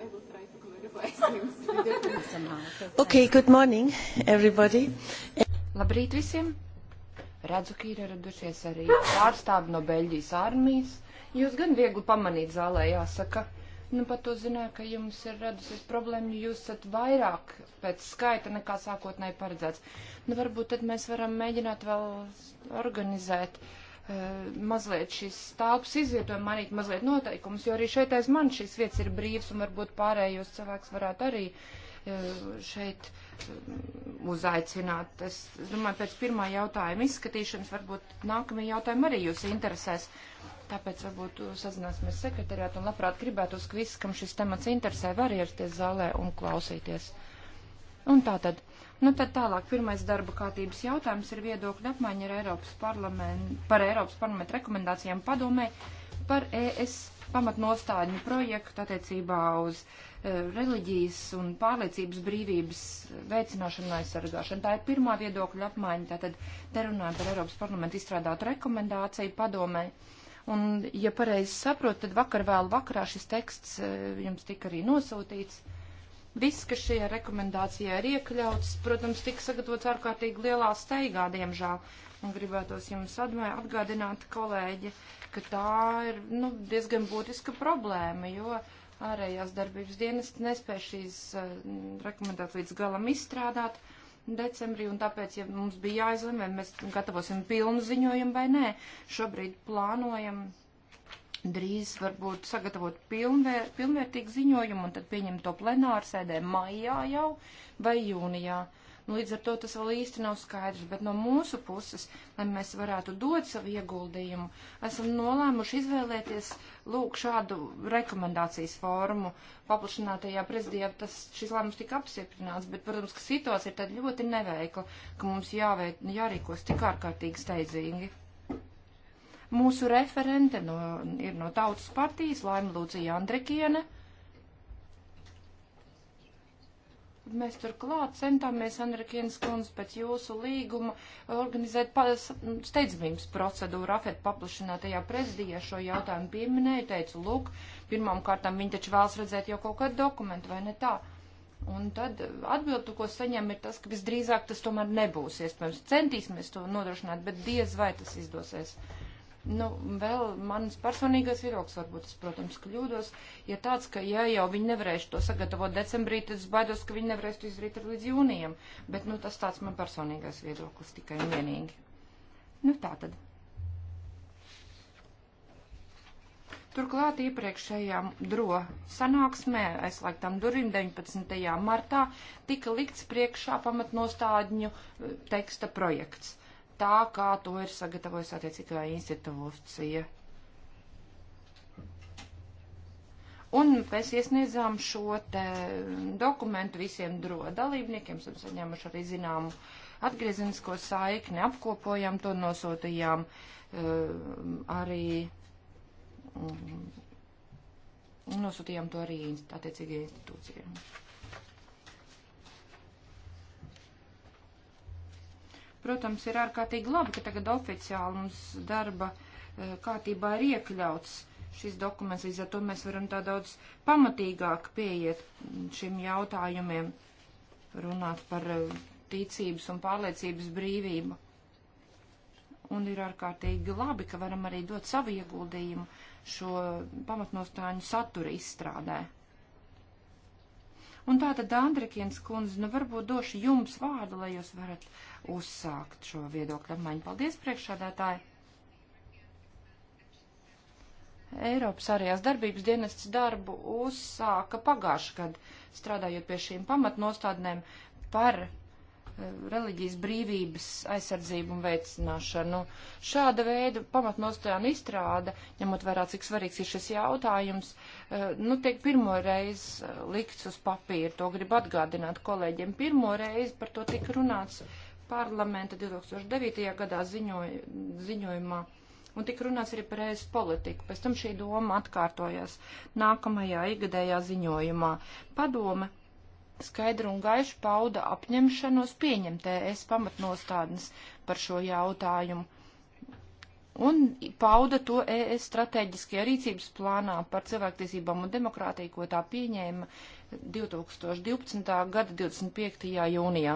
I will try to clarify things. okay, good morning, everybody. Labrīt visiem! Redzu, ka ir ieradušies arī pārstāvi no Beļģijas armijas. Jūs gan viegli pamanīt zālē, jāsaka. Nu, pat to zināju, ka jums ir radusies problēma, jūs esat vairāk pēc skaita nekā sākotnēji paredzēts. Nu, varbūt tad mēs varam mēģināt vēl organizēt uh, Eh, mazliet šis stāvs izvietojumi, mainīt mazliet noteikumus, jo arī šeit aiz man šīs vietas ir brīvs un varbūt pārējos cilvēks varētu arī eh, šeit eh, uzaicināt. Es domāju, pēc pirmā jautājuma izskatīšanas varbūt nākamie jautājumi arī jūs interesēs. Tāpēc varbūt sazināsimies sekretariātu un labprāt gribētu uz visu, kam šis temats interesē, var ierasties zālē un klausīties. Un tā tad Nu, tad tālāk pirmais darba kārtības jautājums ir viedokļa apmaiņa ar Eiropas parlamentu, par Eiropas parlamentu rekomendācijām padomē par ES pamatnostādņu projektu attiecībā uz uh, reliģijas un pārliecības brīvības veicināšanu un aizsargāšanu. Tā ir pirmā viedokļa apmaiņa, tātad te runājam par Eiropas parlamentu izstrādātu rekomendāciju padomē. Un, ja pareizi saprotu, tad vakar vēl vakarā šis teksts uh, jums tika arī nosūtīts. Uh, Viss, kas šajā rekomendācijā ir iekļauts, protams, tika sagatavots ārkārtīgi lielā steigā, diemžēl. Un gribētos jums atgādināt, kolēģi, ka tā ir nu, diezgan būtiska problēma, jo ārējās darbības dienas nespēja šīs uh, rekomendācijas līdz galam izstrādāt decembrī, un tāpēc, ja mums bija jāizlemē, mēs gatavosim pilnu ziņojumu vai nē, šobrīd plānojam drīz varbūt sagatavot pilnvēr, pilnvērtīgu ziņojumu un tad pieņemt to plenāru sēdē maijā jau vai jūnijā. Nu, līdz ar to tas vēl īsti nav skaidrs, bet no mūsu puses, lai mēs varētu dot savu ieguldījumu, esam nolēmuši izvēlēties lūk šādu rekomendācijas formu. Paplašinātajā prezidijā tas, šis lēmums tika apsiprināts, bet, protams, ka situācija ir tad ļoti neveikla, ka mums jāveik, jārīkos tik ārkārtīgi steidzīgi. Mūsu referente no, ir no Tautas partijas Laima Lūcija Andrikiene. Mēs turklāt centāmies, Andrikienas kundze, pēc jūsu līguma organizēt steidzamības procedūru. Afet paplašinātajā prezidijā šo jautājumu pieminēju, teicu, lūk, pirmām kārtām viņi taču vēlas redzēt jau kaut kādu dokumentu, vai ne tā? Un tad atbildu, ko saņem, ir tas, ka visdrīzāk tas tomēr nebūs iespējams. Centīsimies to nodrošināt, bet diez vai tas izdosies. Uh, Nu, vēl manas personīgais viedoklis, varbūt es, protams, kļūdos, ja tāds, ka ja jau viņi nevarēšu to sagatavot decembrī, tad es baidos, ka viņi nevarēs to izdarīt līdz jūnijam. Bet, nu, tas tāds man personīgais viedoklis tikai un vienīgi. Nu, tā tad. Turklāt iepriekšējā dro sanāksmē aizslēgtām durvīm 19. martā tika likts priekšā pamatnostādņu eh, teksta projekts tā, kā to ir sagatavojis attiecīgā institūcija. Un mēs iesniedzām šo te dokumentu visiem dalībniekiem, esam saņēmuši arī zināmu atgriezenisko saikni, apkopojām to, nosūtījām uh, arī. Um, nosūtījām to arī attiecīgajai institūcijai. Protams, ir ārkārtīgi labi, ka tagad oficiāli mums darba eh, kārtībā ir iekļauts šis dokuments, līdz ar to mēs varam tā daudz pamatīgāk pieiet šiem jautājumiem, runāt par eh, ticības un pārliecības brīvību. Un ir ārkārtīgi labi, ka varam arī dot savu ieguldījumu šo pamatnostāņu satura izstrādē. Un tātad, Andrikins kundze, nu varbūt došu jums vārdu, lai jūs varat uzsākt šo viedokļu apmaiņu. Paldies, priekšādātāji! Eiropas arējās darbības dienests darbu uzsāka pagājušajā gadā, strādājot pie šīm pamatnostādnēm par reliģijas brīvības aizsardzību un veicināšanu. Šāda veida pamatnostojāna izstrāde, ņemot vērā, cik svarīgs ir šis jautājums, eh, nu, tiek pirmo reizi eh, likts uz papīra. To grib atgādināt kolēģiem. Pirmo reizi par to tika runāts parlamenta 2009. gadā ziņoj, ziņojumā. Un tik runāts arī par ēst politiku. Pēc tam šī doma atkārtojās nākamajā igadējā ziņojumā. Padome skaidri un gaiši pauda apņemšanos pieņemt ES pamatnostādnes par šo jautājumu un pauda to ES strateģiskajā rīcības plānā par cilvēktiesībām un demokrātiju, ko tā pieņēma 2012. gada 25. jūnijā.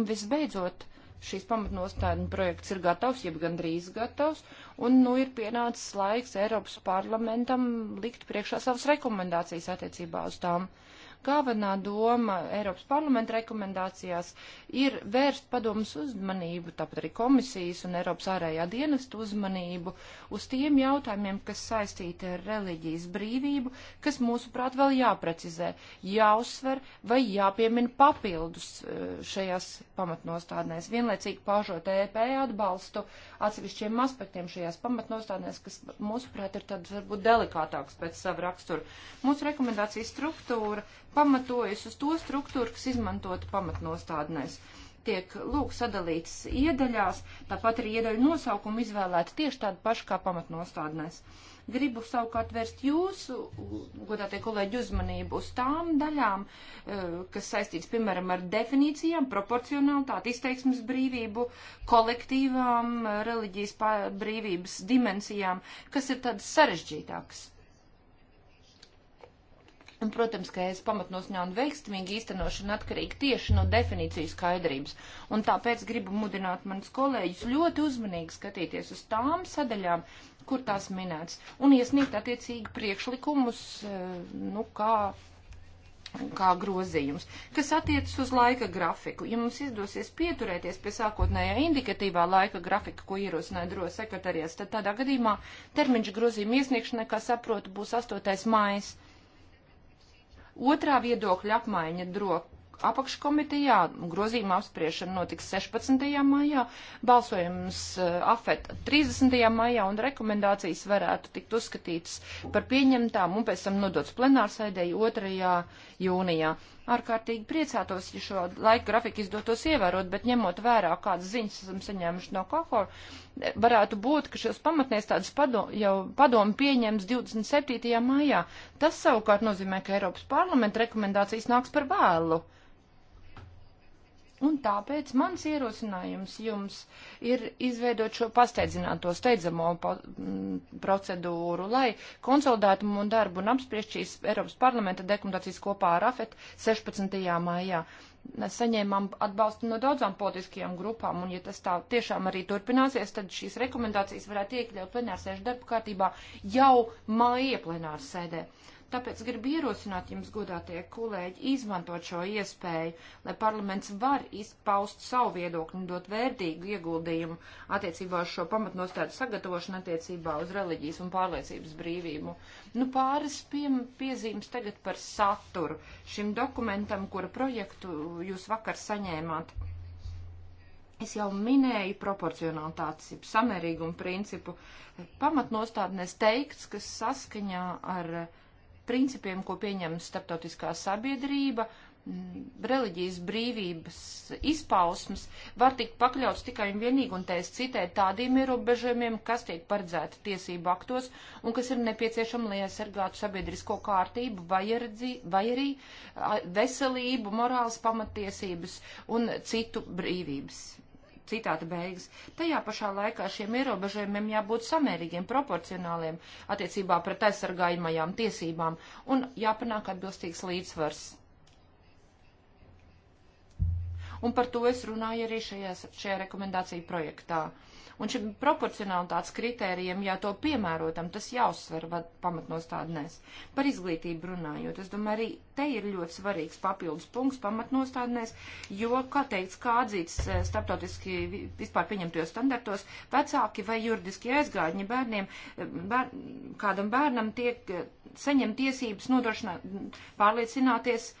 Un visbeidzot, šīs pamatnostādņu projekts ir gatavs, jeb gandrīz gatavs, un nu ir pienācis laiks Eiropas parlamentam likt priekšā savas rekomendācijas attiecībā uz tām. Uh, Galvenā doma Eiropas parlamenta rekomendācijās ir vērst padomus uzmanību, tāpat arī komisijas un Eiropas ārējā dienesta uzmanību uz tiem jautājumiem, kas saistīti ar reliģijas brīvību, kas mūsuprāt vēl jāprecizē, jāuzsver vai jāpiemina papildus e, šajās pamatnostādnēs. Vienlaicīgi paužot EP atbalstu atsevišķiem aspektiem šajās pamatnostādnēs, kas mūsuprāt ir tāds varbūt delikātāks pēc sava rakstura. Mūsu rekomendācijas struktūra pamatojas uz to struktūru, kas izmantota pamatnostādnēs. Tiek lūk sadalīts iedaļās, tāpat arī iedaļu nosaukumu izvēlēta tieši tāda paša kā pamatnostādnēs. Gribu savukārt vērst jūsu, godātie kolēģi, uzmanību uz tām daļām, eh, kas saistīts, piemēram, ar definīcijām, proporcionalitāti, izteiksmes brīvību, kolektīvām reliģijas brīvības dimensijām, kas ir tādas sarežģītākas Un, protams, ka es pamatnosņā un veiksmīgi īstenošana atkarīga tieši no definīcijas skaidrības. Un tāpēc gribu mudināt manus kolēģus ļoti uzmanīgi skatīties uz tām sadaļām, kur tās minēts, un iesniegt attiecīgi priekšlikumus, eh, nu, kā, kā grozījums, kas attiecas uz laika grafiku. Ja mums izdosies pieturēties pie sākotnējā indikatīvā laika grafika, ko ierosināja dro sekretariāts, tad tādā gadījumā termiņš grozījuma iesniegšanai, kā saprotu, būs 8. mājas. Otrā viedokļa apmaiņa dro apakškomitejā, grozījuma apspriešana notiks 16. maijā, balsojums eh, afet 30. maijā un rekomendācijas varētu tikt uzskatītas par pieņemtām un pēc tam nodots plenārsēdēji 2. jūnijā ārkārtīgi priecātos, ja šo laiku grafiku izdotos ievērot, bet ņemot vērā, kādas ziņas esam saņēmuši no Kohor, varētu būt, ka šos pamatnēs tādas padom, jau padomu pieņems 27. maijā. Tas savukārt nozīmē, ka Eiropas parlamenta rekomendācijas nāks par vēlu. Uh, Un tāpēc mans ierosinājums jums ir izveidot šo pasteidzināto steidzamo po, m, procedūru, lai konsolidētu mūsu darbu un apspriest šīs Eiropas parlamenta dekomendācijas kopā ar AFET 16. maijā. Mēs saņēmām atbalstu no daudzām politiskajām grupām, un ja tas tā tiešām arī turpināsies, tad šīs rekomendācijas varētu iekļaut plenārsēžu darbu kārtībā jau māja plenārsēdē. sēdē. Tāpēc gribu ierosināt jums, godātie kolēģi, izmantot šo iespēju, lai parlaments var izpaust savu viedokli un dot vērtīgu ieguldījumu attiecībā uz šo pamatnostādu sagatavošanu attiecībā uz reliģijas un pārliecības brīvību. Nu, pāris pie, piezīmes tagad par saturu šim dokumentam, kura projektu jūs vakar saņēmāt. Es jau minēju proporcionalitātes, samērīgumu principu pamatnostādnēs teikts, ka saskaņā ar uh, principiem, ko pieņem starptautiskā sabiedrība, reliģijas brīvības izpausmas var tikt pakļauts tikai un vienīgi, un te es citēju, tādiem ierobežojumiem, kas tiek paredzēti tiesību aktos un kas ir nepieciešami, lai aizsargātu sabiedrisko kārtību vai, erdzi, vai arī veselību, morāls pamatiesības un citu brīvības citāta beigas. Tajā pašā laikā šiem ierobežojumiem jābūt samērīgiem, proporcionāliem attiecībā pret aizsargājumajām tiesībām un jāpanāk atbilstīgs līdzsvars. Un par to es runāju arī šajās, šajā rekomendāciju projektā. Uh, Un šim proporcionalitātes kritērijiem, ja to piemērotam, tas jāuzsver pamatnostādnēs. Par izglītību runājot, es domāju, arī te ir ļoti svarīgs papildus punkts pamatnostādnēs, jo, kā teikts, kā atzīts starptautiski vispār pieņemtajos standartos, vecāki vai juridiski aizgādņi bērniem, bēr, kādam bērnam tiek eh, saņem tiesības nodrošināt, pārliecināties,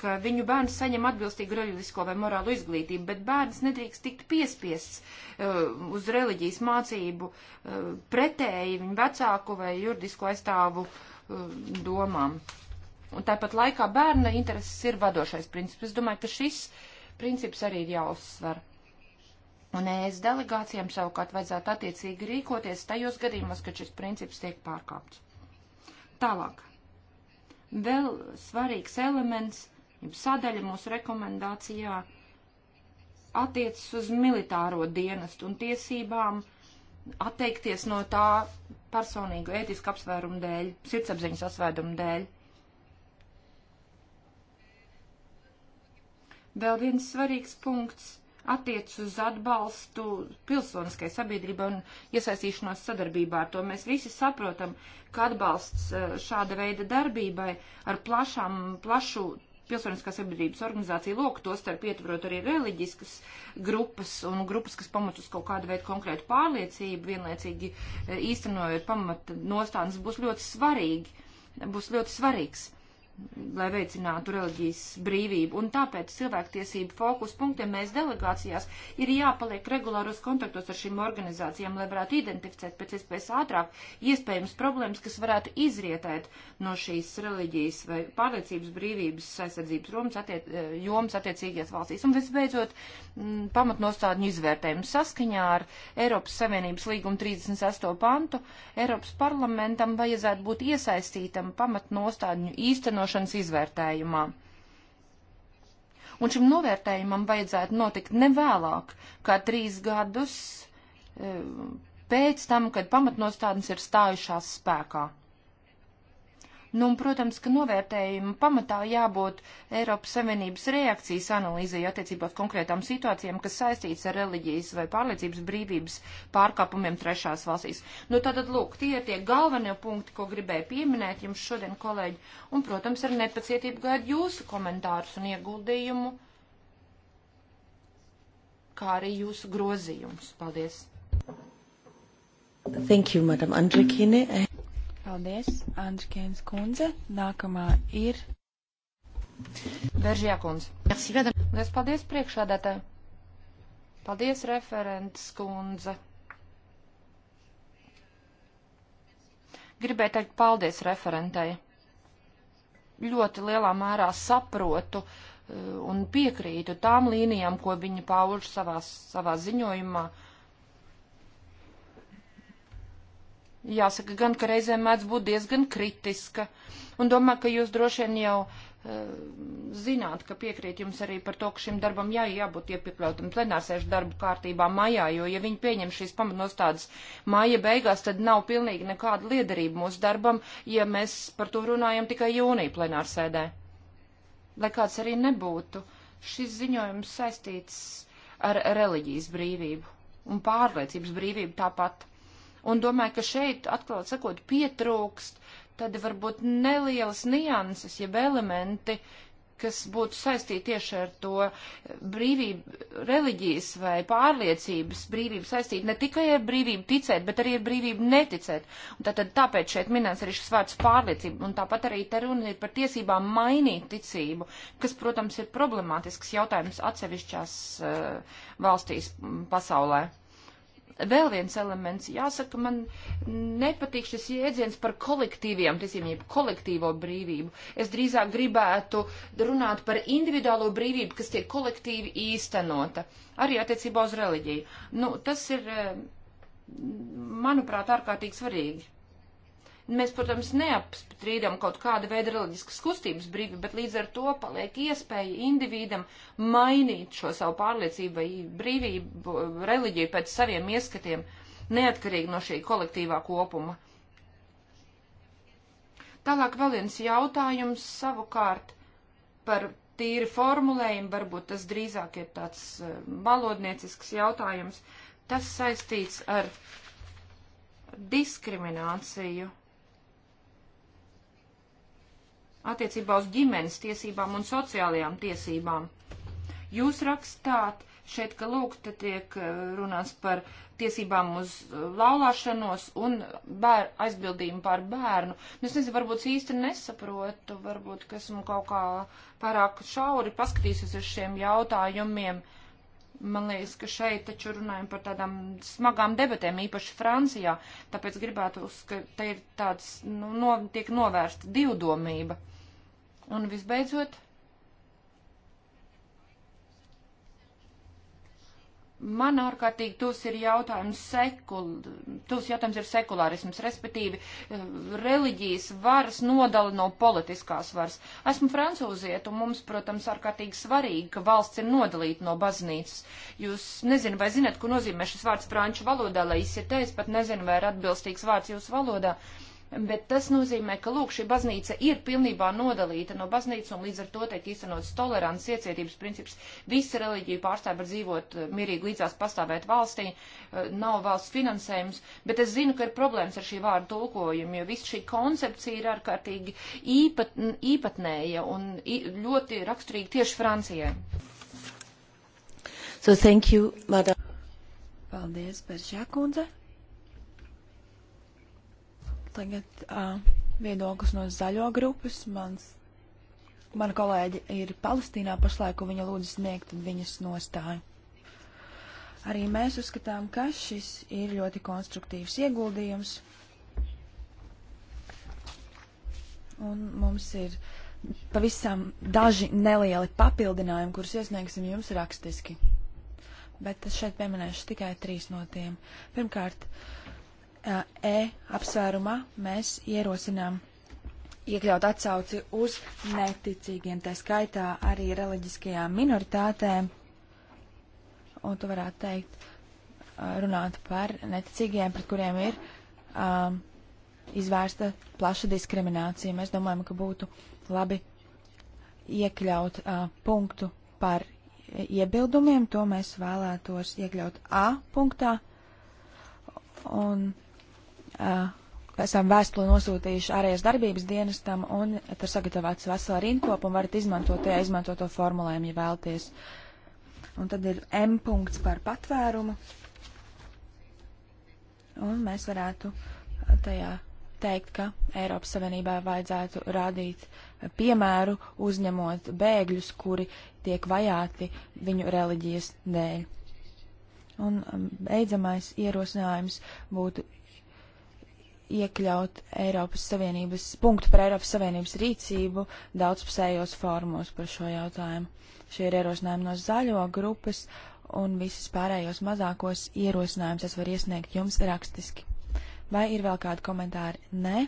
ka viņu bērns saņem atbilstīgu reliģisko vai morālu izglītību, bet bērns nedrīkst tikt piespiests uh, uz reliģijas mācību uh, pretēji viņu vecāku vai juridisko aizstāvu uh, domām. Un tāpat laikā bērna intereses ir vadošais princips. Es domāju, ka šis princips arī ir jāuzsver. Un ES delegācijām savukārt vajadzētu attiecīgi rīkoties tajos gadījumos, kad šis princips tiek pārkāpts. Tālāk. Vēl svarīgs elements, sadaļa mūsu rekomendācijā attiecas uz militāro dienestu un tiesībām atteikties no tā personīgu ētisku apsvērumu dēļ, sirdsapziņas apsvērumu dēļ. Vēl viens svarīgs punkts attiec uz atbalstu pilsoniskai sabiedrībai un iesaistīšanos sadarbībā ar to. Mēs visi saprotam, ka atbalsts eh, šāda veida darbībai ar plašām, plašu pilsoniskās sabiedrības organizāciju loku, to starp ietvarot arī reliģiskas grupas un grupas, kas pamatus kaut kādu veidu konkrētu pārliecību, vienlaicīgi eh, īstenojot pamata nostādnes, būs ļoti svarīgi, būs ļoti svarīgs lai veicinātu reliģijas brīvību. Un tāpēc cilvēktiesību fokus punktiem mēs delegācijās ir jāpaliek regulāros kontaktos ar šīm organizācijām, lai varētu identificēt pēc iespējas ātrāk iespējams problēmas, kas varētu izrietēt no šīs reliģijas vai pārliecības brīvības aizsardzības romas attiec, eh, jomas attiecīgajās valstīs. Un visbeidzot, mm, pamatnostādņu izvērtējumu saskaņā ar Eiropas Savienības līgumu 38 pantu Eiropas parlamentam vajadzētu būt iesaistītam pamatnostādņu īstenošanā īstenošanas izvērtējumā. Un šim novērtējumam vajadzētu notikt nevēlāk kā trīs gadus eh, pēc tam, kad pamatnostādnes ir stājušās spēkā. Nu, un, protams, ka novērtējuma pamatā jābūt Eiropas Savienības reakcijas analīzē attiecībā uz konkrētām situācijām, kas saistīts ar reliģijas vai pārliecības brīvības pārkāpumiem trešās valstīs. Nu, tātad, lūk, tie ir tie galvenie punkti, ko gribēju pieminēt jums šodien, kolēģi. Un, protams, ar nepacietību gaidu jūsu komentārus un ieguldījumu, kā arī jūsu grozījumus. Paldies! Thank you, Madam Andrikine. Paldies, Andrikēns kundze. Nākamā ir. Veržjā kundze. Liels paldies priekšādātāji. Paldies, referents kundze. Gribēju teikt paldies referentai. Ļoti lielā mērā saprotu uh, un piekrītu tām līnijām, ko viņa pauž savā, savā ziņojumā. Uh, jāsaka gan, ka reizēm mēdz būt diezgan kritiska. Un domāju, ka jūs droši vien jau uh, zināt, ka piekrīt jums arī par to, ka šim darbam jā, jābūt iepakļautam plenārsēžu darbu kārtībā mājā, jo ja viņi pieņem šīs pamatnostādes māja beigās, tad nav pilnīgi nekāda liederība mūsu darbam, ja mēs par to runājam tikai jūnija plenārsēdē. Lai kāds arī nebūtu, šis ziņojums saistīts ar reliģijas brīvību un pārliecības brīvību tāpat. Un domāju, ka šeit, atklāt sakot, pietrūkst tādi varbūt nelielas nianses, jeb elementi, kas būtu saistīti tieši ar to brīvību, reliģijas vai pārliecības brīvību saistīt ne tikai ar brīvību ticēt, bet arī ar brīvību neticēt. Un tātad tāpēc šeit minēts arī šis vārds pārliecība, un tāpat arī te runa ir par tiesībām mainīt ticību, kas, protams, ir problemātisks jautājums atsevišķās uh, valstīs pasaulē vēl viens elements. Jāsaka, man nepatīk šis jēdziens par kolektīviem tiesībām, jeb kolektīvo brīvību. Es drīzāk gribētu runāt par individuālo brīvību, kas tiek kolektīvi īstenota, arī attiecībā uz reliģiju. Nu, tas ir, eh, manuprāt, ārkārtīgi svarīgi. Mēs, protams, neapstrīdam kaut kādu veidu reliģiskas kustības brīvi, bet līdz ar to paliek iespēja individam mainīt šo savu pārliecību vai brīvību, eh, reliģiju pēc saviem ieskatiem, neatkarīgi no šī kolektīvā kopuma. Tālāk vēl viens jautājums savukārt par tīri formulējumu, varbūt tas drīzāk ir tāds valodniecisks eh, jautājums. Tas saistīts ar diskrimināciju attiecībā uz ģimenes tiesībām un sociālajām tiesībām. Jūs rakstāt šeit, ka lūk, te tiek eh, runāts par tiesībām uz eh, laulāšanos un bēr, aizbildījumu pār bērnu. Nu, es nezinu, varbūt īsti nesaprotu, varbūt, ka esmu kaut kā pārāk šauri paskatījusies uz šiem jautājumiem. Man liekas, ka šeit taču runājam par tādām smagām debatēm, īpaši Francijā, tāpēc gribētu, ka te ir tāds, nu, no, tiek novērsta divdomība. Un visbeidzot, man ārkārtīgi tos ir jautājums sekul, tos jautājums ir sekulārisms, respektīvi eh, reliģijas varas nodala no politiskās varas. Esmu francūziet, un mums, protams, ārkārtīgi svarīgi, ka valsts ir nodalīta no baznīcas. Jūs nezinu, vai zinat, ko nozīmē šis vārds franču valodā, lai izsietēs, pat nezinu, vai ir atbilstīgs vārds jūsu valodā. Uh, bet tas nozīmē, ka, lūk, šī baznīca ir pilnībā nodalīta no baznīcas, un līdz ar to tiek īstenots tolerants, iecietības princips. Visi reliģiju pārstāvi var dzīvot eh, mierīgi līdzās pastāvēt valstī, eh, nav valsts finansējums, bet es zinu, ka ir problēmas ar šī vārdu tulkojumu, jo viss šī koncepcija ir ārkārtīgi īpat, īpatnēja un ļoti raksturīga tieši Francijai. So thank you, madam. Paldies, Beržā kundze. Tagad uh, viedoklis no zaļo grupas. Mans, mana kolēģi ir Palestīnā pašlaik, un viņa lūdzu sniegt viņas nostāju. Arī mēs uzskatām, ka šis ir ļoti konstruktīvs ieguldījums. Un mums ir pavisam daži nelieli papildinājumi, kurus iesniegsim jums rakstiski. Bet es šeit pieminēšu tikai trīs no tiem. Pirmkārt, uh, E apsvērumā mēs ierosinām iekļaut atsauci uz neticīgiem, tā skaitā arī reliģiskajām minoritātēm. Un tu varētu teikt, runāt par neticīgiem, pret kuriem ir um, izvērsta plaša diskriminācija. Mēs domājam, ka būtu labi iekļaut uh, punktu par iebildumiem. To mēs vēlētos iekļaut A punktā. Un Uh, esam vēstuli nosūtījuši ārējas darbības dienestam, un tur sagatavots vesela rindkopa, un varat izmantot tajā izmantoto formulējumu, ja vēlties. Un tad ir M punkts par patvērumu, un mēs varētu tajā teikt, ka Eiropas Savienībā vajadzētu rādīt piemēru, uzņemot bēgļus, kuri tiek vajāti viņu reliģijas dēļ. Un um, beidzamais ierosinājums būtu iekļaut Eiropas Savienības, punktu par Eiropas Savienības rīcību daudzpusējos formos par šo jautājumu. Šie ir ierosinājumi no zaļo grupas un visus pārējos mazākos ierosinājumus es varu iesniegt jums rakstiski. Vai ir vēl kādi komentāri? Nē.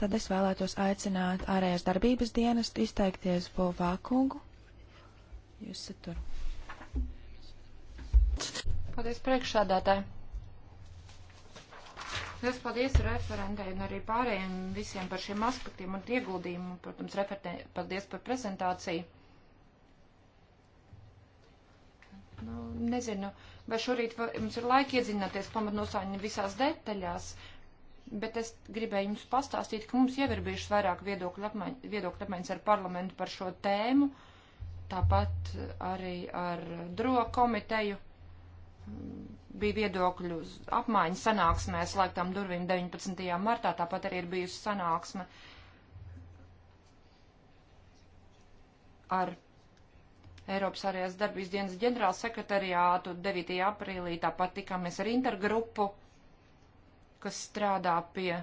Tad es vēlētos aicināt ārējās darbības dienestu izteikties Bovākungu. Jūs esat tur. Paldies priekšādātāji. Liels paldies referentei un arī pārējiem visiem par šiem aspektiem un ieguldījumu. Protams, referentei paldies par prezentāciju. Nu, nezinu, vai šorīt var, mums ir laika iedzināties pamatnosāņu visās detaļās, bet es gribēju jums pastāstīt, ka mums jau ir bijušas vairāk viedokļu apmaiņas ar parlamentu par šo tēmu, tāpat arī ar DRO komiteju bija viedokļu apmaiņa sanāksmē slēgtām durvīm 19. martā, tāpat arī ir bijusi sanāksme ar Eiropas arējās darbības dienas ģenerāla sekretariātu 9. aprīlī, tāpat tikāmies ar intergrupu, kas strādā pie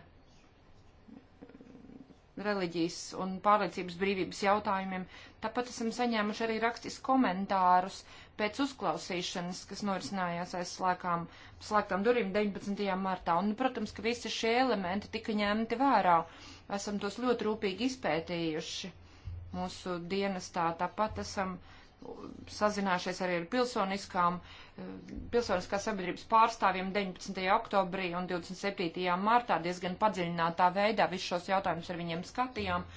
reliģijas un pārliecības brīvības jautājumiem. Tāpat esam saņēmuši arī rakstis komentārus pēc uzklausīšanas, kas norisinājās aiz slēgām, slēgtām durvīm 19. martā. Un, protams, ka visi šie elementi tika ņemti vērā. Esam tos ļoti rūpīgi izpētījuši mūsu dienestā. Tāpat esam uh, sazinājušies arī ar pilsoniskām, pilsoniskās sabiedrības pārstāvjiem 19. oktobrī un 27. martā diezgan padziļinātā veidā visus šos jautājumus ar viņiem skatījām.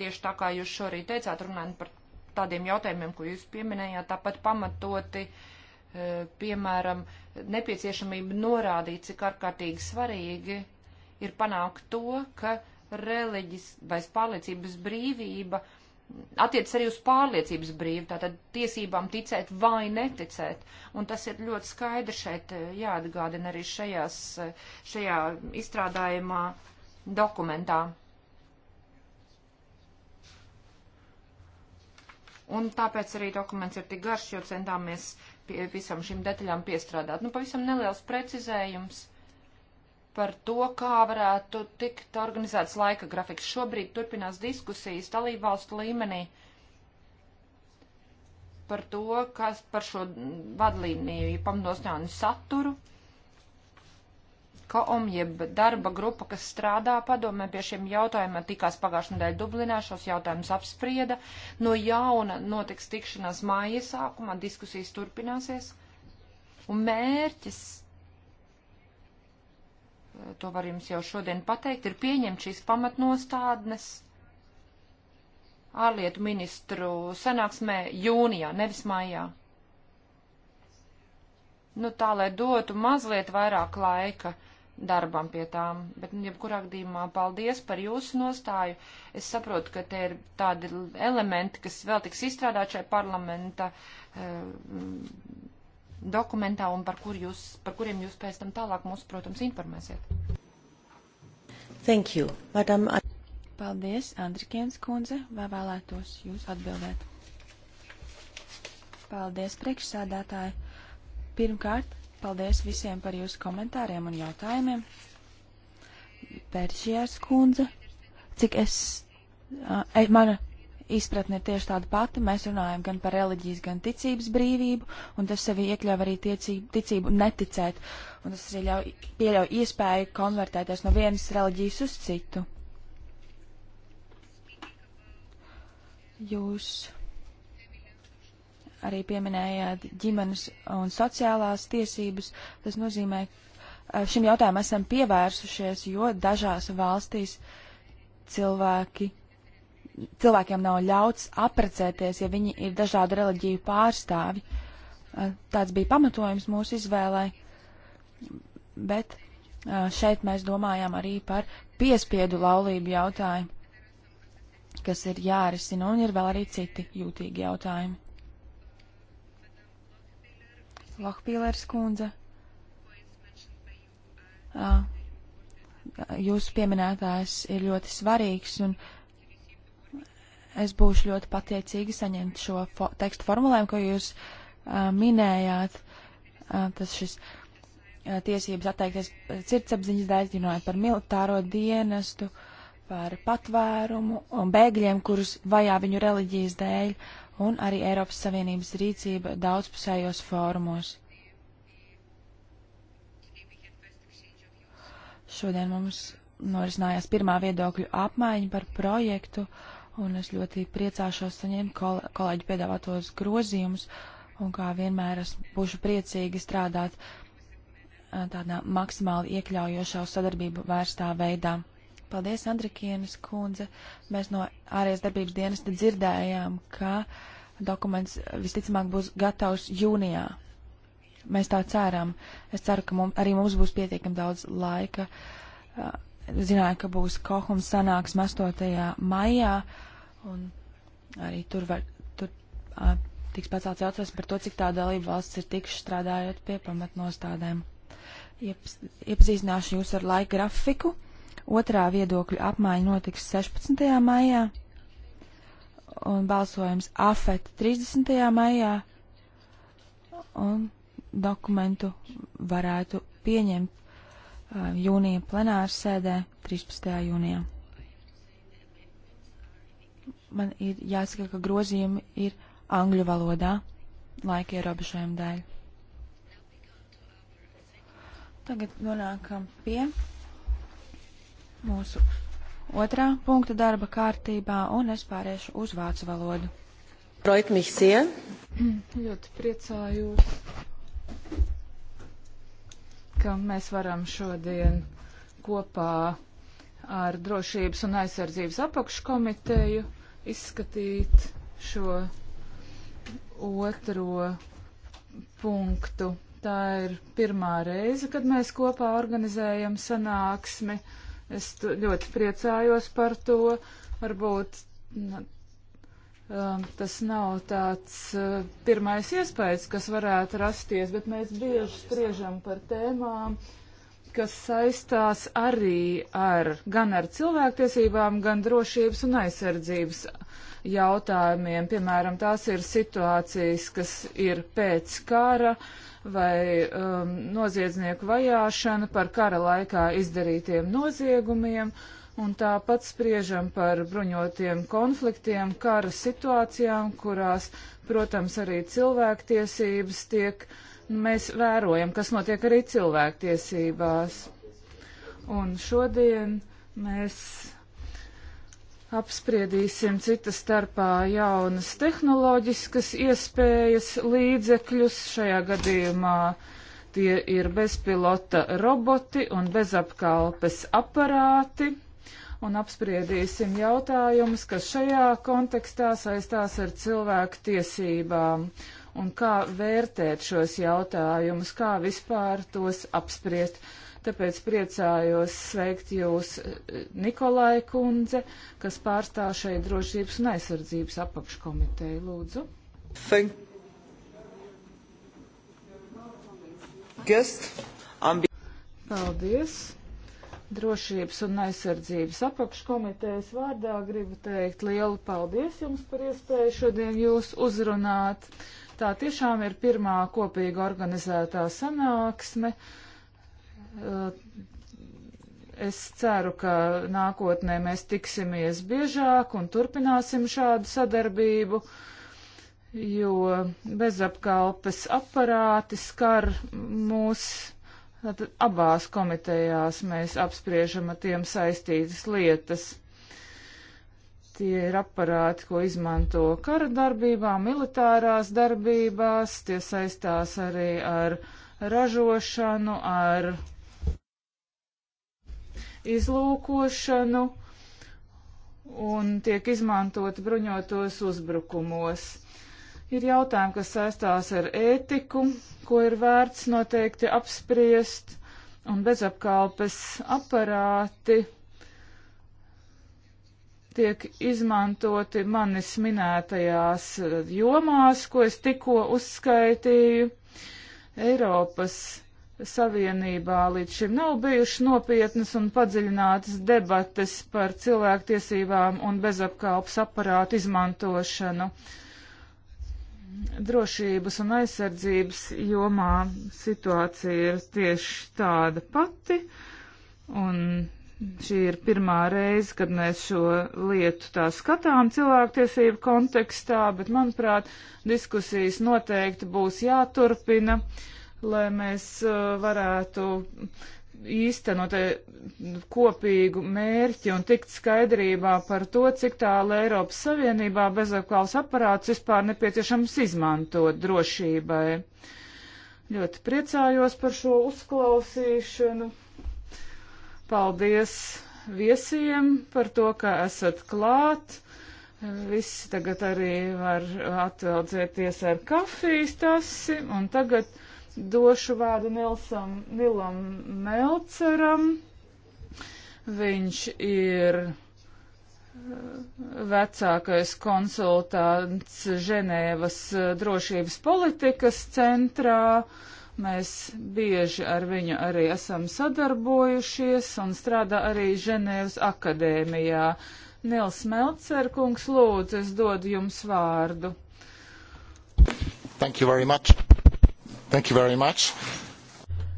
Tieši tā kā jūs šorīt teicāt, runājot par tādiem jautājumiem, ko jūs pieminējāt, tāpat pamatoti, e, piemēram, nepieciešamība norādīt, cik ārkārtīgi svarīgi ir panākt to, ka reliģis vai pārliecības brīvība uh, attiecas arī uz pārliecības brīvu, tātad tiesībām ticēt vai neticēt. Un tas ir ļoti skaidri šeit eh, jāatgādina arī šajās, eh, šajā izstrādājumā dokumentā. Un tāpēc arī dokuments ir tik garš, jo centāmies pie visam šim detaļām piestrādāt. Nu, pavisam neliels precizējums par to, kā varētu tikt organizēts laika grafiks. Šobrīd turpinās diskusijas dalībvalstu līmenī par to, kas par šo vadlīniju pamnosņānu saturu. Koom, jeb darba grupa, kas strādā padomē pie šiem jautājumiem, tikās pagājušajā nedēļā Dublinā, šos jautājumus apsprieda. No jauna notiks tikšanās māja sākumā, diskusijas turpināsies. Un mērķis to var jums jau šodien pateikt, ir pieņemt šīs pamatnostādnes ārlietu ministru sanāksmē jūnijā, nevis maijā. Nu, tā, lai dotu mazliet vairāk laika darbam pie tām, bet, nu, jebkurā gadījumā, paldies par jūsu nostāju. Es saprotu, ka te ir tādi elementi, kas vēl tiks izstrādāt šai parlamenta eh, dokumentā un par, kur jūs, par kuriem jūs pēc tam tālāk mūs, protams, informēsiet. Thank you. Madam... Paldies, Andrikienas kundze, vai vēlētos jūs atbildēt? Paldies, priekšsādātāji. Pirmkārt, paldies visiem par jūsu komentāriem un jautājumiem. Pēršies kundze, cik es, uh, mana izpratne ir tieši tāda pati. Mēs runājam gan par reliģijas, gan ticības brīvību, un tas sevi iekļauj arī tiecību, ticību neticēt. Un tas arī ļauj, pieļauj iespēju konvertēties no vienas reliģijas uz citu. Jūs arī pieminējāt ģimenes un sociālās tiesības. Tas nozīmē, šim jautājumam esam pievērsušies, jo dažās valstīs cilvēki cilvēkiem nav ļauts aprecēties, ja viņi ir dažādu reliģiju pārstāvi. Eh, tāds bija pamatojums mūsu izvēlē, bet eh, šeit mēs domājām arī par piespiedu laulību jautājumu, kas ir jārisina, un ir vēl arī citi jūtīgi jautājumi. Lohpīlērs kundze. Eh, jūsu pieminētājs ir ļoti svarīgs, un uh, Es būšu ļoti pateicīga saņemt šo fo tekstu formulējumu, ko jūs uh, minējāt. Uh, tas šis uh, tiesības atteikties sirdsapziņas dēļ, runājot par militāro dienestu, par patvērumu un bēgļiem, kurus vajā viņu reliģijas dēļ, un arī Eiropas Savienības rīcība daudzpusējos fórumos. Šodien mums norisinājās pirmā viedokļu apmaiņa par projektu uh, un es ļoti priecāšos saņemt kol kolēģi piedāvātos grozījumus, un kā vienmēr es būšu priecīgi strādāt tādā maksimāli iekļaujošā uz sadarbību vērstā veidā. Paldies, Andrikienas kundze. Mēs no ārējas darbības dienesta dzirdējām, ka dokuments visticamāk būs gatavs jūnijā. Mēs tā ceram. Es ceru, ka mums, arī mums būs pietiekami daudz laika. Zināju, ka būs Kohums sanāks 8. maijā. Un arī tur var, tur a, tiks pacelts jautājums par to, cik tā dalība valsts ir tikši strādājot pie pamatnostādēm. Iep, iepazīstināšu jūs ar laika grafiku. Otrā viedokļa apmaiņa notiks 16. maijā un balsojums AFET 30. maijā un dokumentu varētu pieņemt uh, jūnija plenārsēdē 13. jūnijā man ir jāsaka, ka grozījumi ir angļu valodā laika ierobežojumu dēļ. Tagad nonākam pie mūsu otrā punkta darba kārtībā, un es pāriešu uz vācu valodu. Projekt Miksija. Ļoti priecājos, ka mēs varam šodien kopā ar Drošības un aizsardzības apakškomiteju izskatīt šo otro punktu. Tā ir pirmā reize, kad mēs kopā organizējam sanāksmi. Es ļoti priecājos par to. Varbūt na, um, tas nav tāds uh, pirmais iespējas, kas varētu rasties, bet mēs bieži spriežam par tēmām, uh, kas saistās arī ar gan ar cilvēktiesībām, gan drošības un aizsardzības jautājumiem. Piemēram, tās ir situācijas, kas ir pēc kara vai um, noziedznieku vajāšana par kara laikā izdarītiem noziegumiem. Un tāpat spriežam par bruņotiem konfliktiem, kara situācijām, kurās, protams, arī cilvēktiesības tiek uh, mēs vērojam, kas notiek arī cilvēktiesībās. Un šodien mēs apspriedīsim citas starpā jaunas tehnoloģiskas iespējas, līdzekļus. Šajā gadījumā tie ir bezpilota roboti un bezapkalpes aparāti. Un apspriedīsim jautājumus, kas šajā kontekstā saistās ar cilvēku tiesībām. Uh, un kā vērtēt šos jautājumus, kā vispār tos apspriest. Tāpēc priecājos sveikt jūs Nikolai Kundze, kas pārstāv šeit drošības un aizsardzības apakškomiteju. Lūdzu. Thank Guest. Paldies. Drošības un aizsardzības apakškomitejas vārdā gribu teikt lielu paldies jums par iespēju šodien jūs uzrunāt. Uh, Tā tiešām ir pirmā kopīga organizētā sanāksme. Eh, es ceru, ka nākotnē mēs tiksimies biežāk un turpināsim šādu sadarbību, jo bezapkalpes aparāti skar mūs. Tātad abās komitejās mēs apspriežam ar tiem saistītas lietas. Tie ir aparāti, ko izmanto kara darbībā, militārās darbībās, tie saistās arī ar ražošanu, ar izlūkošanu un tiek izmantoti bruņotos uzbrukumos. Ir jautājumi, kas saistās ar ētiku, ko ir vērts noteikti apspriest, un bezapkalpes aparāti tiek izmantoti manis minētajās eh, jomās, ko es tikko uzskaitīju. Eiropas Savienībā līdz šim nav bijušas nopietnas un padziļinātas debates par cilvēktiesībām un bezapkalpas aparātu izmantošanu. Drošības un aizsardzības jomā situācija ir tieši tāda pati, un Šī ir pirmā reize, kad mēs šo lietu tā skatām cilvēktiesību kontekstā, bet, manuprāt, diskusijas noteikti būs jāturpina, lai mēs uh, varētu īstenot eh, kopīgu mērķi un tikt skaidrībā par to, cik tālu Eiropas Savienībā bezapkāls aparāts vispār nepieciešams izmantot drošībai. Ļoti priecājos par šo uzklausīšanu. Paldies viesiem par to, ka esat klāt. Visi tagad arī var atveldzēties ar kafijas tasi. Un tagad došu vārdu Nilsam, Nilam Melceram. Viņš ir eh, vecākais konsultants Ženēvas eh, drošības politikas centrā. Uh, Mēs bieži ar viņu arī esam sadarbojušies un strādā arī Ženēvas akadēmijā. Nils Melcer, kungs, lūdzu, es dodu jums vārdu. Thank you very much. Thank you very much.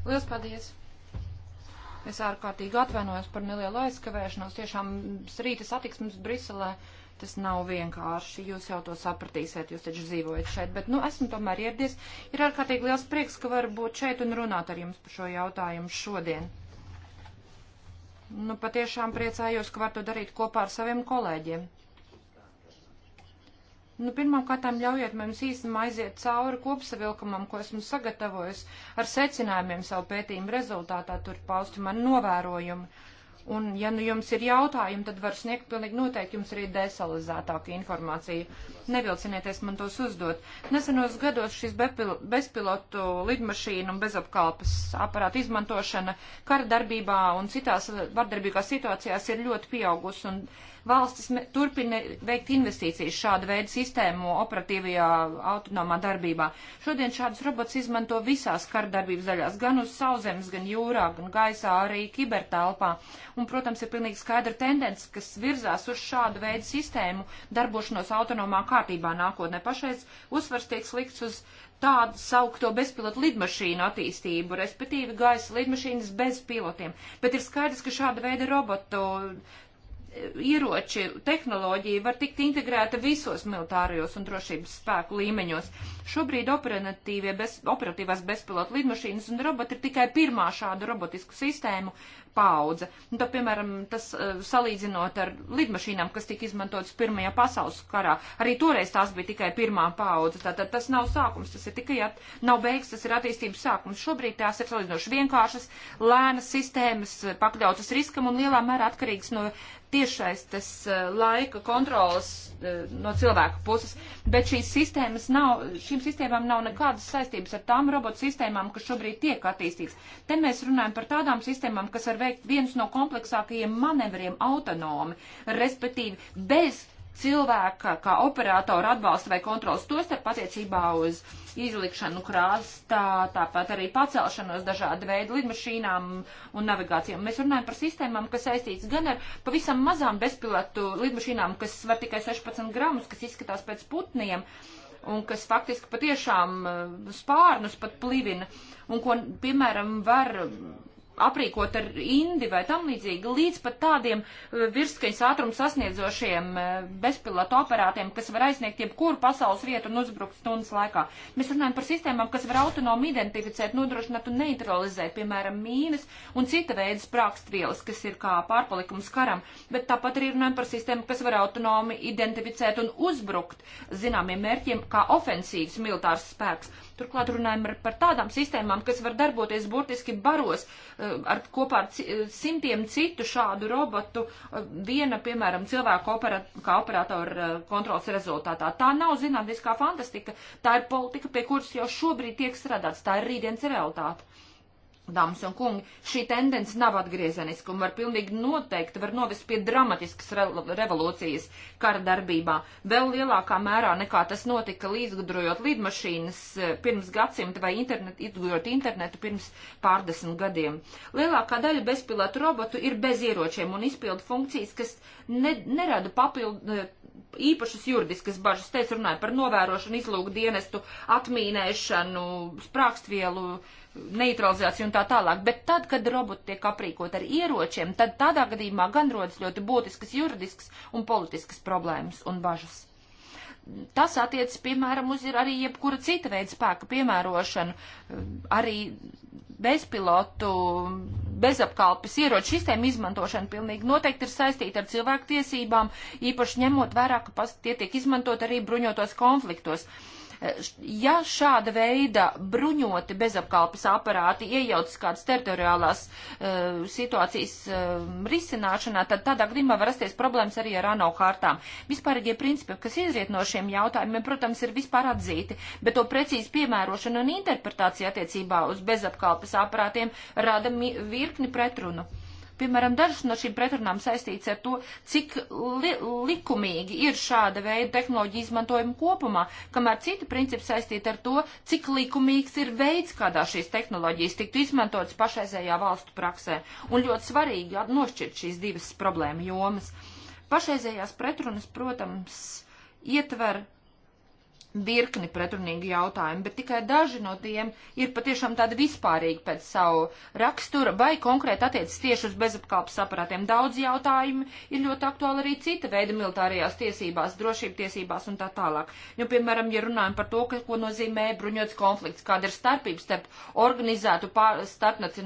Lielas paldies! Es ārkārtīgi atvainojos par nelielu aizkavēšanos. Tiešām rīta satiksmes Briselē tas nav vienkārši. Jūs jau to sapratīsiet, jūs taču dzīvojat šeit. Bet, nu, esmu tomēr ieradies. Ir ārkārtīgi liels prieks, ka varu būt šeit un runāt ar jums par šo jautājumu šodien. Nu, patiešām priecājos, ka var to darīt kopā ar saviem kolēģiem. Nu, Pirmkārt, ļaujiet mums īstenībā aiziet cauri kopsavilkumam, ko esmu sagatavojis ar secinājumiem savu pētījumu rezultātā, tur pausti man novērojumi. Un, ja nu jums ir jautājumi, tad var sniegt pilnīgi noteikti jums arī desalizētāku informāciju. Nevilcinieties man tos uzdot. Nesenos gados šis bezpilotu lidmašīnu un bezapkalpas aparātu izmantošana kara darbībā un citās vardarbīgās situācijās ir ļoti pieaugusi. Un valstis turpina veikt investīcijas šāda veida sistēmu operatīvajā autonomā darbībā. Šodien šādus robots izmanto visās kardarbības daļās, gan uz sauszemes, gan jūrā, gan gaisā, arī kibertelpā. Un, protams, ir pilnīgi skaidra tendence, kas virzās uz šādu veidu sistēmu darbošanos autonomā kārtībā nākotnē. Pašais uzsvars tiek slikts uz tādu saukto bezpilotu lidmašīnu attīstību, respektīvi gaisa lidmašīnas bez pilotiem. Bet ir skaidrs, ka šāda veida robotu ieroči, tehnoloģija var tikt integrēta visos militāros un drošības spēku līmeņos. Šobrīd bez, operatīvās bezpilota lidmašīnas un roboti ir tikai pirmā šādu robotisku sistēmu, paudze. Un, nu, tā, piemēram, tas eh, salīdzinot ar lidmašīnām, kas tika izmantotas Pirmajā pasaules karā, arī toreiz tās bija tikai pirmā paudze. Tātad tas nav sākums, tas ir tikai, at, nav beigas, tas ir attīstības sākums. Šobrīd tās ir salīdzinoši vienkāršas, lēnas sistēmas, eh, pakļautas riskam un lielā mērā atkarīgas no tiešais tas eh, laika kontrolas no cilvēka puses, bet šīs sistēmas nav, šīm sistēmām nav nekādas saistības ar tām robotu sistēmām, kas šobrīd tiek attīstītas. Te mēs runājam par tādām sistēmām, kas ar veikt viens no kompleksākajiem manevriem autonomi, respektīvi bez cilvēka kā operatora atbalsta vai kontrolas tostarp attiecībā uz izlikšanu krāstā, tāpat arī pacelšanos dažādu veidu lidmašīnām un navigācijām. Mēs runājam par sistēmām, kas saistīts gan ar pavisam mazām bezpilotu lidmašīnām, kas var tikai 16 gramus, kas izskatās pēc putniem un kas faktiski patiešām eh, spārnus pat plivina un ko, piemēram, var aprīkot ar indi vai tam līdzīgi, līdz pat tādiem eh, virskaņas ātrumu sasniedzošiem eh, bezpilotu aparātiem, kas var aizsniegt jebkuru pasaules vietu un uzbrukt stundas laikā. Mēs runājam par sistēmām, kas var autonomi identificēt, nodrošināt un neutralizēt, piemēram, mīnas un cita veida sprākstvielas, kas ir kā pārpalikums karam, bet tāpat arī runājam par sistēmu, kas var autonomi identificēt un uzbrukt zināmiem mērķiem kā ofensīvs militārs spēks. Turklāt runājam ar, par tādām sistēmām, kas var darboties burtiski baros eh, ar kopā ar eh, simtiem citu šādu robotu, eh, viena, piemēram, cilvēku operat, kā operatora kontrols rezultātā. Tā nav zinātniskā fantastika, tā ir politika, pie kuras jau šobrīd tiek strādāts, tā ir rītdienas realitāte. Dāmas un kungi, šī tendence nav atgriezeniska un var pilnīgi noteikti var novest pie dramatiskas re revolūcijas kara darbībā, vēl lielākā mērā nekā tas notika izgudrojot lidmašīnas eh, pirms gadsimta vai internet, izgudrojot internetu pirms pārdesmit gadiem. Lielākā daļa bezpilotu robotu ir bez ieročiem un izpildu funkcijas, kas ne, nerada papildu eh, īpašas juridiskas bažas. Te es runāju par novērošanu, izlūku dienestu, atmīnēšanu, sprākstvielu. Uh, neutralizāciju un tā tālāk. Bet tad, kad roboti tiek aprīkot ar ieročiem, tad tādā gadījumā gan rodas ļoti būtiskas juridiskas un politiskas problēmas un bažas. Tas attiecas, piemēram, uz arī jebkura cita veida spēka piemērošanu, eh, arī bezpilotu, bezapkalpes ieroču sistēmu izmantošana pilnīgi noteikti ir saistīta ar cilvēku tiesībām, īpaši ņemot vērā, ka tie tiek izmantot arī bruņotos konfliktos. Uh, Ja šāda veida bruņoti bezapkalpes aparāti iejaucas kādas teritoriālās uh, situācijas uh, risināšanā, tad tādā gadījumā var rasties problēmas arī ar ANO kārtām. Vispārīgie principi, kas izriet no šiem jautājumiem, protams, ir vispār atzīti, bet to precīzi piemērošana un interpretācija attiecībā uz bezapkalpes aparātiem rada virkni pretrunu. Piemēram, dažas no šīm pretrunām saistīts ar to, cik li likumīgi ir šāda veida tehnoloģija izmantojuma kopumā, kamēr citi principi saistīti ar to, cik likumīgs ir veids, kādā šīs tehnoloģijas tiktu izmantotas pašreizējā valstu praksē. Un ļoti svarīgi nošķirt šīs divas problēma jomas. Pašreizējās pretrunas, protams, ietver virkni pretrunīgi jautājumi, bet tikai daži no tiem ir patiešām tādi vispārīgi pēc savu rakstura vai konkrēti attiecas tieši uz bezapkalpas aparātiem. Daudz jautājumi ir ļoti aktuāli arī cita veida militārajās tiesībās, drošība tiesībās un tā tālāk. Jo, nu, piemēram, ja runājam par to, ka, ko nozīmē bruņots konflikts, kāda ir starpība starp organizētu pār, starp eh,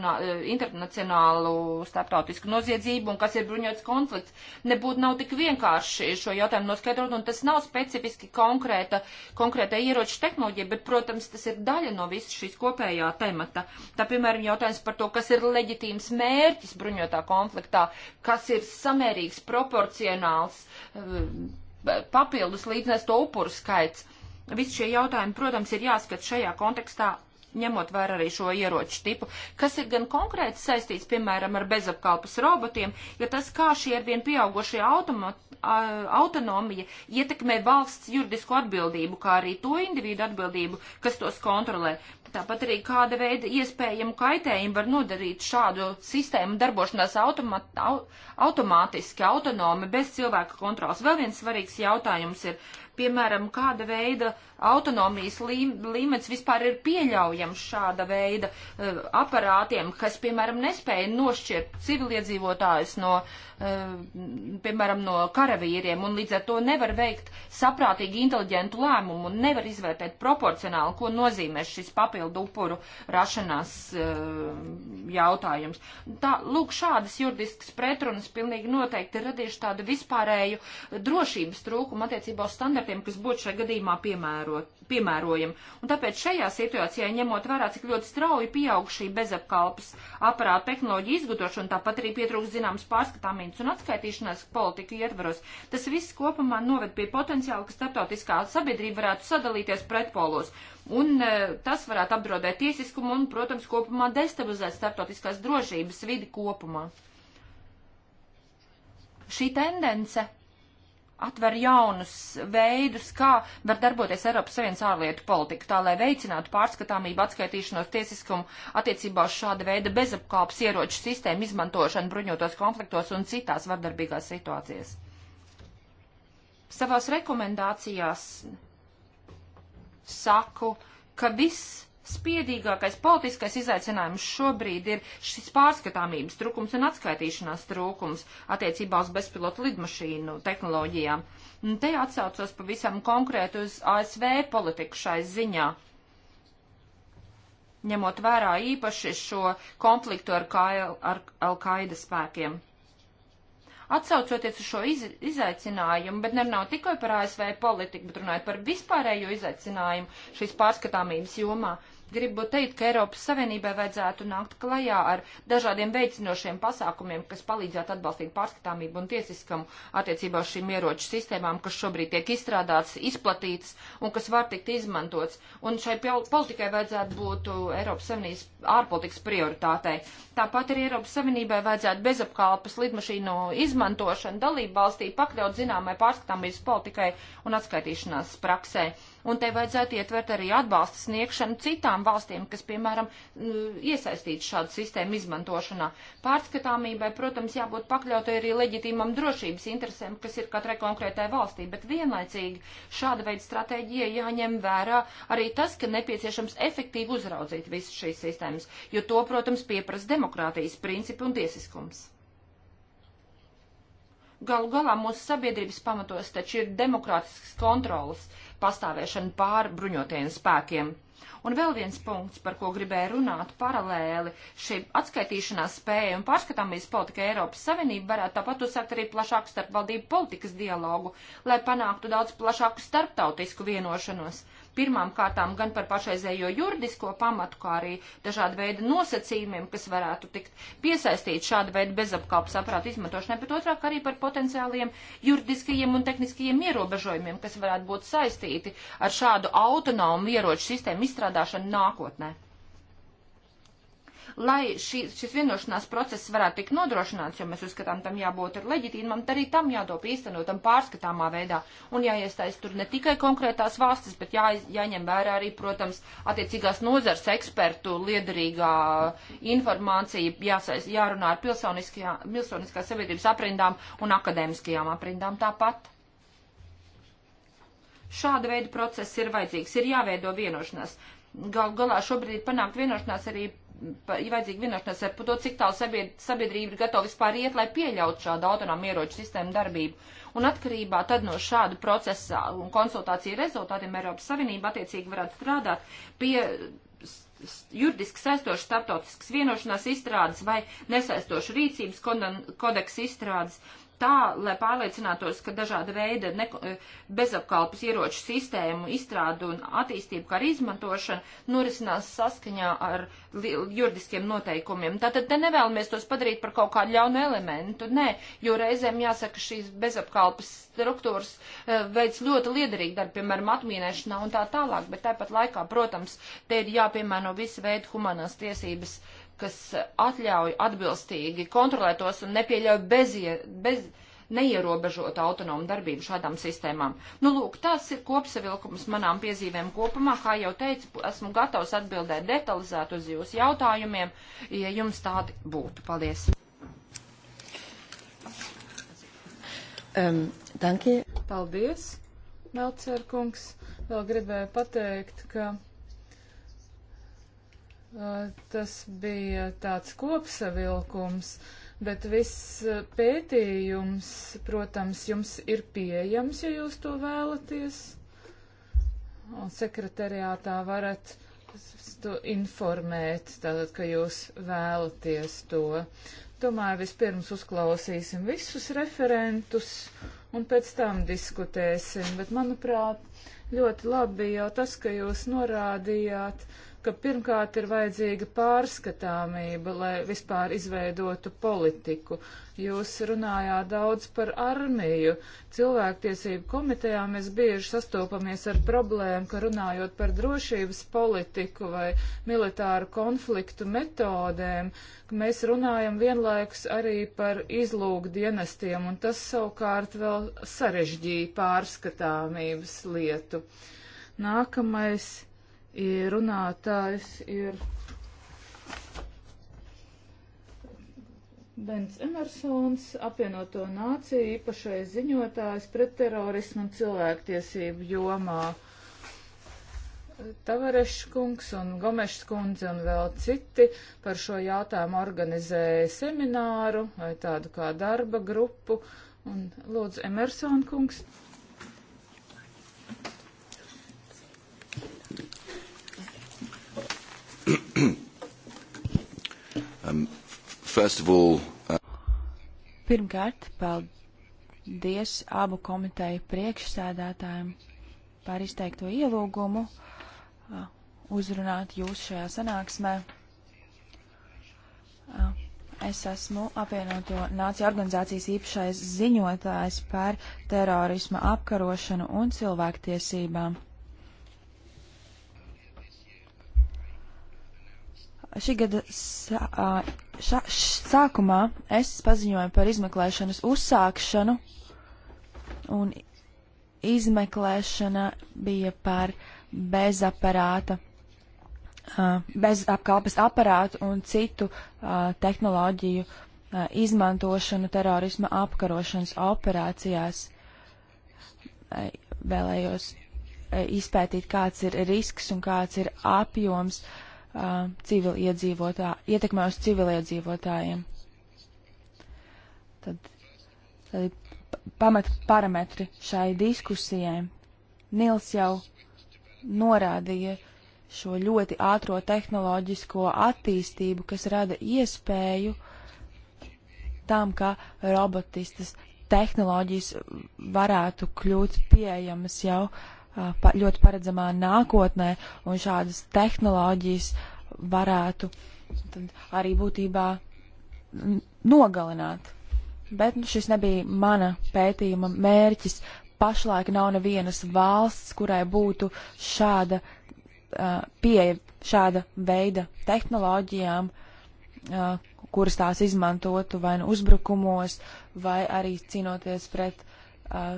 internacionālu starptautisku noziedzību un kas ir bruņots konflikts, nebūtu nav tik vienkārši šo jautājumu noskaidrot, un tas nav specifiski konkrēta konkrētai ieroču tehnoloģijai, bet, protams, tas ir daļa no visas šīs kopējā temata. Tā, piemēram, jautājums par to, kas ir leģitīms mērķis bruņotā konfliktā, kas ir samērīgs, proporcionāls, eh, papildus līdznes to upuru skaits. Visi šie jautājumi, protams, ir jāskat šajā kontekstā ņemot vērā arī šo ieroču tipu, kas ir gan konkrēti saistīts, piemēram, ar bezapkalpas robotiem, ja tas, kā šie arvien pieaugošie automati autonomija ietekmē valsts juridisko atbildību, kā arī to individu atbildību, kas tos kontrolē. Tāpat arī kāda veida iespējamu kaitējumu var nodarīt šādu sistēmu darbošanās automat, au, automātiski, autonomi, bez cilvēka kontrols. Vēl viens svarīgs jautājums ir, piemēram, kāda veida autonomijas lī, līmenis vispār ir pieļaujams šāda veida uh, aparātiem, kas, piemēram, nespēja nošķirt civiliedzīvotājus no, uh, piemēram, no karavīriem un līdz ar to nevar veikt saprātīgi inteliģentu lēmumu un nevar izvērtēt proporcionāli, ko nozīmē šis papildinājums papildu upuru rašanās eh, jautājums. Tā, lūk, šādas juridiskas pretrunas pilnīgi noteikti ir radījuši tādu vispārēju drošības trūkumu attiecībā uz standartiem, kas būtu šajā gadījumā piemērot, piemērojami. Un tāpēc šajā situācijā, ņemot vērā, cik ļoti strauji pieaug šī bezapkalpas aparāta tehnoloģija izgudrošana, tāpat arī pietrūkst zināmas pārskatāmības un atskaitīšanās politiku ietvaros, tas viss kopumā noved pie potenciāla, ka starptautiskā sabiedrība varētu sadalīties pretpolos. Un e, tas varētu apdraudēt tiesiskumu un, protams, kopumā destabilizēt starptautiskās drošības vidi kopumā. Šī tendence atver jaunus veidus, kā var darboties Eiropas Savienības ārlietu politika, tā lai veicinātu pārskatāmību, atskaitīšanos tiesiskumu attiecībā uz šāda veida bezapkāps ieroču sistēmu izmantošanu bruņotos konfliktos un citās vardarbīgās situācijās. Savās rekomendācijās saku, ka viss spiedīgākais politiskais izaicinājums šobrīd ir šis pārskatāmības trūkums un atskaitīšanās trūkums attiecībā uz bezpilotu lidmašīnu tehnoloģijām. Un te atsaucos pavisam konkrēti uz ASV politiku šai ziņā ņemot vērā īpaši šo konfliktu ar, Al ar Al-Qaida spēkiem atsaucoties uz šo iz, izaicinājumu, bet nerunājot tikai par ASV politiku, bet runājot par vispārējo izaicinājumu šīs pārskatāmības jomā. Uh, gribu teikt, ka Eiropas Savienībai vajadzētu nākt klajā ar dažādiem veicinošiem pasākumiem, kas palīdzētu atbalstīt pārskatāmību un tiesiskam attiecībā uz šīm ieroču sistēmām, kas šobrīd tiek izstrādātas, izplatītas un kas var tikt izmantots. Un šai politikai vajadzētu būt Eiropas Savienības ārpolitikas prioritātei. Tāpat arī Eiropas Savienībai vajadzētu bezapkalpas lidmašīnu izmantošanu dalību valstī pakļaut zināmai pārskatāmības politikai un atskaitīšanās praksē un te vajadzētu ietvert arī atbalsta sniegšanu citām valstīm, kas, piemēram, iesaistīts šādu sistēmu izmantošanā. Pārskatāmībai, protams, jābūt pakļautai arī leģitīmam drošības interesēm, kas ir katrai konkrētai valstī, bet vienlaicīgi šāda veida stratēģija jāņem vērā arī tas, ka nepieciešams efektīvi uzraudzīt visas šīs sistēmas, jo to, protams, pieprasa demokrātijas principi un tiesiskums. Galu galā mūsu sabiedrības pamatos taču ir demokrātisks kontrols uh, pastāvēšanu pār bruņotajiem spēkiem. Un vēl viens punkts, par ko gribēju runāt paralēli, šī atskaitīšanās spēja un pārskatāmības politika Eiropas Savienība varētu tāpat uzsākt arī plašāku starpvaldību politikas dialogu, lai panāktu daudz plašāku starptautisku vienošanos pirmām kārtām gan par pašreizējo juridisko pamatu, kā arī dažādu veidu nosacījumiem, kas varētu tikt piesaistīt šādu veidu bezapkalpas aparātu izmantošanai, bet otrāk arī par potenciāliem juridiskajiem un tehniskajiem ierobežojumiem, kas varētu būt saistīti ar šādu autonomu ieroču sistēmu izstrādāšanu nākotnē lai šī, šis vienošanās process varētu tikt nodrošināts, jo mēs uzskatām, tam jābūt ir leģitīmam, tad arī tam jādop īstenotam pārskatāmā veidā. Un jāiestājas tur ne tikai konkrētās valstis, bet jā, jāņem vērā arī, protams, attiecīgās nozars ekspertu liederīgā informācija, jāsais, jārunā ar pilsoniskās sabiedrības aprindām un akadēmiskajām aprindām tāpat. Šāda veida process ir vajadzīgs, ir jāveido vienošanās. Gal galā šobrīd panākt vienošanās arī ir vajadzīga vienošanās ar to, cik tālu sabiedrība ir gatava vispār iet, lai pieļautu šādu autonomu ieroču sistēmu darbību. Un atkarībā tad no šādu procesa un konsultāciju rezultātiem Eiropas Savienība attiecīgi varētu strādāt pie juridiski saistošas starptautiskas vienošanās izstrādes vai nesaistošu rīcības kodeksa izstrādes, tā, lai pārliecinātos, ka dažāda veida e, bezapkalpes ieroču sistēmu izstrādu un attīstību, kā arī izmantošana norisinās saskaņā ar juridiskiem noteikumiem. Tātad te nevēlamies tos padarīt par kaut kādu ļaunu elementu, nē, jo reizēm jāsaka, šīs bezapkalpes struktūras e, veids ļoti liederīgi darbi, piemēram, atmīnēšanā un tā tālāk, bet tāpat laikā, protams, te ir jāpiemēno visi veidi humanās tiesības kas atļauj atbilstīgi kontrolēt tos un nepieļauj bezie, bez, neierobežotu autonomu darbību šādām sistēmām. Nu, lūk, tas ir kopsavilkums manām piezīmēm kopumā. Kā jau teicu, esmu gatavs atbildēt detalizēt uz jūsu jautājumiem, ja jums tādi būtu. Paldies! Um, dankie. Paldies, Melcer kungs. Vēl gribēju pateikt, ka Eh, tas bija tāds kopsavilkums, bet viss eh, pētījums, protams, jums ir pieejams, ja jūs to vēlaties. Un sekretariātā varat to informēt, tātad, ka jūs vēlaties to. Tomēr vispirms uzklausīsim visus referentus un pēc tam diskutēsim. Bet, manuprāt, ļoti labi jau tas, ka jūs norādījāt, uh, ka pirmkārt ir vajadzīga pārskatāmība, lai vispār izveidotu politiku. Jūs runājāt daudz par armiju. Cilvēktiesību komitejā mēs bieži sastopamies ar problēmu, ka runājot par drošības politiku vai militāru konfliktu metodēm, mēs runājam vienlaikus arī par izlūku dienestiem, un tas savukārt vēl sarežģīja pārskatāmības lietu. Nākamais runātājs ir Bens Emersons, apvienoto nāciju īpašais ziņotājs pret terorismu un cilvēktiesību jomā. Tavarešs kungs un Gomešs kundze un vēl citi par šo jautājumu organizēja semināru vai tādu kā darba grupu. Un lūdzu, Emersona kungs. Um, first of all. Uh... Pirmkārt, paldies abu komiteju priekšsēdētājiem par izteikto ielūgumu uh, uzrunāt jūs šajā sanāksmē. Uh, Es esmu apvienoto nāciju organizācijas īpašais ziņotājs par terorisma apkarošanu un cilvēktiesībām. Šī gada šā, sākumā es paziņoju par izmeklēšanas uzsākšanu, un izmeklēšana bija par bezaparāta, bezapkalpes aparātu un citu tehnoloģiju izmantošanu terorisma apkarošanas operācijās. Vēlējos izpētīt, kāds ir risks un kāds ir apjoms uh, uh, civiliedzīvotā, ietekmē uz civiliedzīvotājiem. Tad, tad pamat parametri šai diskusijai. Nils jau norādīja šo ļoti ātro tehnoloģisko attīstību, kas rada iespēju tam, ka robotistas tehnoloģijas varētu kļūt pieejamas jau uh, ļoti paredzamā nākotnē, un šādas tehnoloģijas varētu arī būtībā nogalināt. Bet nu, šis nebija mana pētījuma mērķis. Pašlaik nav nevienas valsts, kurai būtu šāda uh, pieeja, šāda veida tehnoloģijām, uh, kuras tās izmantotu vai nu uzbrukumos, vai arī cīnoties pret uh,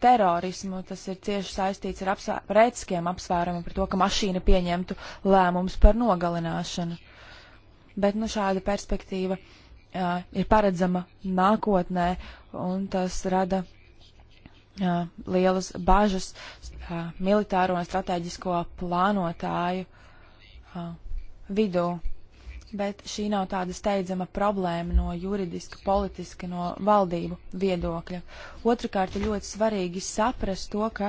terorismu, tas ir cieši saistīts ar, apsvā, ar ētiskiem apsvērumiem, par to, ka mašīna pieņemtu lēmumus par nogalināšanu. Bet nu, šāda perspektīva uh, ir paredzama nākotnē, un tas rada uh, lielas bažas uh, militāro un strateģisko plānotāju uh, vidū bet šī nav tāda steidzama problēma no juridiska, politiska, no valdību viedokļa. Otrakārt, ir ļoti svarīgi saprast to, ka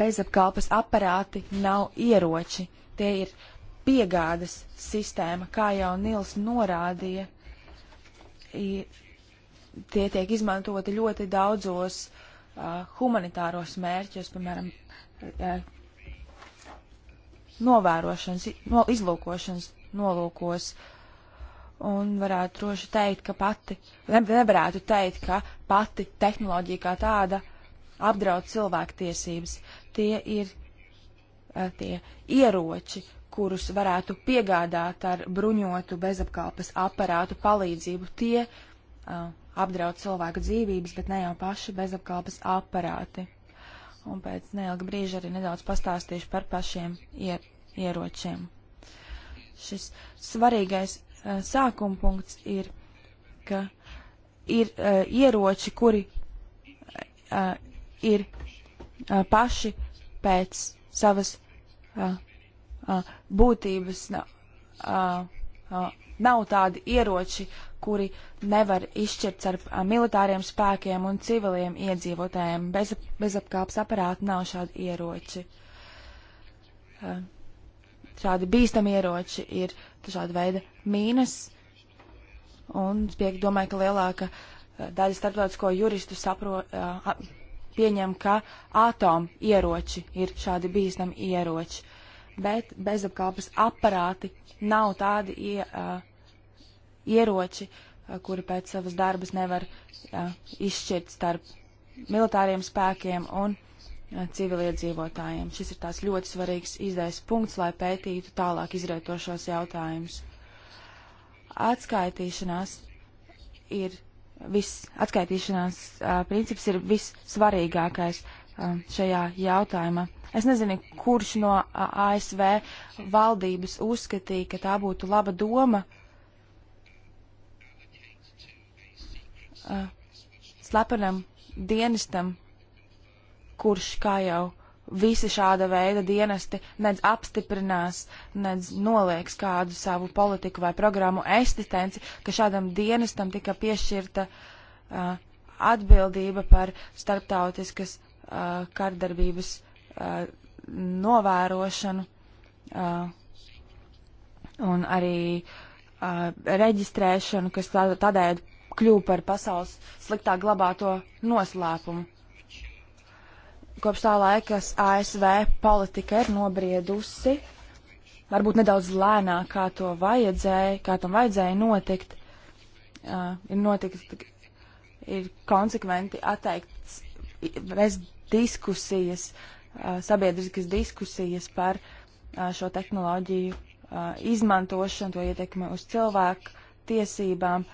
bezapkalpes aparāti nav ieroči. Tie ir piegādes sistēma, kā jau Nils norādīja. I, tie tiek izmantoti ļoti daudzos uh, humanitāros mērķos, piemēram, uh, novērošanas, no, izlūkošanas nolūkos. Un varētu droši teikt, ka pati, ne, nevarētu teikt, ka pati tehnoloģija kā tāda apdraud cilvēktiesības. Tie ir eh, tie ieroči, kurus varētu piegādāt ar bruņotu bezapkalpes aparātu palīdzību. Tie uh, apdraud cilvēku dzīvības, bet ne jau paši bezapkalpes aparāti. Un pēc neilga brīža arī nedaudz pastāstīšu par pašiem ier ieročiem šis svarīgais uh, eh, sākuma punkts ir, ka ir uh, ieroči, kuri uh, ir uh, paši pēc savas uh, uh, būtības. Uh, uh, nav tādi ieroči, kuri nevar izšķirt ar militāriem spēkiem un civiliem iedzīvotājiem. Bez, bezapkāps aparāti nav šādi ieroči. Uh, šādi bīstami ieroči ir dažāda veida mīnas. Un es domāju, ka lielāka eh, daļa starptautisko juristu sapro, uh, pieņem, ka atomu ieroči ir šādi bīstami ieroči. Bet bezapkalpes aparāti nav tādi ie, uh, ieroči, uh, kuri pēc savas darbas nevar uh, izšķirt starp militāriem spēkiem un Eh, civiliedzīvotājiem. Šis ir tās ļoti svarīgs izdais punkts, lai pētītu tālāk izrietošos jautājumus. Atskaitīšanās ir viss, atskaitīšanās uh, princips ir vissvarīgākais uh, šajā jautājumā. Es nezinu, kurš no uh, ASV valdības uzskatīja, ka tā būtu laba doma uh, slepenam dienestam kurš, kā jau visi šāda veida dienesti nedz apstiprinās, nedz nolieks kādu savu politiku vai programmu eksistenci, ka šādam dienestam tika piešķirta uh, atbildība par starptautiskas uh, kardarbības uh, novērošanu uh, un arī uh, reģistrēšanu, kas tādēļ kļūpa par pasaules sliktāk glabāto noslēpumu kopš tā laikas ASV politika ir nobriedusi, varbūt nedaudz lēnāk, kā to vajadzēja, kā tam vajadzēja notikt, uh, ir notikt, ir konsekventi atteikts vest diskusijas, uh, sabiedriskas diskusijas par uh, šo tehnoloģiju uh, izmantošanu, to ietekmi uz cilvēku tiesībām,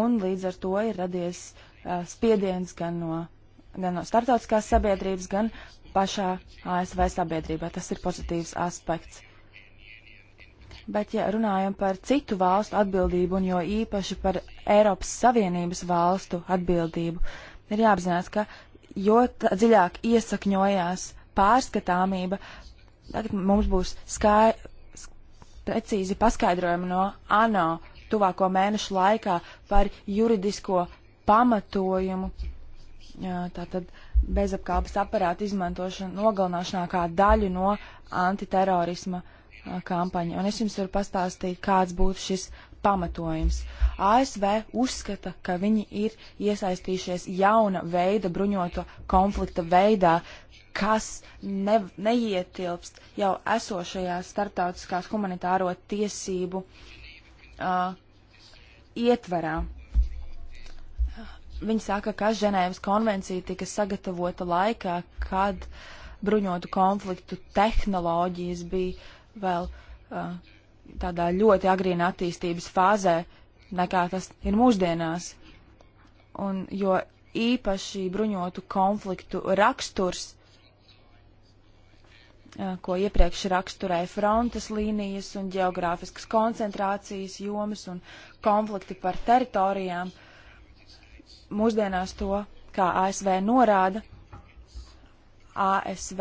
un līdz ar to ir radies uh, spiediens gan no gan no startautiskās sabiedrības, gan pašā ASV sabiedrībā. Tas ir pozitīvs aspekts. Bet, ja runājam par citu valstu atbildību, un jo īpaši par Eiropas Savienības valstu atbildību, ir jāapzinās, ka jo dziļāk iesakņojās pārskatāmība, tagad mums būs skai, precīzi paskaidrojumi no ANO tuvāko mēnešu laikā par juridisko pamatojumu tātad bezapkalpes aparātu izmantošanu nogalināšanā kā daļu no antiterorisma a, kampaņa. Un es jums varu pastāstīt, kāds būtu šis pamatojums. ASV uzskata, ka viņi ir iesaistījušies jauna veida bruņoto konflikta veidā, kas ne, neietilpst jau esošajā starptautiskās humanitāro tiesību uh, ietverā. Viņi saka, ka Ženēvas konvencija tika sagatavota laikā, kad bruņotu konfliktu tehnoloģijas bija vēl uh, tādā ļoti agrīna attīstības fāzē, nekā tas ir mūsdienās. Un, jo īpaši bruņotu konfliktu raksturs, ko iepriekš raksturēja frontes līnijas un geogrāfiskas koncentrācijas jomas un konflikti par teritorijām, uh, mūsdienās to, kā ASV norāda, ASV,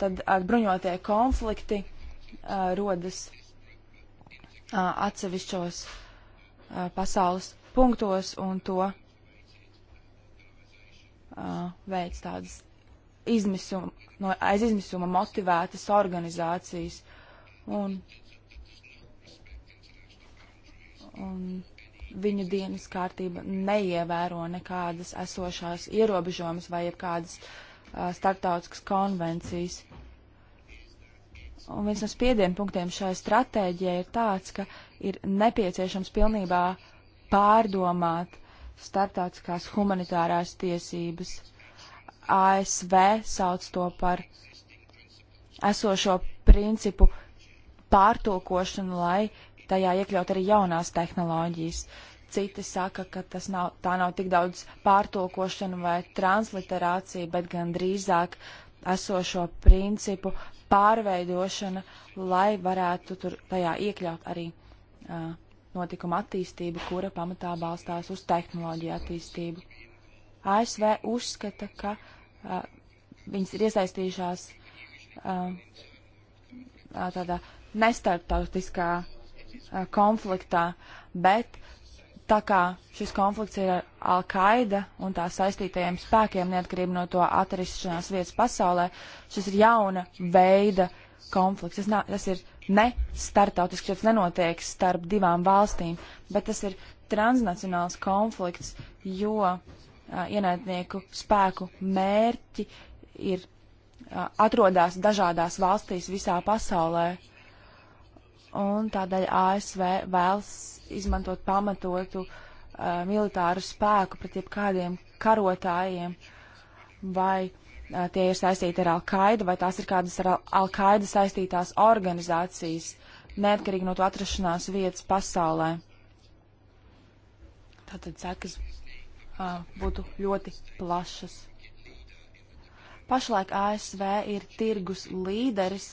tad bruņotie konflikti uh, rodas uh, atsevišķos uh, pasaules punktos un to uh, veids tādas izmisuma, no aiz izmisuma motivētas organizācijas. Un, un viņu dienas kārtība neievēro nekādas esošās ierobežojumus vai kādas uh, starptautiskas konvencijas. Un viens no spiedienu punktiem šai stratēģijai ir tāds, ka ir nepieciešams pilnībā pārdomāt starptautiskās humanitārās tiesības. ASV sauc to par esošo principu pārtulkošanu, lai tajā iekļaut arī jaunās tehnoloģijas. Citi saka, ka tas nav, tā nav tik daudz pārtulkošana vai transliterācija, bet gan drīzāk esošo principu pārveidošana, lai varētu tur tajā iekļaut arī uh, notikuma attīstību, kura pamatā balstās uz tehnoloģiju attīstību. ASV uzskata, ka uh, viņas ir iesaistījušās uh, tādā nestarptautiskā Uh, konfliktā, bet tā kā šis konflikts ir ar Al-Qaida un tā saistītajiem spēkiem, neatkarību no to atrišanās vietas pasaulē, šis ir jauna veida konflikts. Tas, nav, tas ir ne startautisks, tas nenotiek starp divām valstīm, bet tas ir transnacionāls konflikts, jo uh, ienaidnieku spēku mērķi ir uh, atrodās dažādās valstīs visā pasaulē un tādēļ ASV vēlas izmantot pamatotu uh, militāru spēku pret jebkādiem karotājiem, vai uh, tie ir saistīti ar Al-Qaidu, vai tās ir kādas ar Al-Qaidu saistītās organizācijas, neatkarīgi no to atrašanās vietas pasaulē. Tātad sekas uh, būtu ļoti plašas. Pašlaik ASV ir tirgus līderis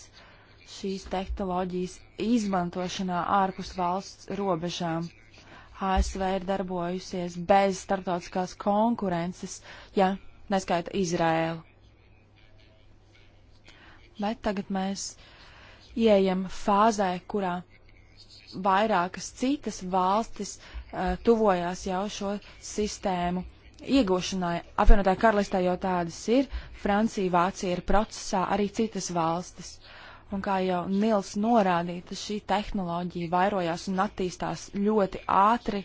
šīs tehnoloģijas izmantošanā ārpus valsts robežām. ASV ir darbojusies bez starptautiskās konkurences, ja neskaita Izrēlu. Bet tagad mēs ieejam fāzē, kurā vairākas citas valstis uh, tuvojās jau šo sistēmu iegūšanai. Apvienotā karalistē jau tādas ir, Francija, Vācija ir procesā, arī citas valstis. Uh, Un kā jau Nils norādīja, šī tehnoloģija vairojās un attīstās ļoti ātri.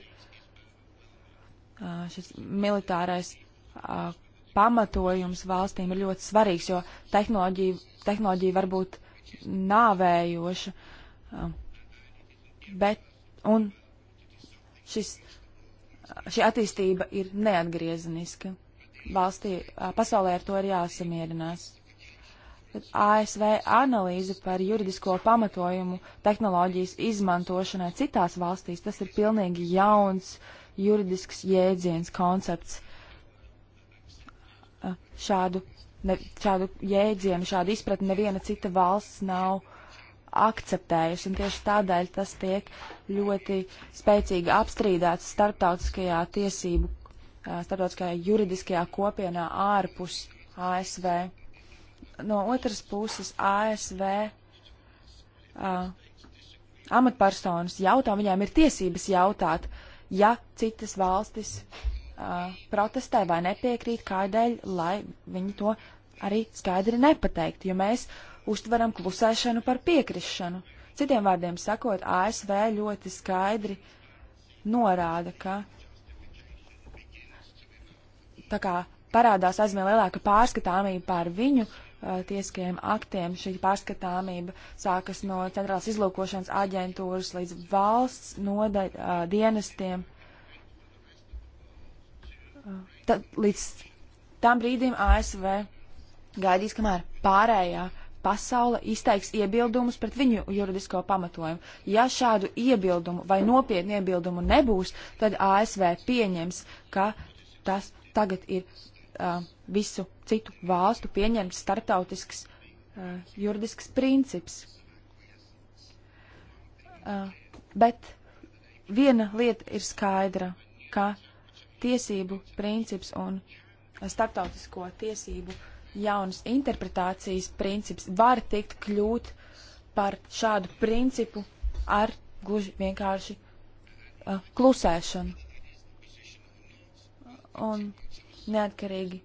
Uh, šis militārais uh, pamatojums valstīm ir ļoti svarīgs, jo tehnoloģija, tehnoloģija var būt nāvējoša. Uh, bet, un šis, šī attīstība ir neatgriezeniska. Valstī, pasaulē ar to ir jāsamierinās. ASV analīze par juridisko pamatojumu tehnoloģijas izmantošanai citās valstīs, tas ir pilnīgi jauns juridisks jēdziens, koncepts. Šādu, ne, šādu jēdzienu, šādu izpratni neviena cita valsts nav akceptējusi, un tieši tādēļ tas tiek ļoti spēcīgi apstrīdēts starptautiskajā tiesību, starptautiskajā juridiskajā kopienā ārpus ASV no otras puses ASV uh, amatpersonas jautā, viņām ir tiesības jautāt, ja citas valstis uh, protestē vai nepiekrīt, kādēļ, lai viņi to arī skaidri nepateiktu, jo mēs uztveram klusēšanu par piekrišanu. Citiem vārdiem sakot, ASV ļoti skaidri norāda, ka tā kā parādās aizvien lielāka pārskatāmība pār viņu, uh, Uh, tieskajiem aktiem šī pārskatāmība sākas no centrālās izlūkošanas aģentūras līdz valsts nodaļ, a, uh, dienestiem. A, uh, tad, līdz tam brīdim ASV gaidīs, kamēr pārējā pasaule izteiks iebildumus pret viņu juridisko pamatojumu. Ja šādu iebildumu vai nopietnu iebildumu nebūs, tad ASV pieņems, ka tas tagad ir uh, visu citu valstu pieņemts startautisks uh, juridisks princips. Uh, bet viena lieta ir skaidra, ka tiesību princips un starptautisko tiesību jaunas interpretācijas princips var tikt kļūt par šādu principu ar gluži vienkārši uh, klusēšanu. Un neatkarīgi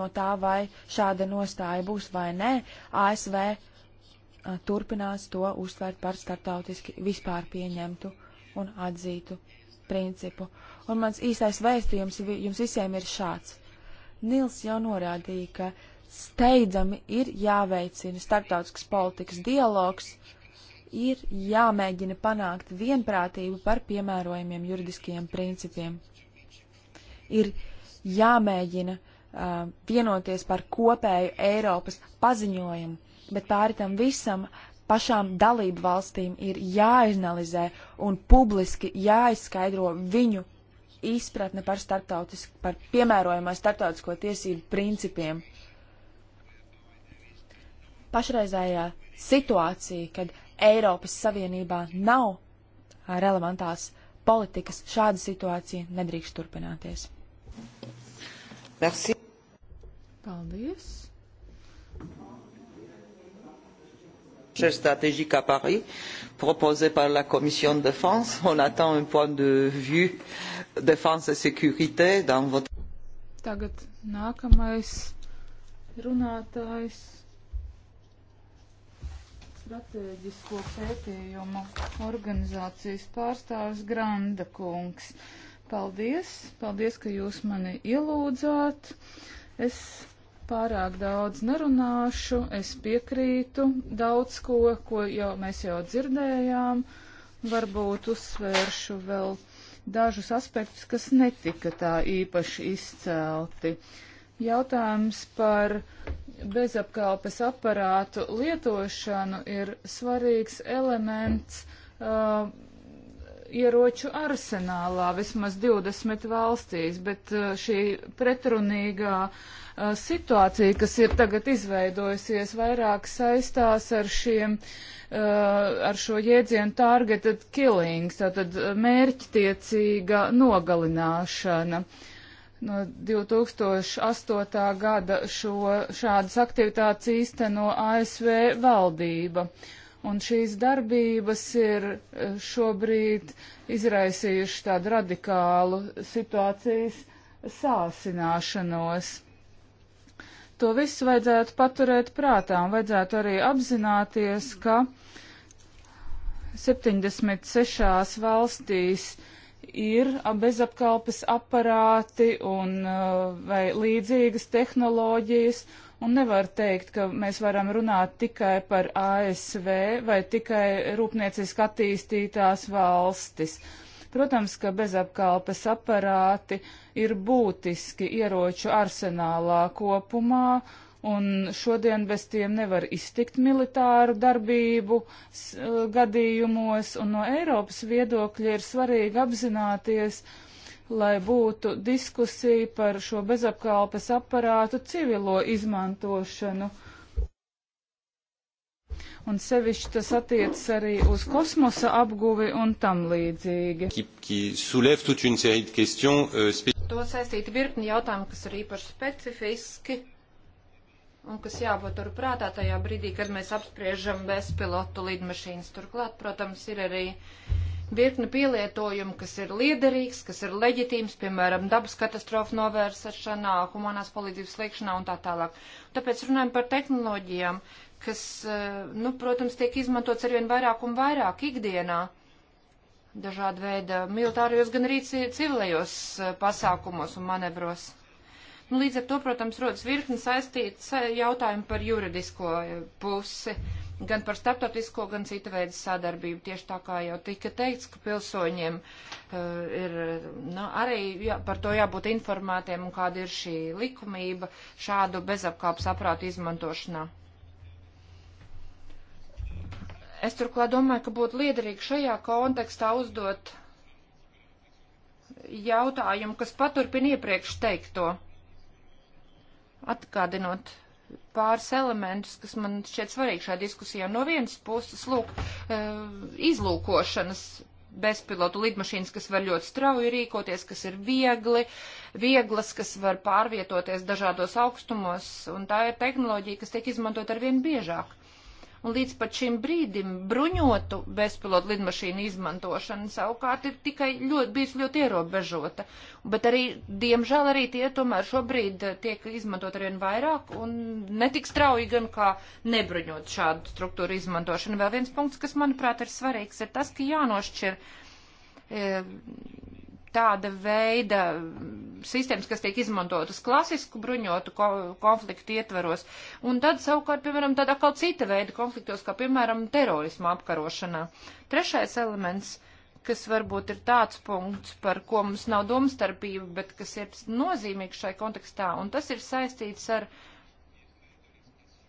no tā, vai šāda nostāja būs vai nē, ASV a, turpinās to uztvērt par startautiski vispār pieņemtu un atzītu principu. Un mans īstais vēstījums jums visiem ir šāds. Nils jau norādīja, ka steidzami ir jāveicina starptautisks politikas dialogs, ir jāmēģina panākt vienprātību par piemērojumiem juridiskiem principiem. Ir jāmēģina uh, vienoties par kopēju Eiropas paziņojumu, bet pāri tam visam pašām dalību valstīm ir jāizanalizē un publiski jāizskaidro viņu izpratne par, par piemērojumā starptautisko tiesību principiem. Pašreizējā situācija, kad Eiropas Savienībā nav relevantās politikas, šāda situācija nedrīkst turpināties. Merci. Paldies. stratégique à Paris proposée par la Commission de défense. On attend un point de vue défense et sécurité dans votre. Tagad nākamais runātājs strateģisko pētījumu organizācijas pārstāvis Granda kungs. Paldies! Paldies, ka jūs mani ielūdzāt. Es pārāk daudz nerunāšu, es piekrītu daudz ko, ko jau mēs jau dzirdējām. Varbūt uzsvēršu vēl dažus aspektus, kas netika tā īpaši izcelti. Jautājums par bezapkalpes aparātu lietošanu ir svarīgs elements. Uh, ieroču arsenālā vismaz 20 valstīs, bet uh, šī pretrunīgā uh, situācija, kas ir tagad izveidojusies, vairāk saistās ar šiem, uh, ar šo jēdzienu targeted killings, tātad mērķtiecīga nogalināšana. No 2008. gada šo, šādas aktivitātes īsteno ASV valdība. Uh, Un šīs darbības ir e, šobrīd izraisījušas tādu radikālu situācijas sāsināšanos. To visu vajadzētu paturēt prātā un vajadzētu arī apzināties, ka 76 valstīs ir bezapkalpes aparāti un e, vai līdzīgas tehnoloģijas, Un nevar teikt, ka mēs varam runāt tikai par ASV vai tikai rūpnieciski attīstītās valstis. Protams, ka bezapkalpes aparāti ir būtiski ieroču arsenālā kopumā, un šodien bez tiem nevar iztikt militāru darbību eh, gadījumos, un no Eiropas viedokļa ir svarīgi apzināties, uh, lai būtu diskusija par šo bezapkalpes aparātu civilo izmantošanu. Un sevišķi tas attiecas arī uz kosmosa apguvi un tam līdzīgi. Euh, to saistīti virkni jautājumu, kas ir īpaši specifiski un kas jābūt turprātā tajā brīdī, kad mēs apspriežam bezpilotu lidmašīnas. Turklāt, protams, ir arī virkni pielietojumu, kas ir liederīgs, kas ir leģitīms, piemēram, dabas katastrofu novērsašanā, humanās palīdzības sliekšanā un tā tālāk. Tāpēc runājam par tehnoloģijām, kas, eh, nu, protams, tiek izmantots arvien vairāk un vairāk ikdienā dažāda veida militārijos, gan arī civilajos eh, pasākumos un manevros. Nu, līdz ar to, protams, rodas virkni saistīt eh, jautājumu par juridisko pusi. Uh, gan par starptautisko, gan cita veida sadarbību. Tieši tā kā jau tika teikts, ka pilsoņiem uh, ir nu, arī jā, par to jābūt informētiem un kāda ir šī likumība šādu bezapkāpes aprātu izmantošanā. Es turklāt domāju, ka būtu liederīgi šajā kontekstā uzdot jautājumu, kas paturpina iepriekš teikto, atkādinot pāris elementus, kas man šķiet svarīgi šajā diskusijā. No vienas puses, lūk, eh, izlūkošanas bezpilotu lidmašīnas, kas var ļoti strauji rīkoties, kas ir viegli, vieglas, kas var pārvietoties dažādos augstumos, un tā ir tehnoloģija, kas tiek izmantot arvien biežāk. Un līdz pat šim brīdim bruņotu bezpilotu lidmašīnu izmantošana savukārt ir tikai ļoti, bijusi ļoti ierobežota. Bet arī, diemžēl, arī tie tomēr šobrīd eh, tiek izmantot arvien vairāk un netik strauji gan kā nebruņot šādu struktūru izmantošanu. Vēl viens punkts, kas, manuprāt, ir svarīgs, ir tas, ka jānošķir. E, tāda veida sistēmas, kas tiek izmantotas klasisku bruņotu ko, konfliktu ietvaros, un tad savukārt, piemēram, tādā kā cita veida konfliktos, kā piemēram terorisma apkarošanā. Trešais elements, kas varbūt ir tāds punkts, par ko mums nav domstarpība, bet kas ir nozīmīgs šai kontekstā, un tas ir saistīts ar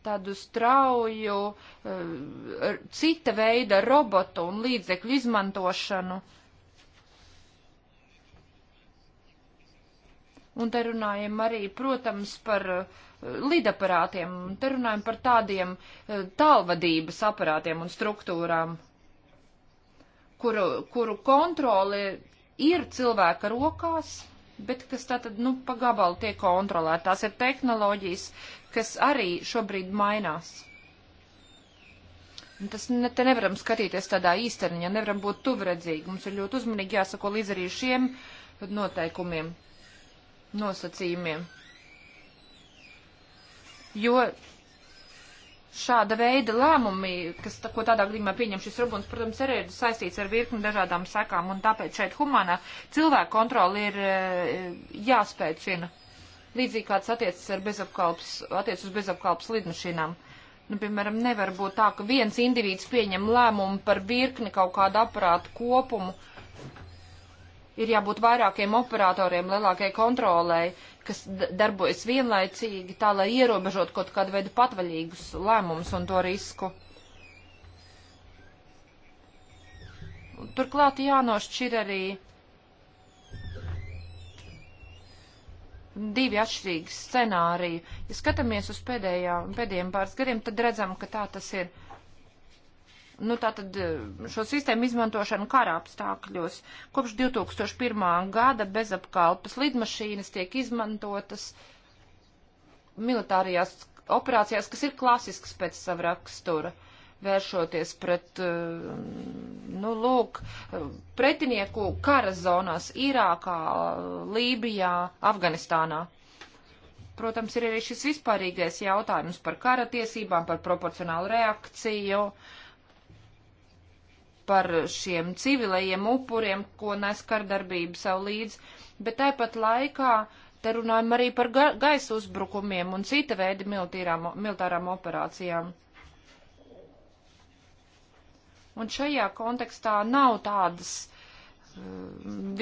tādu strauju, eh, cita veida robotu un līdzekļu izmantošanu. Uh, Un te runājam arī, protams, par eh, lidaparātiem, un te runājam par tādiem eh, tālvadības aparātiem un struktūrām, kuru, kuru kontroli ir cilvēka rokās, bet kas tātad, nu, pagabalu tiek kontrolētās. Ir tehnoloģijas, kas arī šobrīd mainās. Tas ne, te nevaram skatīties tādā īstermiņā, nevaram būt tuvredzīgi. Mums ir ļoti uzmanīgi jāsako līdz arī šiem noteikumiem nosacījumiem. Jo šāda veida lēmumi, kas, ko tādā gadījumā pieņem šis rubuns, protams, arī ir saistīts ar virkni dažādām sekām, un tāpēc šeit humānā cilvēku kontroli ir eh, jāspēcina. Līdzīgi kāds attiecas, ar bezapkalps, attiecas uz bezapkalpas lidmašīnām. Nu, piemēram, nevar būt tā, ka viens indivīds pieņem lēmumu par virkni kaut kādu aparātu kopumu, uh, ir jābūt vairākiem operatoriem, lielākai kontrolei, kas darbojas vienlaicīgi, tā lai ierobežot kaut kādu veidu patvaļīgus lēmumus un to risku. Turklāt jānošķir arī divi atšķirīgi scenāriji. Ja skatāmies uz pēdējā, pēdējiem pāris gadiem, tad redzam, ka tā tas ir. Uh, nu, tātad eh, šo sistēmu izmantošanu kara apstākļos. Kopš 2001. gada bezapkalpas lidmašīnas tiek izmantotas militārajās operācijās, kas ir klasisks pēc sava rakstura, vēršoties pret, eh, nu, lūk, pretinieku kara zonās Irākā, Lībijā, Afganistānā protams, ir arī šis vispārīgais jautājums par kara tiesībām, par proporcionālu reakciju, par šiem civilajiem upuriem, ko nes kardarbība savu līdz, bet tāpat laikā te runājam arī par ga gaisa uzbrukumiem un cita veida militārām, militārām operācijām. Un šajā kontekstā nav tādas uh,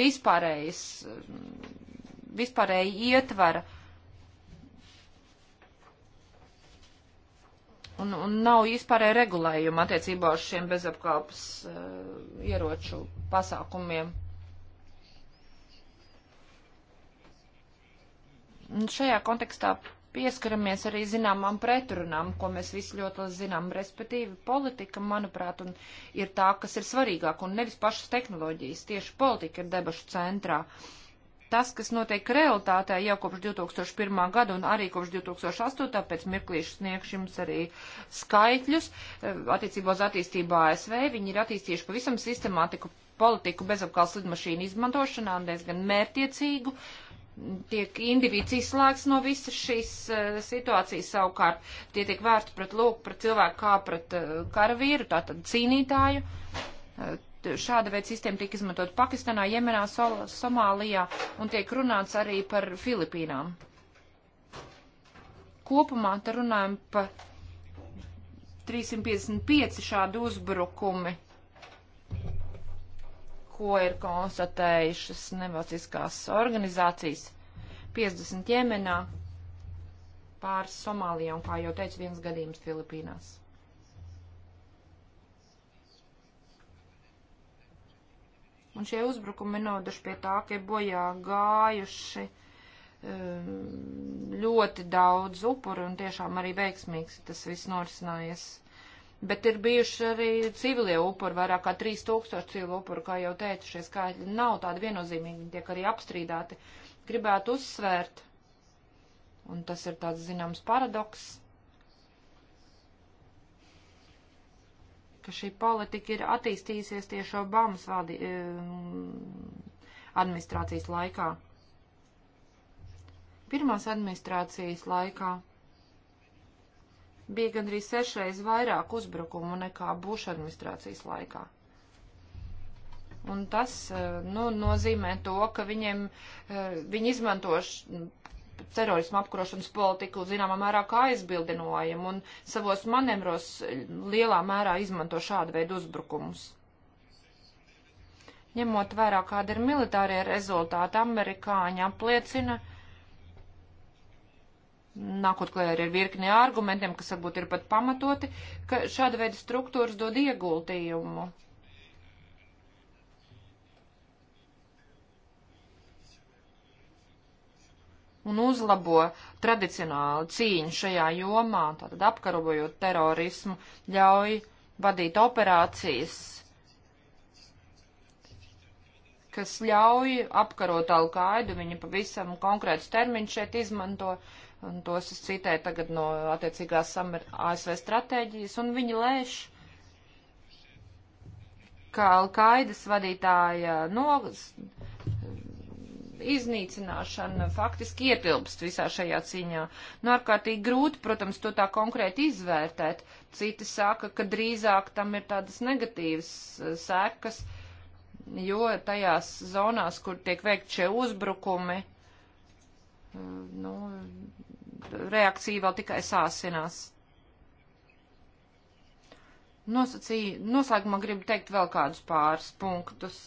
vispārējas, uh, vispārēja ietvara uh, un, un nav vispārēja regulējuma attiecībā uz šiem bezapkalpas uh, eh, ieroču pasākumiem. Un šajā kontekstā pieskaramies arī zināmām pretrunām, ko mēs visi ļoti labi zinām, respektīvi politika, manuprāt, un ir tā, kas ir svarīgāk, un nevis pašas tehnoloģijas, tieši politika ir debašu centrā. Uh, tas, kas notiek realitātē jau kopš 2001. gada un arī kopš 2008. pēc mirklīšu sniegšu jums arī skaitļus e, attiecībā uz attīstību ASV. Viņi ir attīstījuši pavisam sistemātiku politiku bezapkals lidmašīnu izmantošanā un diezgan mērtiecīgu. Tiek individs izslēgts no visas šīs uh, situācijas savukārt. Tie tiek vērti pret lūk, pret cilvēku kā pret uh, karavīru, tātad cīnītāju. Uh, šāda veida sistēma tiek izmantot Pakistanā, Jemenā, Sol Somālijā un tiek runāts arī par Filipīnām. Kopumā te runājam par 355 šādu uzbrukumi, ko ir konstatējušas nevalstiskās organizācijas. 50 Jemenā, pāris Somālijā un, kā jau teicu, viens gadījums Filipīnās. Un šie uzbrukumi noduši pie tā, ka ir bojā gājuši ehm, ļoti daudz upuru un tiešām arī veiksmīgs tas viss norisinājies. Bet ir bijuši arī civilie upuri, vairāk kā 3000 civilu upuru, kā jau teicu, šie skaitļi nav tādi viennozīmīgi, viņi tiek arī apstrīdāti. Gribētu uzsvērt, un tas ir tāds zināms paradoks, ka šī politika ir attīstījusies tieši Obamas vadi, e, administrācijas laikā. Pirmās administrācijas laikā bija gandrīz sešreiz vairāk uzbrukumu nekā Buša administrācijas laikā. Un tas e, nu, nozīmē to, ka viņiem, e, viņi izmanto terorismu apkarošanas politiku zināmā mērā kā aizbildinājumu un savos manevros lielā mērā izmanto šādu veidu uzbrukumus. Ņemot vērā, kāda ir militārie rezultāti, amerikāņi apliecina, nākot klē arī ar virkni argumentiem, kas varbūt ir pat pamatoti, ka šāda veida struktūras dod ieguldījumu un uzlabo tradicionālu cīņu šajā jomā, tātad apkarojot terorismu, ļauj vadīt operācijas, kas ļauj apkarot Alkaidu, viņi pavisam konkrēts termiņš šeit izmanto, un tos es citēju tagad no attiecīgās ASV stratēģijas, un viņi lēš, ka Alkaidas vadītāja no iznīcināšana faktiski ietilpst visā šajā ciņā. Nu, ārkārtīgi grūti, protams, to tā konkrēti izvērtēt. Citi saka, ka drīzāk tam ir tādas negatīvas uh, sekas, jo tajās zonās, kur tiek veikt šie uzbrukumi, uh, nu, reakcija vēl tikai sāsinās. Nosacīja, noslēgumā gribu teikt vēl kādus pāris punktus.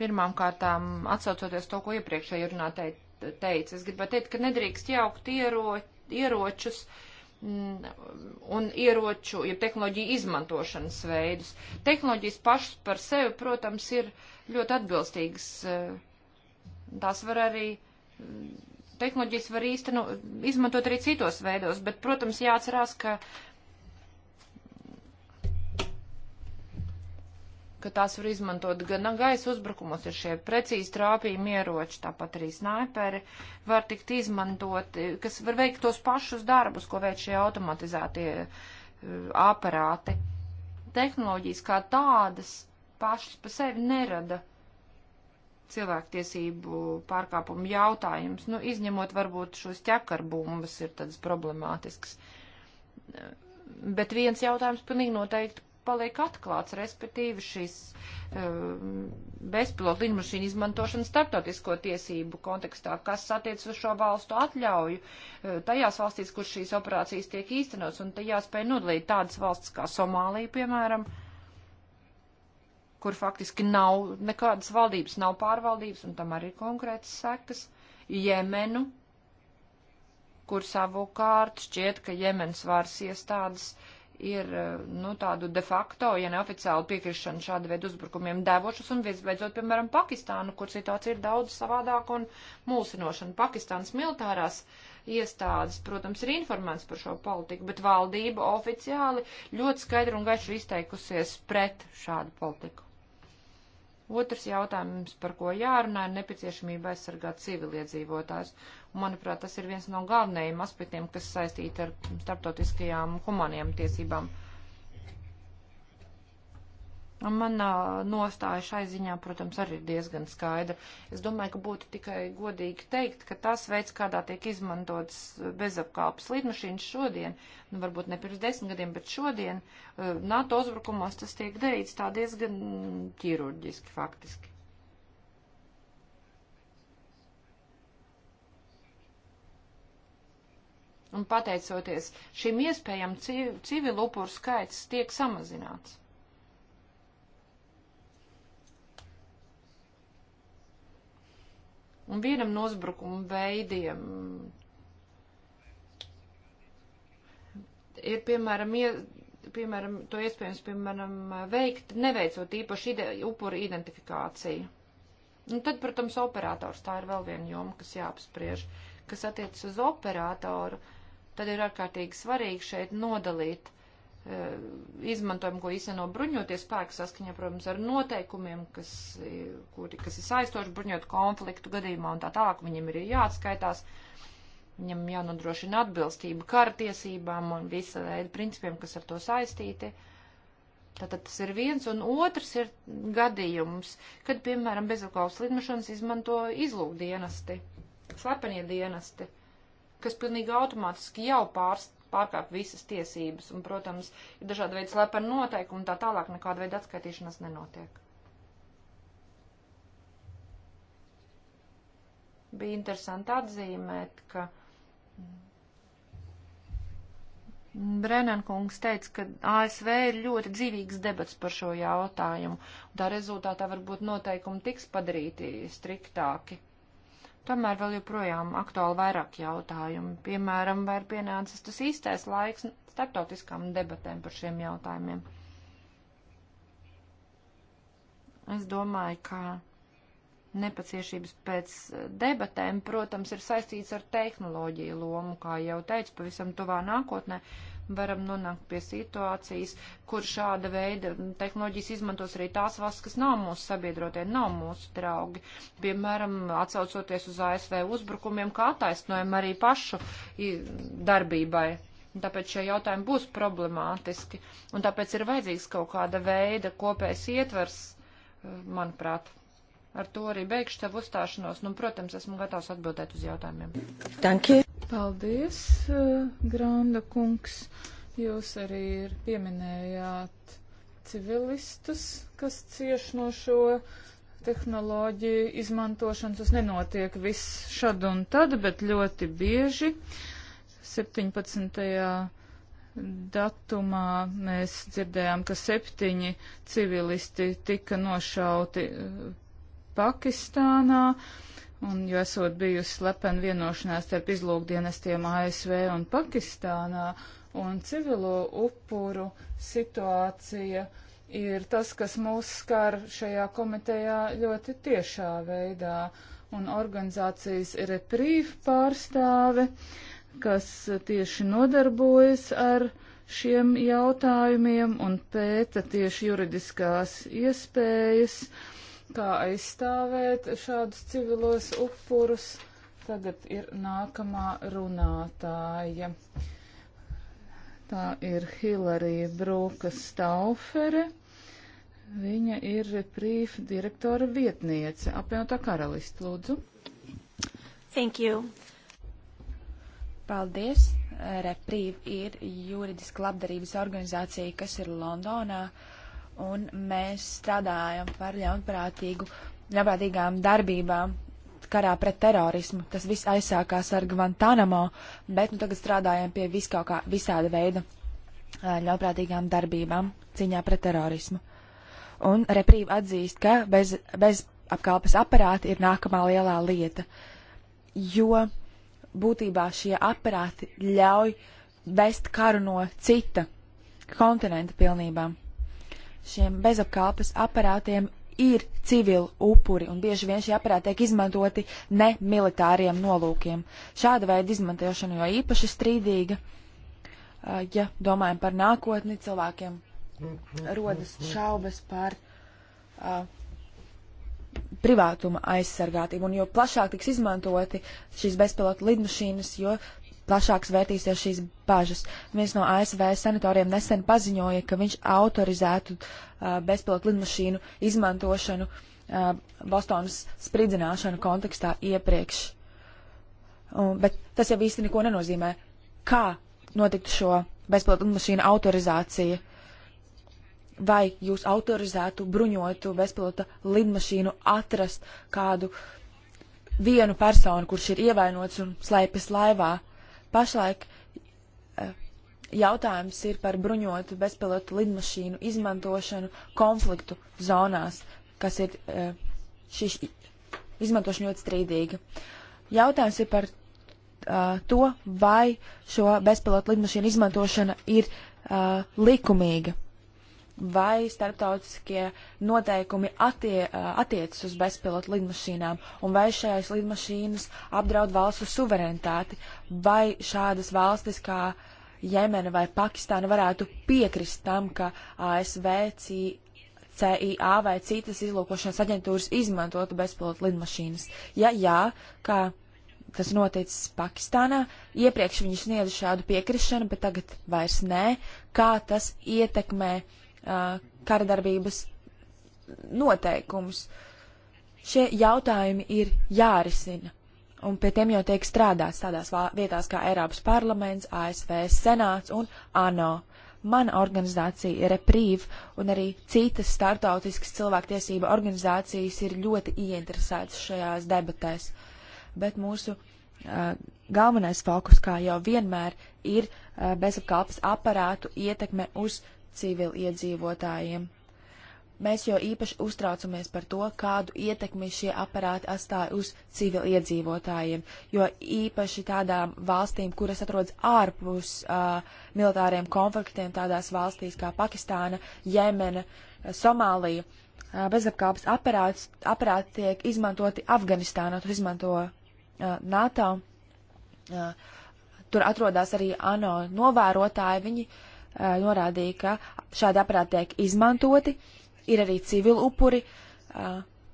Pirmām kārtām, atsaucoties to, ko iepriekšēji runātēji teica, es gribētu teikt, ka nedrīkst jaukt iero, ieročus mm, un ieroču, ja tehnoloģiju izmantošanas veidus. Tehnoloģijas pašas par sevi, protams, ir ļoti atbilstīgas. Tās var arī, mm, tehnoloģijas var īstenu, izmantot arī citos veidos, bet, protams, jāatcerās, ka ka tās var izmantot gan gaisa uzbrukumos, ir šie precīzi trāpījumi ieroči, tāpat arī snaiperi var tikt izmantoti, kas var veikt tos pašus darbus, ko veic šie automatizētie eh, aparāti. Tehnoloģijas kā tādas pašas pa sevi nerada cilvēktiesību pārkāpumu jautājums, nu, izņemot varbūt šos ķekarbumbas ir tādas problemātiskas. Bet viens jautājums pilnīgi noteikti paliek atklāts, respektīvi šis um, ehm, bezpilotu lidmašīnu izmantošana starptautisko tiesību kontekstā, kas attiec uz šo valstu atļauju eh, tajās valstīs, kur šīs operācijas tiek īstenots, un te jāspēj nodalīt tādas valsts kā Somālija, piemēram, kur faktiski nav nekādas valdības, nav pārvaldības, un tam arī konkrētas sekas, Jemenu, kur savukārt šķiet, ka Jemenas varas iestādes uh, ir, eh, nu, tādu de facto, ja neoficiālu piekrišanu šāda veida uzbrukumiem devošas, un visbeidzot, piemēram, Pakistānu, kur situācija ir daudz savādāka un mulsinošana. Pakistānas militārās iestādes, protams, ir informēts par šo politiku, bet valdība oficiāli ļoti skaidri un gaiši izteikusies pret šādu politiku. Otrs jautājums, par ko jārunā, ir nepieciešamība aizsargāt civiliedzīvotājs. Manuprāt, tas ir viens no galvenajiem aspektiem, kas saistīti ar starptautiskajām humaniem tiesībām. Manā nostāja šai ziņā, protams, arī ir diezgan skaidra. Es domāju, ka būtu tikai godīgi teikt, ka tas veids, kādā tiek izmantots bezapkalpas lidmašīnas šodien, nu, varbūt ne pirms desmit gadiem, bet šodien NATO uzbrukumos tas tiek darīts tā diezgan ķirurģiski faktiski. un pateicoties šīm iespējām civilu upuru skaits tiek samazināts. Un vienam no uzbrukuma veidiem ir, piemēram, ie, piemēram, to iespējams, piemēram, veikt, neveicot īpaši ide, upuru identifikāciju. Un tad, protams, operators tā ir vēl viena joma, kas jāapspriež, kas attiecas uz operatoru. Uh, tad ir ārkārtīgi svarīgi šeit nodalīt e, izmantojumu, ko īsteno bruņoties spēki saskaņā, protams, ar noteikumiem, kas, e, kuri, kas ir saistoši bruņot konfliktu gadījumā un tā tālāk, viņiem ir jāatskaitās, viņam jānodrošina atbilstība kara tiesībām un visa veida principiem, kas ar to saistīti. Tātad tas ir viens, un otrs ir gadījums, kad, piemēram, bezalkohola slimšanas izmanto izlūkdienesti, slepenie dienesti. dienesti kas pilnīgi automātiski jau pārs, pārkāp visas tiesības, un, protams, ir dažādi veidi slepeni noteikumi, tā tālāk nekāda veida atskaitīšanas nenotiek. Bija interesanti atzīmēt, ka Brennankungs teica, ka ASV ir ļoti dzīvīgs debats par šo jautājumu, un tā rezultātā varbūt noteikumi tiks padarīti striktāki. Tomēr vēl joprojām aktuāli vairāk jautājumu. Piemēram, vai ir pienācis tas īstais laiks starptautiskām debatēm par šiem jautājumiem? Es domāju, ka nepaciešības pēc debatēm, protams, ir saistīts ar tehnoloģiju lomu, kā jau teicu, pavisam tuvā nākotnē varam nonākt pie situācijas, kur šāda veida tehnoloģijas izmantos arī tās valsts, kas nav mūsu sabiedrotie, nav mūsu draugi. Piemēram, atsaucoties uz ASV uzbrukumiem, kā attaisnojam arī pašu darbībai. Tāpēc šie jautājumi būs problemātiski, un tāpēc ir vajadzīgs kaut kāda veida kopējs ietvers, eh, manuprāt. Ar to arī beigšu savu uzstāšanos. Nu, protams, esmu gatavs atbildēt uz jautājumiem. Danke. Paldies, uh, Granda kungs. Jūs arī pieminējāt civilistus, kas cieš no šo tehnoloģiju izmantošanas. Tas nenotiek viss šad un tad, bet ļoti bieži. 17. datumā mēs dzirdējām, ka septiņi civilisti tika nošauti uh, Pakistānā. Uh, un jo esot bijusi slepena vienošanās starp izlūkdienestiem ASV un Pakistānā, un civilo upuru situācija ir tas, kas mūs skar šajā komitejā ļoti tiešā veidā, un organizācijas reprīv pārstāve, kas tieši nodarbojas ar šiem jautājumiem un pēta tieši juridiskās iespējas. Uh, kā aizstāvēt šādus civilos upurus. Tagad ir nākamā runātāja. Tā ir Hilarija Brūka Staufere. Viņa ir prīf direktora vietniece. Apvienotā karalista, lūdzu. Thank you. Paldies. Reprīv ir juridiska labdarības organizācija, kas ir Londonā. Uh, un mēs strādājam par ļaunprātīgu, ļaunprātīgām darbībām karā pret terorismu. Tas viss aizsākās ar Guantanamo, bet nu tagad strādājam pie viskaukā, visāda veida ļaunprātīgām darbībām cīņā pret terorismu. Un reprīva atzīst, ka bez, bez apkalpes aparāti ir nākamā lielā lieta, jo būtībā šie aparāti ļauj vest karu no cita kontinenta pilnībām šiem bezapkalpes aparātiem ir civili upuri, un bieži vien šie aparāti tiek izmantoti ne militāriem nolūkiem. Šāda veida izmantošana jau īpaši strīdīga, uh, ja domājam par nākotni, cilvēkiem rodas šaubas par uh, privātuma aizsargātību, un jo plašāk tiks izmantoti šīs bezpilota lidmašīnas, jo plašāks vērtīsies šīs bažas. Viens no ASV senatoriem nesen paziņoja, ka viņš autorizētu uh, bezpilotu lidmašīnu izmantošanu uh, Bostonas spridzināšanu kontekstā iepriekš. Un, bet tas jau īsti neko nenozīmē. Kā notiktu šo bezpilotu lidmašīnu autorizācija? Vai jūs autorizētu bruņotu bezpilota lidmašīnu atrast kādu vienu personu, kurš ir ievainots un slēpjas laivā? Uh, Pašlaik eh, jautājums ir par bruņotu bezpilotu lidmašīnu izmantošanu konfliktu zonās, kas ir eh, šī izmantošana ļoti strīdīga. Jautājums ir par uh, to, vai šo bezpilotu lidmašīnu izmantošana ir uh, likumīga vai starptautiskie noteikumi attie, attiecas uz bezpilotu lidmašīnām, un vai šajās lidmašīnas apdraud valstu suverenitāti, vai šādas valstis kā Jemena vai Pakistāna varētu piekrist tam, ka ASV, CIA vai citas izlūkošanas aģentūras izmantotu bezpilotu lidmašīnas. Ja jā, kā tas noticis Pakistānā. Iepriekš viņi sniedza šādu piekrišanu, bet tagad vairs nē. Kā tas ietekmē uh, Uh, karadarbības noteikumus. Šie jautājumi ir jārisina, un pie tiem jau tiek strādāts tādās vietās kā Eiropas parlaments, ASV senāts un ANO. Mana organizācija Reprīv un arī citas startautiskas cilvēktiesība organizācijas ir ļoti ieinteresētas šajās debatēs, bet mūsu uh, galvenais fokus, kā jau vienmēr, ir uh, bezapkalpes aparātu ietekme uz uh, civiliedzīvotājiem. Mēs jau īpaši uztraucamies par to, kādu ietekmi šie aparāti atstāja uz civiliedzīvotājiem, jo īpaši tādām valstīm, kuras atrodas ārpus uh, militāriem konfliktiem, tādās valstīs kā Pakistāna, Jemena, Somālija, uh, bezapkalpes aparāts, aparāti tiek izmantoti Afganistānā, tur izmanto uh, NATO. Uh, tur atrodas arī ANO novērotāji, viņi uh, norādīja, ka šādi aparāti tiek izmantoti, ir arī civili upuri,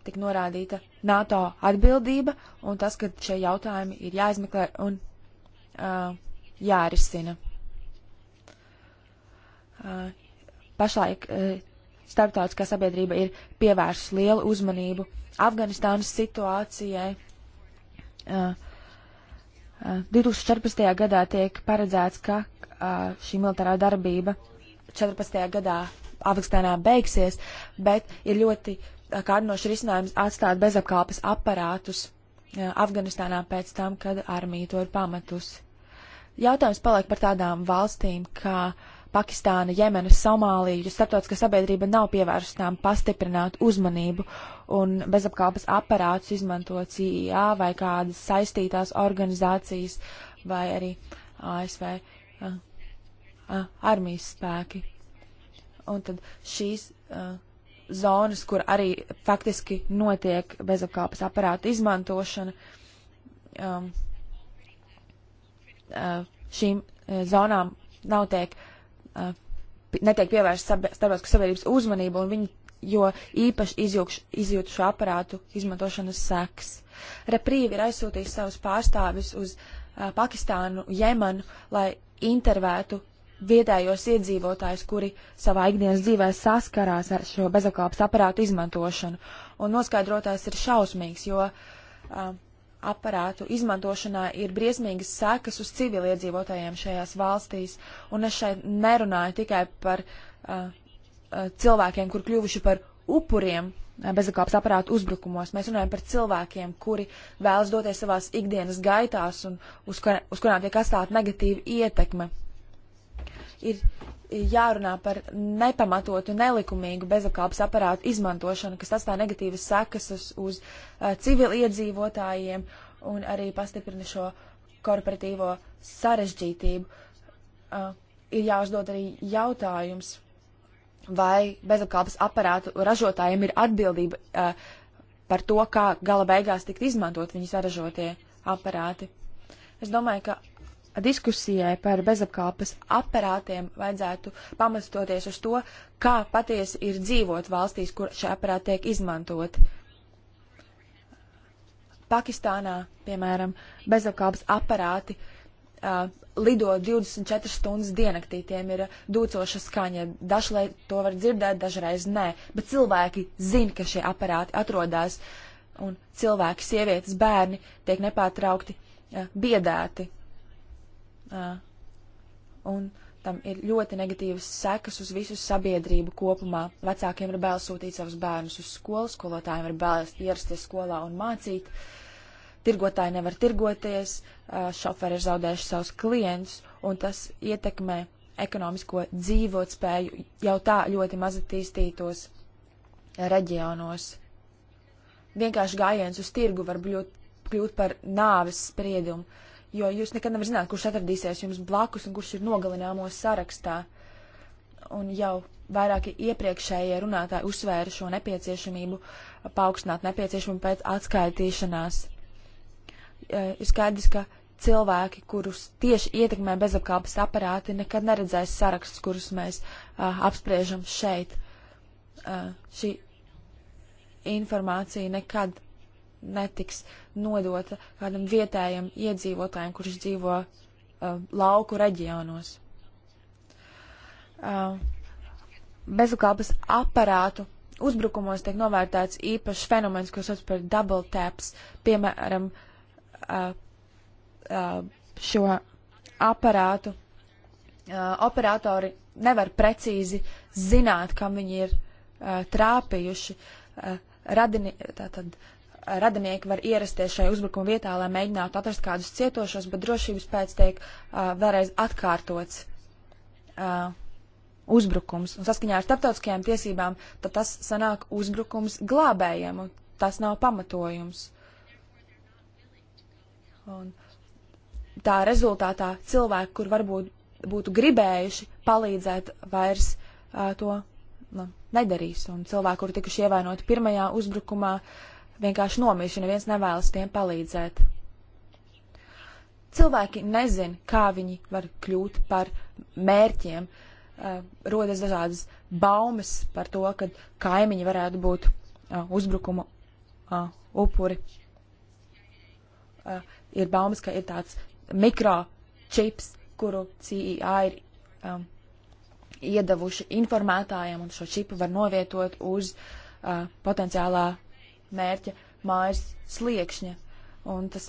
tik norādīta NATO atbildība un tas, ka šie jautājumi ir jāizmeklē un jārisina. Pašlaik starptautiskā sabiedrība ir pievērsus lielu uzmanību Afganistānas situācijai. 2014. gadā tiek paredzēts, ka Uh, šī militārā darbība 14. gadā Afganistānā beigsies, bet ir ļoti uh, kārdinoši risinājums atstāt bezapkalpes aparātus uh, Afganistānā pēc tam, kad armija to ir pamatusi. Jautājums paliek par tādām valstīm kā Pakistāna, Jemena, Somālija, jo starptautiskā sabiedrība nav pievērsta tām pastiprināt uzmanību un bezapkalpes aparātus izmanto CIA e vai kādas saistītās organizācijas vai arī ASV uh, armijas spēki. Un tad šīs uh, zonas, kur arī faktiski notiek bezapkalpes aparāta izmantošana, um, uh, šīm uh, zonām nav tiek, uh, netiek pievērsta starptautiskā sabiedrības uzmanība, un viņi jo īpaši izjūkš, izjūtu šo aparātu izmantošanas seks. Reprīvi ir aizsūtījis savus pārstāvis uz uh, Pakistānu, Jemenu, lai intervētu vietējos iedzīvotājus, kuri savā ikdienas dzīvē saskarās ar šo bezapkalpas aparātu izmantošanu. Un noskaidrotājs ir šausmīgs, jo uh, aparātu izmantošanā ir briesmīgas sekas uz civiliedzīvotājiem šajās valstīs. Un es šeit nerunāju tikai par uh, uh cilvēkiem, kur kļuvuši par upuriem uh, bezakāps aparātu uzbrukumos. Mēs runājam par cilvēkiem, kuri vēlas doties savās ikdienas gaitās un uz, kur, uz kurām tiek atstāta negatīva ietekme. Uh, ir jārunā par nepamatotu, nelikumīgu bezapkalpes aparātu izmantošanu, kas atstāja negatīvas sekas uz, uz uh, civiliedzīvotājiem un arī pastiprina šo korporatīvo sarežģītību. Uh, ir jāuzdod arī jautājums, vai bezapkalpes aparātu ražotājiem ir atbildība uh, par to, kā gala beigās tikt izmantot viņu saražotie aparāti. Es domāju, ka diskusijai par bezapkalpes aparātiem vajadzētu pamatoties uz to, kā patiesi ir dzīvot valstīs, kur šie aparāti tiek izmantot. Pakistānā, piemēram, bezapkalpes aparāti uh, lido 24 stundas diennaktī, tiem ir dūcoša skaņa. Dažreiz to var dzirdēt, dažreiz nē, bet cilvēki zina, ka šie aparāti atrodas, un cilvēki, sievietes, bērni tiek nepārtraukti uh, biedēti Uh, un tam ir ļoti negatīvas sekas uz visu sabiedrību kopumā. Vecākiem ir bail sūtīt savus bērnus uz skolu, skolotājiem ir bail ierasties skolā un mācīt, tirgotāji nevar tirgoties, uh, šoferi ir zaudējuši savus klientus, un tas ietekmē ekonomisko dzīvotspēju jau tā ļoti maz attīstītos reģionos. Vienkārši gājiens uz tirgu var kļūt, kļūt par nāves spriedumu. Uh, jo jūs nekad nevar zināt, kurš atradīsies jums blakus un kurš ir nogalināmo sarakstā. Un jau vairāki iepriekšējie runātāji uzsvēra šo nepieciešamību paaugstināt nepieciešamību pēc atskaitīšanās. Ir skaidrs, ka cilvēki, kurus tieši ietekmē bezapkalpes aparāti, nekad neredzēs sarakstus, kurus mēs uh, apspriežam šeit. Uh, šī informācija nekad netiks nodota kādam vietējam iedzīvotājiem, kurš dzīvo uh, lauku reģionos. Uh, bezgalbas aparātu uzbrukumos tiek novērtēts īpašs fenomens, ko sauc par double taps, piemēram, uh, uh, šo aparātu uh, operatori nevar precīzi zināt, kam viņi ir uh, trāpījuši. Uh, radini, tātad radinieki var ierasties šajā uzbrukuma vietā, lai mēģinātu atrast kādus cietošos, bet drošības pēc tiek uh, vēlreiz atkārtots uh, uzbrukums. Un saskaņā ar starptautiskajām tiesībām, tad tas sanāk uzbrukums glābējiem, un tas nav pamatojums. Un tā rezultātā cilvēki, kur varbūt būtu gribējuši palīdzēt, vairs uh, to nu, nedarīs. Un cilvēki, kur tikuši ievainoti pirmajā uzbrukumā, uh, vienkārši nomirst, ja neviens nevēlas tiem palīdzēt. Cilvēki nezin, kā viņi var kļūt par mērķiem, uh, rodas dažādas baumas par to, ka kaimiņi varētu būt uh, uzbrukuma uh, upuri. Ir baumas, ka ir tāds mikročips, kuru CIA e ir um, iedavuši informētājiem, un šo čipu var novietot uz uh, potenciālā mērķa mājas sliekšņa. Un tas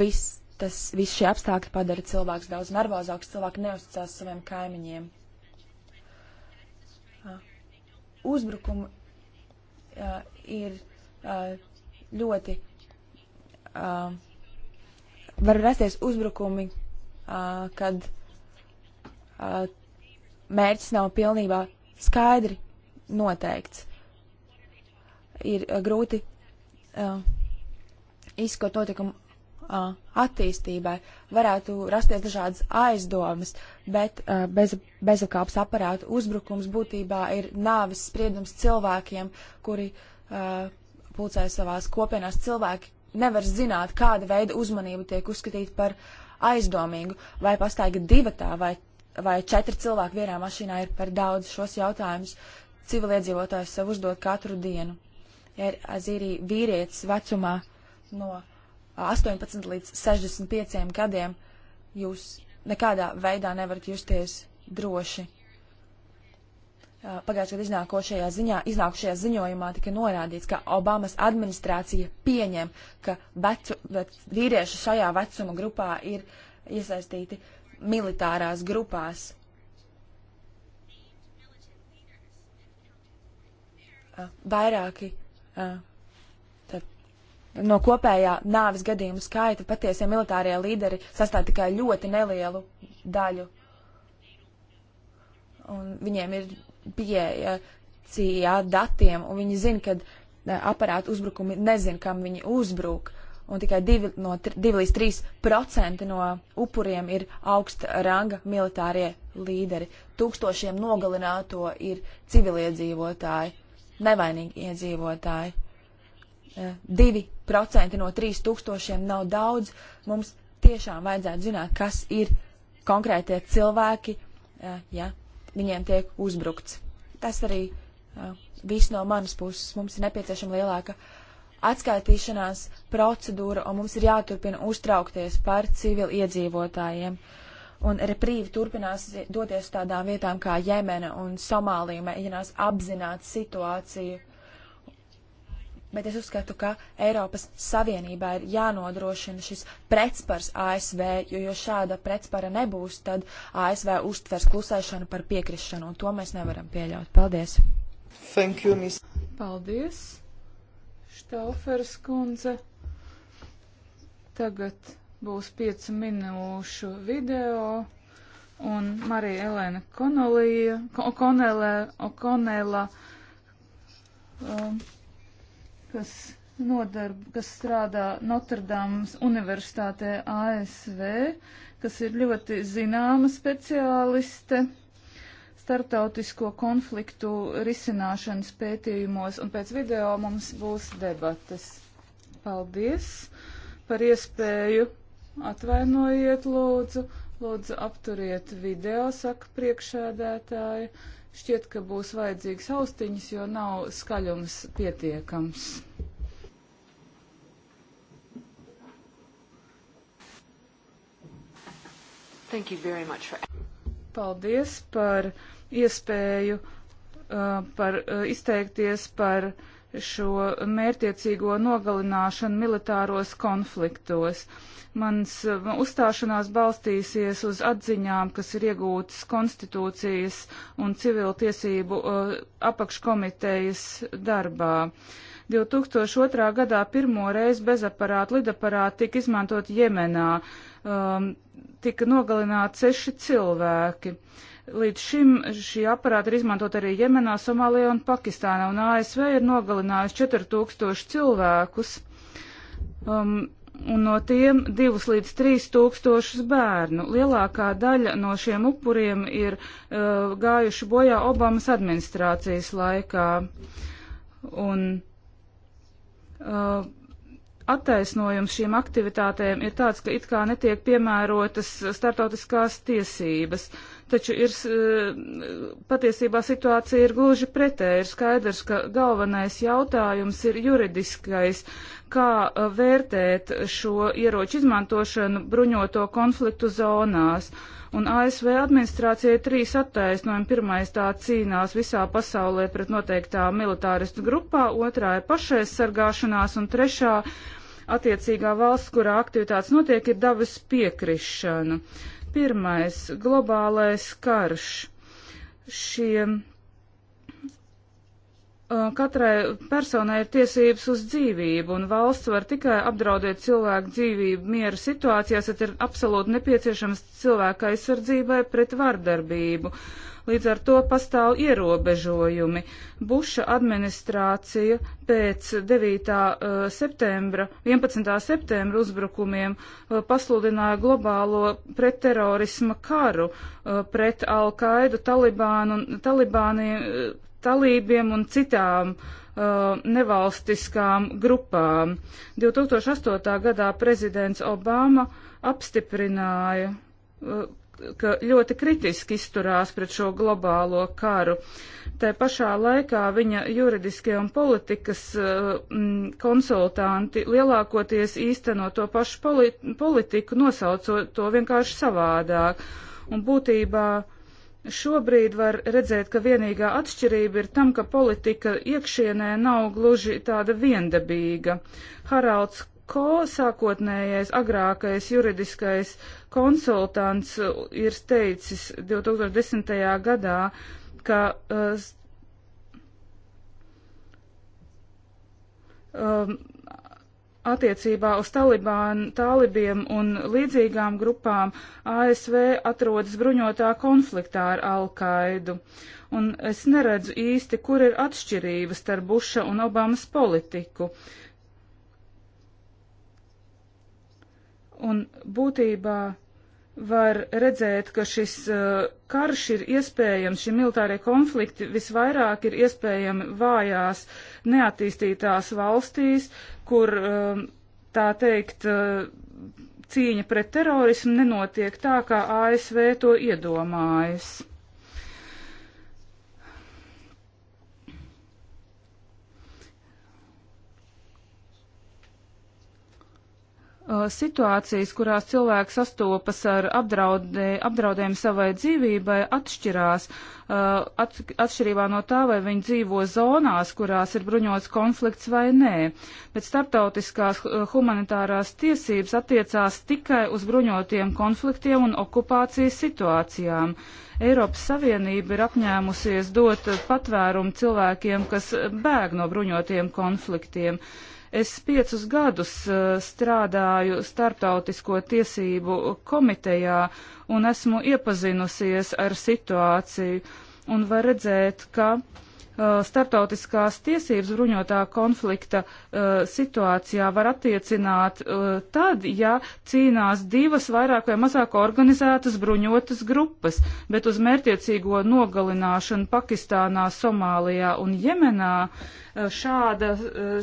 viss, tas viss šie apstākļi padara cilvēks daudz nervozāks, cilvēki neuzticās saviem kaimiņiem. Uzbrukumi uh, ir uh, ļoti. Uh, var rasties uzbrukumi, uh, kad uh, mērķis nav pilnībā skaidri noteikts ir eh, grūti uh, izskot notikumu uh, attīstībai. Varētu rasties dažādas aizdomas, bet uh, bez, bezakāps aparātu uzbrukums būtībā ir nāvis spriedums cilvēkiem, kuri uh, pulcē savās kopienās. Cilvēki nevar zināt, kāda veida uzmanība tiek uzskatīta par aizdomīgu, vai pastaiga divatā, vai, vai četri cilvēki vienā mašīnā ir par daudz šos jautājumus civiliedzīvotājs sev uzdod katru dienu ir azīrī vīrietis vecumā no 18 līdz 65 gadiem, jūs nekādā veidā nevarat justies droši. Pagājušajā gadā iznākošajā ziņā, iznākušajā ziņojumā tika norādīts, ka Obamas administrācija pieņem, ka vecu, vec, vīrieši šajā vecuma grupā ir iesaistīti militārās grupās. Vairāki uh, tad, no kopējā nāves gadījumu skaita patiesie militārie līderi sastāv tikai ļoti nelielu daļu. Un viņiem ir pieeja policijā datiem, un viņi zina, ka ne, aparātu uzbrukumi nezina, kam viņi uzbruk. Un tikai 2 no līdz 3 procenti no upuriem ir augsta ranga militārie līderi. Tūkstošiem nogalināto ir civiliedzīvotāji nevainīgi iedzīvotāji. Eh, divi procenti no trīs tūkstošiem nav daudz. Mums tiešām vajadzētu zināt, kas ir konkrētie cilvēki, eh, ja viņiem tiek uzbrukts. Tas arī eh, viss no manas puses. Mums ir nepieciešama lielāka atskaitīšanās procedūra, un mums ir jāturpina uztraukties par civili iedzīvotājiem. Uh, un reprīvi turpinās doties tādām vietām kā Jemena un Somālija, mēģinās apzināt situāciju. Bet es uzskatu, ka Eiropas Savienībā ir jānodrošina šis pretspars ASV, jo, jo šāda pretspara nebūs, tad ASV uztvers klusēšanu par piekrišanu, un to mēs nevaram pieļaut. Paldies! Thank you, miss. Paldies, Štaufers kundze. Tagad būs 5 minūšu video, un Marija Elēna Konolija, Okonele, Okonela, um, kas, nodarb, kas strādā Notradamas universitātē ASV, kas ir ļoti zināma speciāliste starptautisko konfliktu risināšanas pētījumos, un pēc video mums būs debates. Paldies par iespēju Atvainojiet, lūdzu, lūdzu apturiet video, saka priekšēdētāji. Šķiet, ka būs vajadzīgs austiņas, jo nav skaļums pietiekams. Thank you very much for... Paldies par iespēju, uh, par uh, izteikties par uh, šo mērtiecīgo nogalināšanu militāros konfliktos. Mans uzstāšanās balstīsies uz atziņām, kas ir iegūtas konstitūcijas un civiltiesību uh, apakškomitejas darbā. 2002. gadā pirmo reizi bezaparāta lidaparāta tika izmantot Jemenā. Um, tika nogalināti seši cilvēki. Uh, Līdz šim šī aparāta ir izmantot arī Jemenā, Somālijā un Pakistānā, un ASV ir nogalinājusi 4000 cilvēkus, um, un no tiem 2 līdz 3000 bērnu. Lielākā daļa no šiem upuriem ir uh, gājuši bojā Obamas administrācijas laikā. Un, uh, attaisnojums šīm aktivitātēm ir tāds, ka it kā netiek piemērotas startautiskās tiesības. Uh, taču ir, eh, patiesībā situācija ir gluži pretēji. Ir skaidrs, ka galvenais jautājums ir juridiskais, kā eh, vērtēt šo ieroču izmantošanu bruņoto konfliktu zonās. Un ASV administrācija ir trīs attaisnojumi. Pirmais tā cīnās visā pasaulē pret noteiktā militāristu grupā, otrā ir pašaizsargāšanās un trešā attiecīgā valsts, kurā aktivitātes notiek, ir devis piekrišanu. Uh, Pirmais - globālais karš. Šie uh, Katrai personai ir tiesības uz dzīvību, un valsts var tikai apdraudēt cilvēku dzīvību miera situācijās, ja ir absolūti nepieciešams cilvēka aizsardzībai pret vardarbību. Uh, līdz ar to pastāv ierobežojumi. Buša administrācija pēc 9. Eh, septembra, 11. septembra uzbrukumiem eh, pasludināja globālo pretterorisma karu eh, pret Al-Qaidu, Talibānu, talībiem un citām uh, nevalstiskām grupām. 2008. gadā prezidents Obama apstiprināja uh, ka ļoti kritiski izturās pret šo globālo karu. Tā pašā laikā viņa juridiskie un politikas mm, konsultanti lielākoties īsteno to pašu politi politiku, nosaucot to vienkārši savādāk. Un būtībā šobrīd var redzēt, ka vienīgā atšķirība ir tam, ka politika iekšienē nav gluži tāda viendabīga. Haralds Ko sākotnējais agrākais juridiskais uh, konsultants ir teicis 2010. gadā, ka uh, um, attiecībā uz Talibānu, Talibiem un līdzīgām grupām ASV atrodas bruņotā konfliktā ar Alkaidu. Un es neredzu īsti, kur ir atšķirības starp Buša un Obamas politiku. Uh, Un būtībā var redzēt, ka šis uh, karš ir iespējams, šie militārie konflikti visvairāk ir iespējami vājās, neattīstītās valstīs, kur, um, tā teikt, uh, cīņa pret terorismu nenotiek tā, kā ASV to iedomājas. Uh, situācijas, kurās cilvēki sastopas ar apdraudē, apdraudējumu savai dzīvībai, atšķirās uh, at, atšķirībā no tā, vai viņi dzīvo zonās, kurās ir bruņots konflikts vai nē. Bet starptautiskās uh, humanitārās tiesības attiecās tikai uz bruņotiem konfliktiem un okupācijas situācijām. Eiropas Savienība ir apņēmusies dot patvērumu cilvēkiem, kas bēg no bruņotiem konfliktiem. Uh, Es piecus gadus eh, strādāju starptautisko tiesību komitejā un esmu iepazinusies ar situāciju un var redzēt, ka eh, starptautiskās tiesības bruņotā konflikta uh, situācijā var attiecināt uh, tad, ja cīnās divas vairāk vai mazāk organizētas bruņotas grupas, bet uz mērķiecīgo nogalināšanu Pakistānā, Somālijā un Jemenā šāda,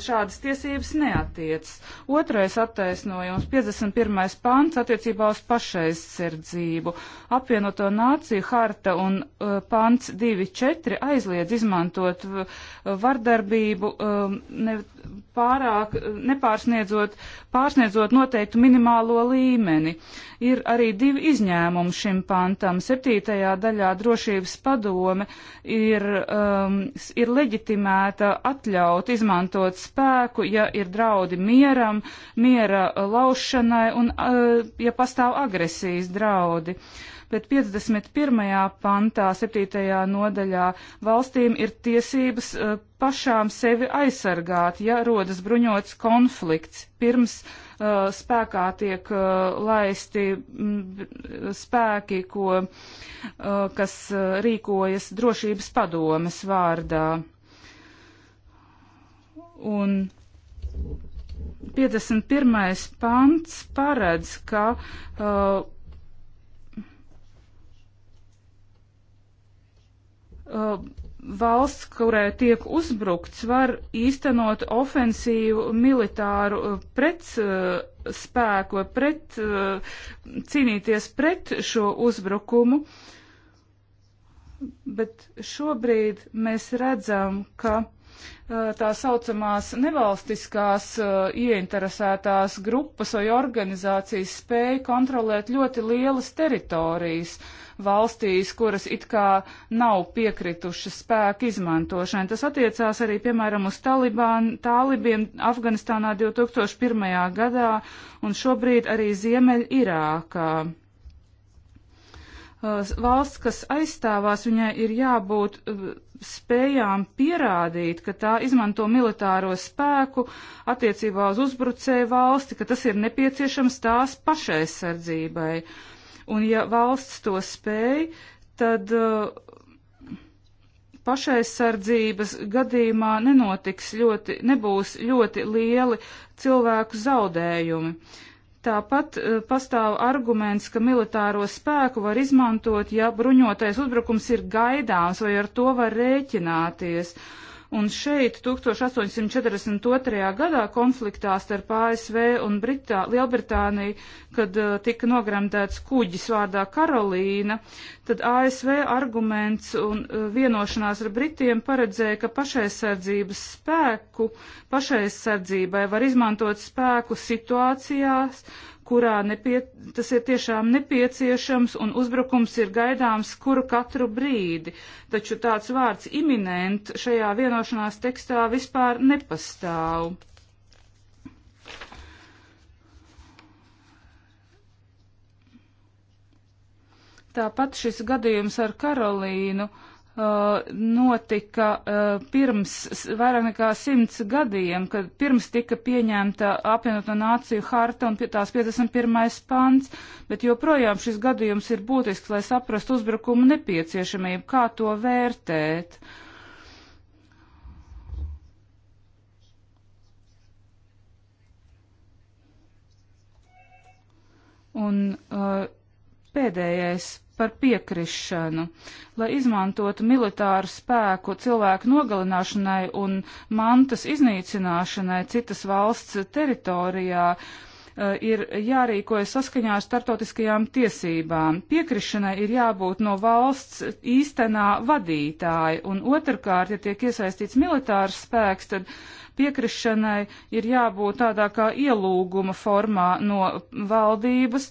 šādas tiesības neatiec. Otrais attaisnojums - 51. pants attiecībā uz pašaizsardzību. Apvienoto nāciju harta un uh, pants 2.4 aizliedz izmantot uh, vardarbību um, ne, pārāk nepārsniedzot, pārsniedzot noteiktu minimālo līmeni. Ir arī divi izņēmumi šim pantam. Septītajā daļā drošības padome ir, um, ir leģitimēta atļaut izmantot spēku, ja ir draudi mieram, miera laušanai un uh, ja pastāv agresijas draudi. Uh, bet 51. pantā, 7. nodaļā valstīm ir tiesības uh, pašām sevi aizsargāt, ja rodas bruņots konflikts pirms uh, spēkā tiek uh, laisti m, spēki, ko, uh, kas uh, rīkojas drošības padomes vārdā. Un 51. pants paredz, ka uh, Uh, valsts, kurai tiek uzbrukts, var īstenot ofensīvu militāru uh, pret uh, spēku vai pret, cīnīties pret šo uzbrukumu. Bet šobrīd mēs redzam, ka tā saucamās nevalstiskās ieinteresētās grupas vai organizācijas spēja kontrolēt ļoti lielas teritorijas. Uh, valstīs, kuras it kā nav piekritušas spēku izmantošanai. Tas attiecās arī, piemēram, uz Taliban, Tālibiem Afganistānā 2001. gadā un šobrīd arī Ziemeļ Irākā. Valsts, kas aizstāvās, viņai ir jābūt uh, spējām pierādīt, ka tā izmanto militāro spēku attiecībā uz uzbrucēju valsti, ka tas ir nepieciešams tās pašaizsardzībai. Uh, Un ja valsts to spēj, tad uh, pašaizsardzības gadījumā nenotiks ļoti, nebūs ļoti lieli cilvēku zaudējumi. Tāpat uh, pastāv arguments, ka militāro spēku var izmantot, ja bruņotais uzbrukums ir gaidāms vai ar to var rēķināties. Uh, Un šeit 1842. gadā konfliktā starp ASV un Britā, Lielbritāniju, kad uh, tika nogremdēts kuģis vārdā Karolīna, tad ASV arguments un uh, vienošanās ar Britiem paredzēja, ka pašaizsardzības spēku pašaizsardzībai var izmantot spēku situācijās, kurā nepie, tas ir tiešām nepieciešams un uzbrukums ir gaidāms kuru katru brīdi. Taču tāds vārds iminent šajā vienošanās tekstā vispār nepastāv. Tāpat šis gadījums ar Karolīnu uh, Uh, notika uh, pirms vairāk nekā simts gadiem, kad pirms tika pieņemta apvienoto nāciju harta un tās 51. pants, bet joprojām šis gadījums ir būtisks, lai saprastu uzbrukumu nepieciešamību, kā to vērtēt. Un uh, pēdējais par piekrišanu, lai izmantotu militāru spēku cilvēku nogalināšanai un mantas iznīcināšanai citas valsts teritorijā. Eh, ir jārīkojas saskaņā ar startautiskajām tiesībām. Piekrišanai ir jābūt no valsts īstenā vadītāja, un otrkārt, ja tiek iesaistīts militārs spēks, tad uh, Piekrišanai ir jābūt tādā kā ielūguma formā no valdības,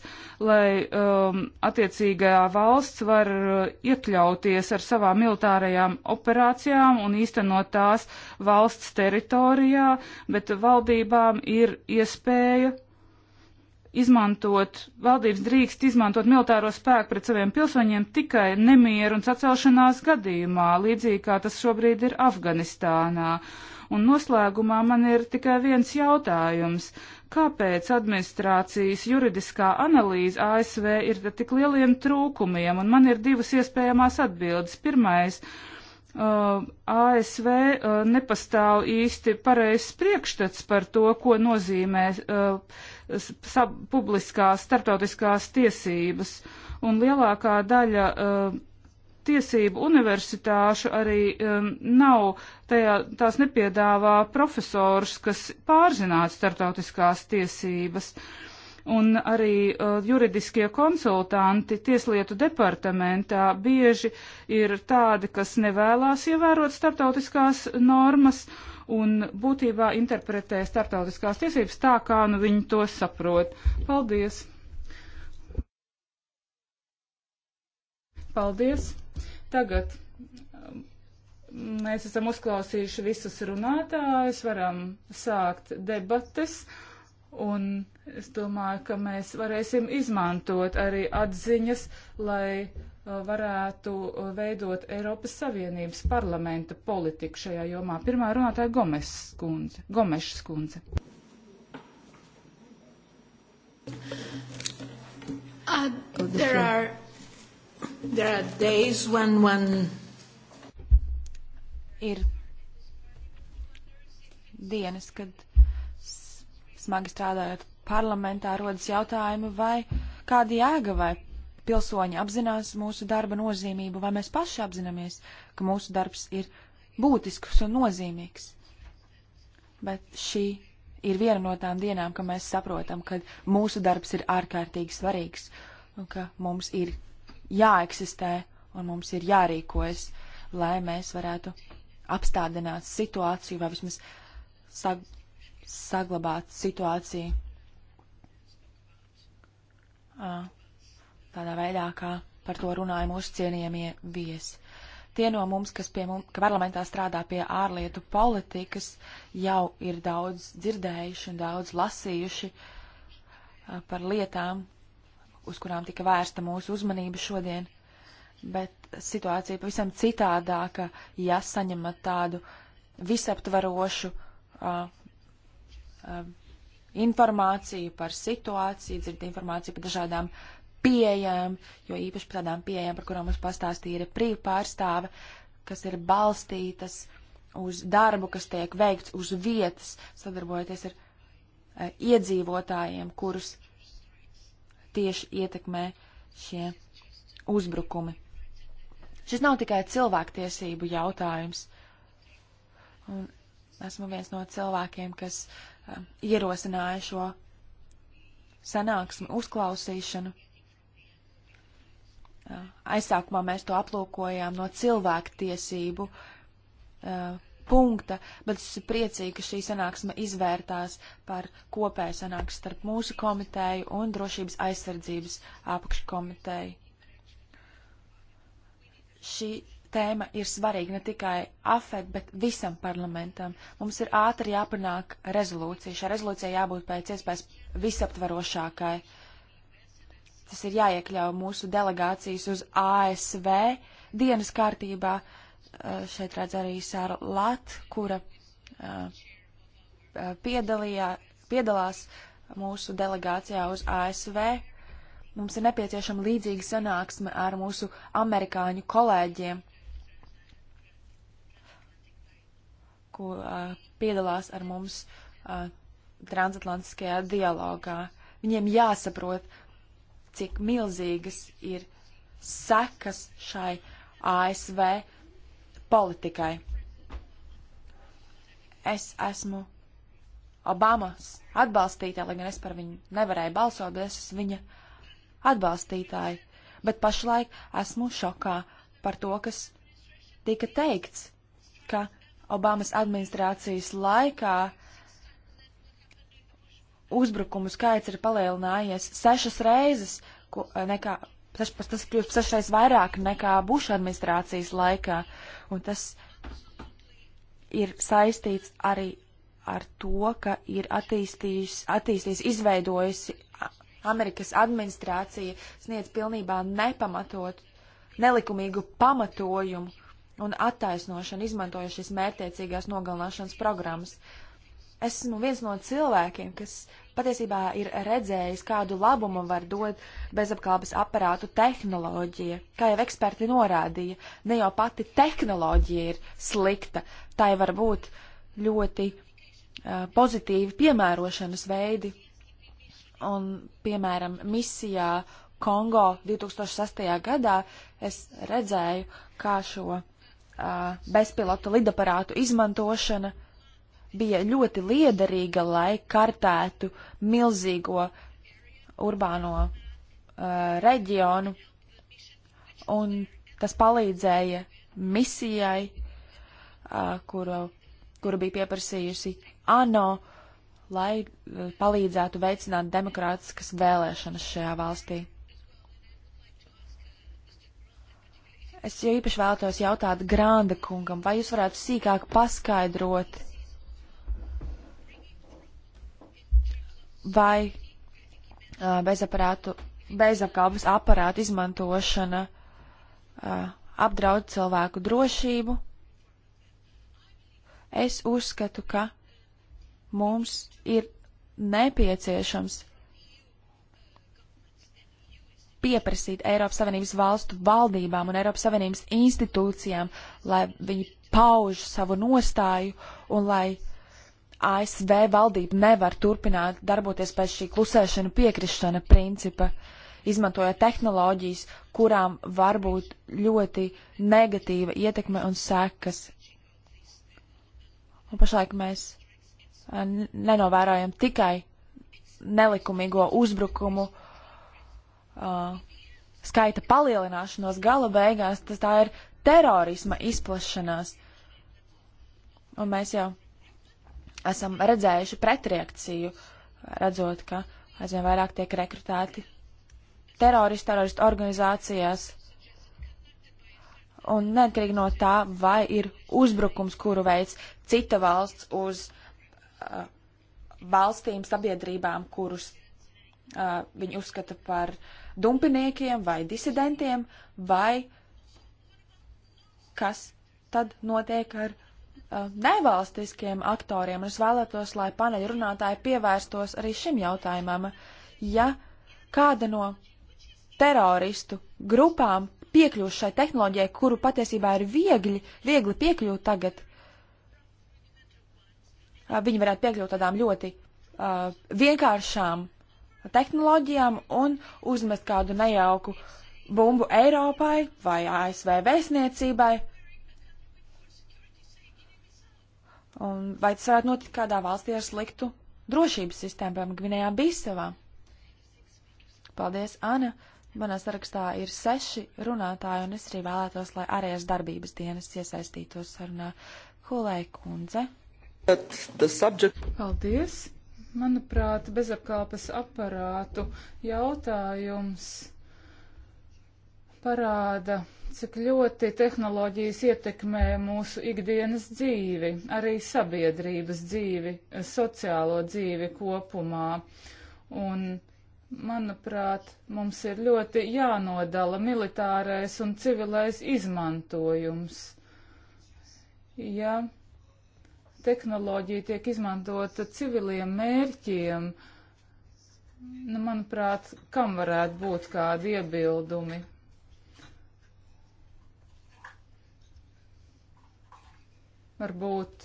lai um, attiecīgajā valsts var uh, iekļauties ar savām militārajām operācijām un īstenot tās valsts teritorijā, bet valdībām ir iespēja izmantot, valdības drīkst izmantot militāro spēku pret saviem pilsoņiem tikai nemieru un sacelšanās gadījumā, līdzīgi kā tas šobrīd ir Afganistānā. Uh, Un noslēgumā man ir tikai viens jautājums. Kāpēc administrācijas juridiskā analīze ASV ir tik lieliem trūkumiem? Un man ir divas iespējamās atbildes. Pirmais. Uh, ASV uh, nepastāv īsti pareizs priekšstats par to, ko nozīmē uh, publiskās starptautiskās tiesības, un lielākā daļa uh, tiesību universitāšu arī um, nav, tajā, tās nepiedāvā profesors, kas pārzinātu startautiskās tiesības. Un arī uh, juridiskie konsultanti Tieslietu departamentā bieži ir tādi, kas nevēlās ievērot startautiskās normas un būtībā interpretē startautiskās tiesības tā, kā nu viņi to saprot. Paldies! Paldies! Tagad um, mēs esam uzklausījuši visus runātājus, varam sākt debates, un es domāju, ka mēs varēsim izmantot arī atziņas, lai uh, varētu uh, veidot Eiropas Savienības parlamenta politiku šajā jomā. Pirmā runātāja Gomeša skundze. Gomeša skundze. Uh, there are There are days when one ir dienas, kad smagi strādājot parlamentā, rodas jautājumi, vai kāda jēga vai pilsoņi apzinās mūsu darba nozīmību, vai mēs paši apzināmies, ka mūsu darbs ir būtisks un nozīmīgs. Bet šī ir viena no tām dienām, ka mēs saprotam, ka mūsu darbs ir ārkārtīgi svarīgs un ka mums ir jāeksistē un mums ir jārīkojas, lai mēs varētu apstādināt situāciju vai vismaz sag saglabāt situāciju tādā veidā, kā par to runāja mūsu cienījamie viesi. Tie no mums, kas pie mums, ka parlamentā strādā pie ārlietu politikas, jau ir daudz dzirdējuši un daudz lasījuši par lietām, uz kurām tika vērsta mūsu uzmanība šodien, bet situācija pavisam citādāka, ja saņemat tādu visaptvarošu uh, uh, informāciju par situāciju, dzirdat informāciju par dažādām pieejām, jo īpaši par tādām pieejām, par kurām mums pastāstīja brīva pārstāve, kas ir balstītas uz darbu, kas tiek veikts uz vietas, sadarbojoties ar uh, iedzīvotājiem, kurus uh, tieši ietekmē šie uzbrukumi. Šis nav tikai cilvēktiesību jautājums. Un esmu viens no cilvēkiem, kas uh, ierosināja šo sanāksmi uzklausīšanu. Uh, aizsākumā mēs to aplūkojām no cilvēktiesību uh, punkta, bet es esmu priecīga, ka šī sanāksme izvērtās par kopēju sanāksmi starp mūsu komiteju un drošības aizsardzības apakškomiteju. Šī tēma ir svarīga ne tikai AFED, bet visam parlamentam. Mums ir ātri jāpanāk rezolūcija. Šai rezolūcijai jābūt pēc iespējas visaptvarošākai. Tas ir jāiekļauj mūsu delegācijas uz ASV dienas kārtībā, uh, Eh, šeit redz arī Sāru Lat, kura eh, eh, piedalījā, piedalās mūsu delegācijā uz ASV. Mums ir nepieciešama līdzīga sanāksme ar mūsu amerikāņu kolēģiem, kur uh, piedalās ar mums uh, transatlantiskajā dialogā. Viņiem jāsaprot, cik milzīgas ir sekas šai ASV politikai. Es esmu Obamas atbalstītāja, lai gan es par viņu nevarēju balsot, bet es esmu viņa atbalstītāja. Bet pašlaik esmu šokā par to, kas tika teikts, ka Obamas administrācijas laikā uzbrukumu skaits ir palielinājies sešas reizes, ko, nekā Sešpas, tas kļūst sešreiz vairāk nekā Buša administrācijas laikā, un tas ir saistīts arī ar to, ka ir attīstījis, attīstījis izveidojusi Amerikas administrācija sniedz pilnībā nepamatot, nelikumīgu pamatojumu un attaisnošanu izmantojušies mērtiecīgās nogalināšanas programmas. Uh, esmu viens no cilvēkiem, kas patiesībā ir redzējis, kādu labumu var dot bezapkalpes aparātu tehnoloģija. Kā jau eksperti norādīja, ne jau pati tehnoloģija ir slikta, tai var būt ļoti uh, pozitīvi piemērošanas veidi. Un, piemēram, misijā Kongo 2008. gadā es redzēju, kā šo uh, bezpilota lidaparātu izmantošana uh, bija ļoti liederīga, lai kartētu milzīgo urbāno uh, reģionu, un tas palīdzēja misijai, uh, kuru, kuru bija pieprasījusi ANO, lai uh, palīdzētu veicināt demokrātiskas vēlēšanas šajā valstī. Es jau īpaši vēlētos jautāt Grānda kungam, vai jūs varētu sīkāk paskaidrot vai uh, bezaparātu, bezapkalpes aparātu izmantošana uh, apdraud cilvēku drošību. Es uzskatu, ka mums ir nepieciešams pieprasīt Eiropas Savienības valstu valdībām un Eiropas Savienības institūcijām, lai viņi pauž savu nostāju un lai uh, ASV valdība nevar turpināt darboties pēc šī klusēšana piekrišana principa, izmantojot tehnoloģijas, kurām var būt ļoti negatīva ietekme un sekas. Un pašlaik mēs eh, nenovērojam tikai nelikumīgo uzbrukumu uh, skaita palielināšanos gala beigās, tas tā ir terorisma izplašanās. Un mēs jau esam redzējuši pretreakciju, redzot, ka aizvien vairāk tiek rekrutēti teroristi, teroristu organizācijās. Un neatkarīgi no tā, vai ir uzbrukums, kuru veids cita valsts uz uh, valstīm, sabiedrībām, kurus uh, viņi uzskata par dumpiniekiem vai disidentiem, vai kas tad notiek ar Uh, nevalstiskiem aktoriem. Es vēlētos, lai paneļa runātāji pievērstos arī šim jautājumam. Ja kāda no teroristu grupām piekļūst šai tehnoloģijai, kuru patiesībā ir viegli, viegli piekļūt tagad, uh, viņi varētu piekļūt tādām ļoti uh, vienkāršām tehnoloģijām un uzmest kādu nejauku bumbu Eiropai vai ASV vēstniecībai Un vai tas varētu notikt kādā valstī ar sliktu drošības sistēmu, piemēram, Gvinējā Bisavā? Paldies, Ana! Manā sarakstā ir seši runātāji, un es arī vēlētos, lai ārējās darbības dienas iesaistītos sarunā. Hulē kundze. Paldies! Manuprāt, bezapkalpes aparātu jautājums parāda cik ļoti tehnoloģijas ietekmē mūsu ikdienas dzīvi, arī sabiedrības dzīvi, sociālo dzīvi kopumā. Un, manuprāt, mums ir ļoti jānodala militārais un civilais izmantojums. Ja tehnoloģija tiek izmantota civiliem mērķiem, nu, manuprāt, kam varētu būt kādi iebildumi? Varbūt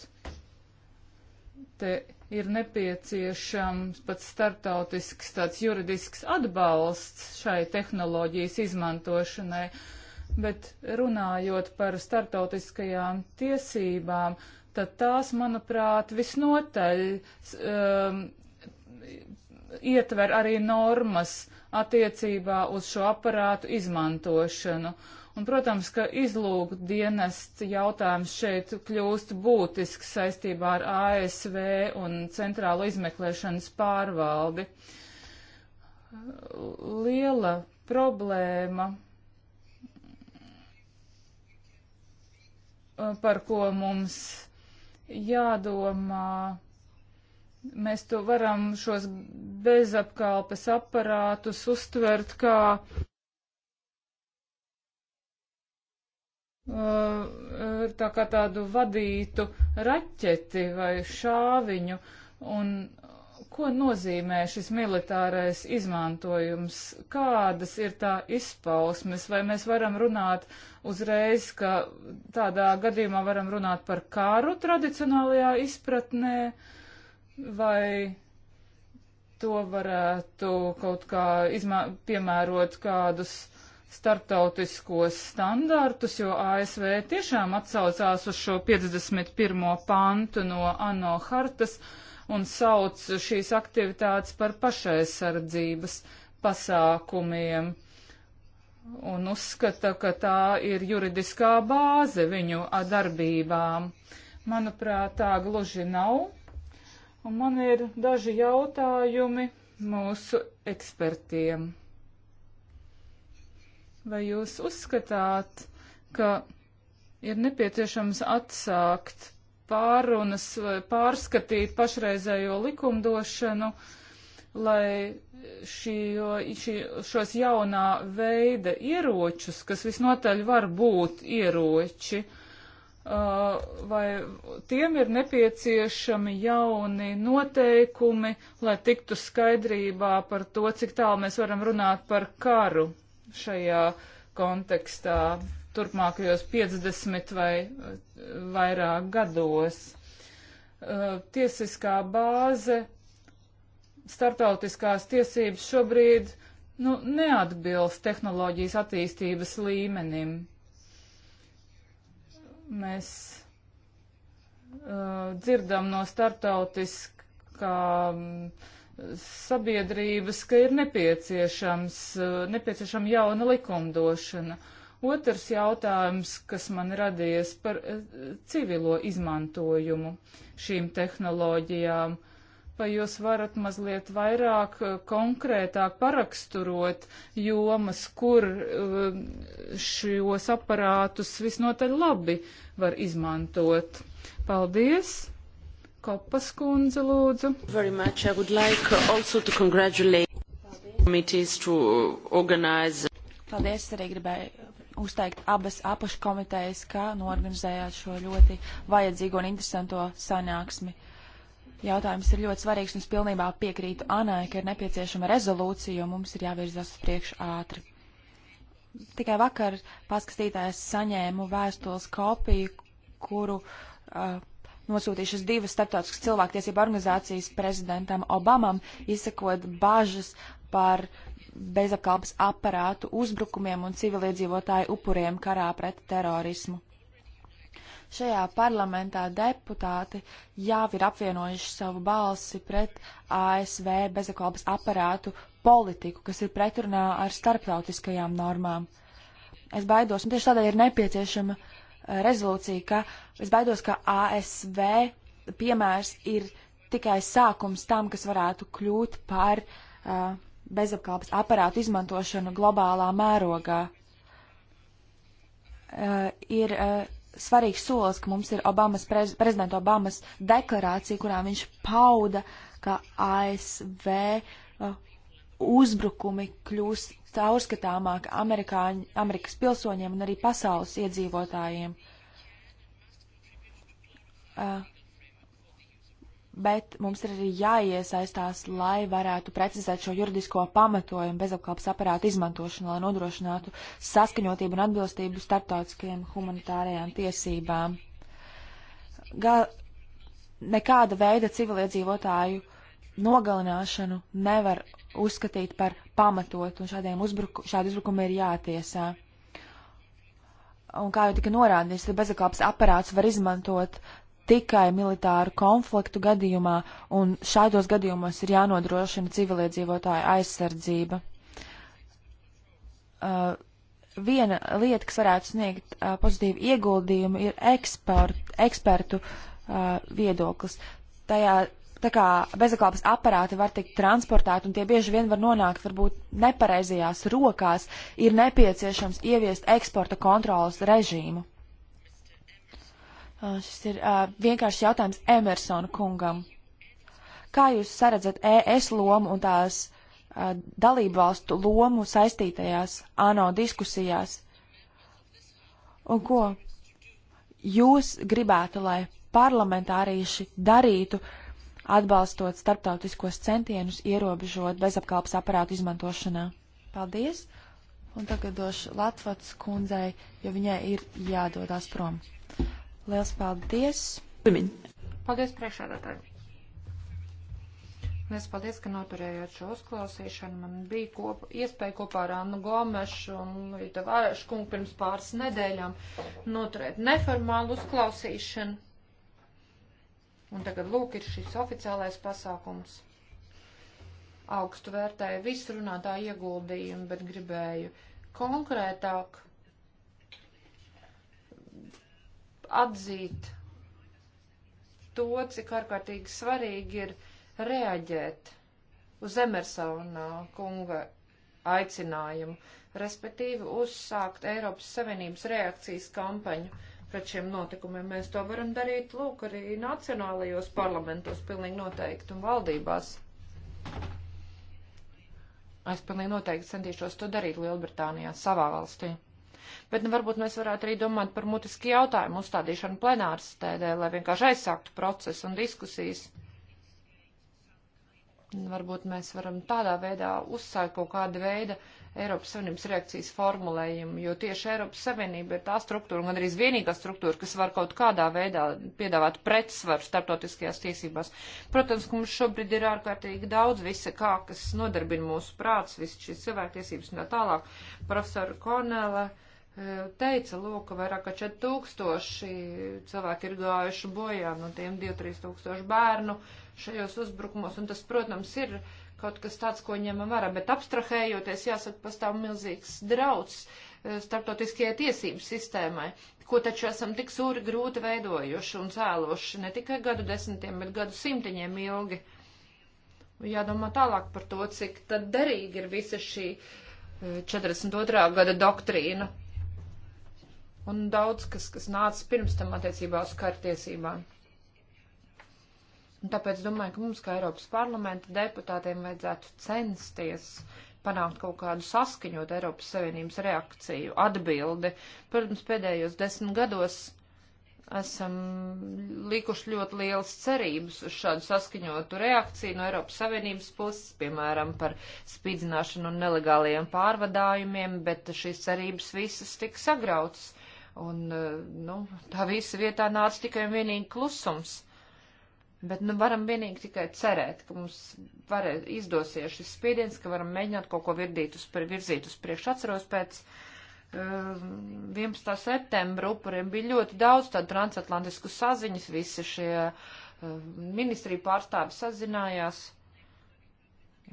te ir nepieciešams pat startautisks tāds juridisks atbalsts šai tehnoloģijas izmantošanai, bet runājot par startautiskajām tiesībām, tad tās, manuprāt, visnotaļ um, ietver arī normas attiecībā uz šo aparātu izmantošanu. Uh, Un, protams, ka izlūk dienests jautājums šeit kļūst būtisks saistībā ar ASV un centrālo izmeklēšanas pārvaldi. Liela problēma par ko mums jādomā. Mēs to varam šos bezapkalpes aparātus uztvert kā Uh, tā kā tādu vadītu raķeti vai šāviņu, un ko nozīmē šis militārais izmantojums, kādas ir tā izpausmes, vai mēs varam runāt uzreiz, ka tādā gadījumā varam runāt par kāru tradicionālajā izpratnē, vai to varētu kaut kā piemērot kādus starptautiskos standartus, jo ASV tiešām atsaucās uz šo 51. pantu no ANO hartas un sauc šīs aktivitātes par pašaizsardzības pasākumiem un uzskata, ka tā ir juridiskā bāze viņu darbībām. Manuprāt, tā gluži nav. Un man ir daži jautājumi mūsu ekspertiem. Vai jūs uzskatāt, ka ir nepieciešams atsākt pārunas vai pārskatīt pašreizējo likumdošanu, lai šī, šī, šos jaunā veida ieročus, kas visnotaļ var būt ieroči, uh, vai tiem ir nepieciešami jauni noteikumi, lai tiktu skaidrībā par to, cik tālu mēs varam runāt par karu šajā kontekstā turpmākajos 50 vai vairāk gados. Uh, tiesiskā bāze, starptautiskās tiesības šobrīd nu, neatbilst tehnoloģijas attīstības līmenim. Mēs uh, dzirdam no starptautiskām sabiedrības, ka ir nepieciešams, eh, nepieciešama jauna likumdošana. Otrs jautājums, kas man radies par eh, civilo izmantojumu šīm tehnoloģijām, vai jūs varat mazliet vairāk eh, konkrētāk paraksturot jomas, kur šos aparātus visnotaļ labi var izmantot. Paldies! Kopas kundze, lūdzu. Very much. I would like also to congratulate committees to organize. Paldies, es arī gribēju uzteikt abas apakškomitejas, kā norganizējāt šo ļoti vajadzīgo un interesanto sanāksmi. Jautājums ir ļoti svarīgs, un es pilnībā piekrītu Anai, ka ir nepieciešama rezolūcija, jo mums ir jāvirzās uz priekšu ātri. Tikai vakar paskatītājs saņēmu vēstules kopiju, kuru uh, nosūtījušas divas starptautiskas cilvēktiesība organizācijas prezidentam Obamam, izsakot bažas par bezapkalpes aparātu uzbrukumiem un civiliedzīvotāju upuriem karā pret terorismu. Šajā parlamentā deputāti jau ir apvienojuši savu balsi pret ASV bezapkalpes aparātu politiku, kas ir pretrunā ar starptautiskajām normām. Es baidos, un tieši tādēļ ir nepieciešama uh, rezolūciju, ka es baidos, ka ASV piemērs ir tikai sākums tam, kas varētu kļūt par uh, bezapkalpes aparātu izmantošanu globālā mērogā. Uh, ir uh, svarīgs solis, ka mums ir Obamas prez, prezidenta Obamas deklarācija, kurā viņš pauda, ka ASV uh, uzbrukumi kļūs caurskatāmāk Amerikāņu, Amerikas pilsoņiem un arī pasaules iedzīvotājiem. Uh, bet mums ir arī jāiesaistās, lai varētu precizēt šo juridisko pamatojumu bezapkalpas aparātu izmantošanu, lai nodrošinātu saskaņotību un atbilstību starptautiskajiem humanitārajām tiesībām. Ga nekāda veida civiliedzīvotāju nogalināšanu nevar uzskatīt par pamatotu, un šādiem uzbruku, šādi uzbrukumi ir jātiesā. Un kā jau tika norādīts, tad bezakāps aparāts var izmantot tikai militāru konfliktu gadījumā, un šādos gadījumos ir jānodrošina civiliedzīvotāju aizsardzība. Uh, viena lieta, kas varētu sniegt uh, pozitīvu ieguldījumu, ir eksport, ekspertu uh, viedoklis. Tajā tā kā bezaklāpes aparāti var tikt transportēti un tie bieži vien var nonākt varbūt nepareizajās rokās, ir nepieciešams ieviest eksporta kontrolas režīmu. Uh, šis ir uh, vienkāršs jautājums Emersona kungam. Kā jūs saredzat ES lomu un tās uh, dalību valstu lomu saistītajās ANO diskusijās? Un ko jūs gribētu, lai parlamentārieši darītu, uh, atbalstot starptautiskos centienus ierobežot bezapkalpas aparātu izmantošanā. Paldies! Un tagad došu Latvats kundzei, jo viņai ir jādodās prom. Liels paldies! Paldies priekšādātāji! Mēs paldies, ka noturējāt šo uzklausīšanu. Man bija kop, iespēja kopā ar Annu Gomešu un Vīta Vārēšu kungu pirms pāris nedēļām noturēt neformālu uzklausīšanu Un tagad lūk ir šis oficiālais pasākums. Augstu vērtēju visu runātāju ieguldījumu, bet gribēju konkrētāk atzīt to, cik ārkārtīgi svarīgi ir reaģēt uz Emersona kunga aicinājumu, respektīvi uzsākt Eiropas Savienības reakcijas kampaņu pret šiem notikumiem. Mēs to varam darīt, lūk, arī nacionālajos parlamentos pilnīgi noteikti un valdībās. Es pilnīgi noteikti centīšos to darīt Lielbritānijā, savā valstī. Bet nu, varbūt mēs varētu arī domāt par mutisku jautājumu uzstādīšanu plenāras tēdē, lai vienkārši aizsāktu procesu un diskusijas. Un varbūt mēs varam tādā veidā uzsākt kaut kādu veidu Eiropas Savienības reakcijas formulējumu, jo tieši Eiropas Savienība ir tā struktūra, un arī vienīgā struktūra, kas var kaut kādā veidā piedāvāt pretsvaru starptautiskajās tiesībās. Protams, ka mums šobrīd ir ārkārtīgi daudz visa kā, kas nodarbina mūsu prāts, visas šīs cilvēktiesības un tā tālāk. Profesora Konela eh, teica, lūk, ka vairāk kā 4000 cilvēki ir gājuši bojā, no tiem 2-3 tūkstoši bērnu šajos uzbrukumos, un tas, protams, ir kaut kas tāds, ko ņemam vērā, bet abstrahējoties, jāsaka, pastāv milzīgs drauds eh, starptautiskajai tiesību sistēmai, ko taču esam tik sūri grūti veidojuši un cēloši ne tikai gadu desmitiem, bet gadu simtiņiem ilgi. Jādomā tālāk par to, cik tad derīgi ir visa šī 42. Eh, gada doktrīna un daudz, kas, kas nāca pirms tam attiecībā uz kartiesībām. Un tāpēc domāju, ka mums, kā Eiropas parlamenta deputātiem, vajadzētu censties panākt kaut kādu saskaņot Eiropas Savienības reakciju, atbildi. Protams, pēdējos desmit gados esam likuši ļoti lielas cerības uz šādu saskaņotu reakciju no Eiropas Savienības puses, piemēram, par spīdzināšanu un nelegāliem pārvadājumiem, bet šīs cerības visas tika sagrautas. Un, eh, nu, tā visa vietā nāca tikai un vienīgi klusums. Bet nu, varam vienīgi tikai cerēt, ka mums varē, izdosies šis spiediens, ka varam mēģināt kaut ko virdīt uz, virzīt uz priekšu. Atceros pēc um, 11. septembra upuriem bija ļoti daudz tādu transatlantisku saziņas, visi šie um, ministrija pārstāvi sazinājās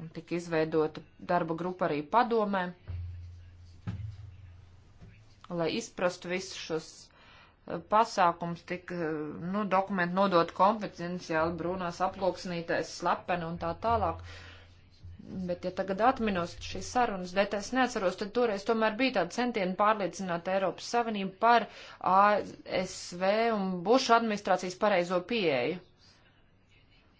un tika izveidota darba grupa arī padomē, lai izprastu visus šos pasākums tika, nu, dokumenti nodot kompetenciāli brūnās aploksnītais, slepeni un tā tālāk. Bet, ja tagad atminos šīs sarunas detaļas neatceros, tad toreiz tomēr bija tāda centiena pārliecināt Eiropas Savienību par ASV un Buša administrācijas pareizo pieeju.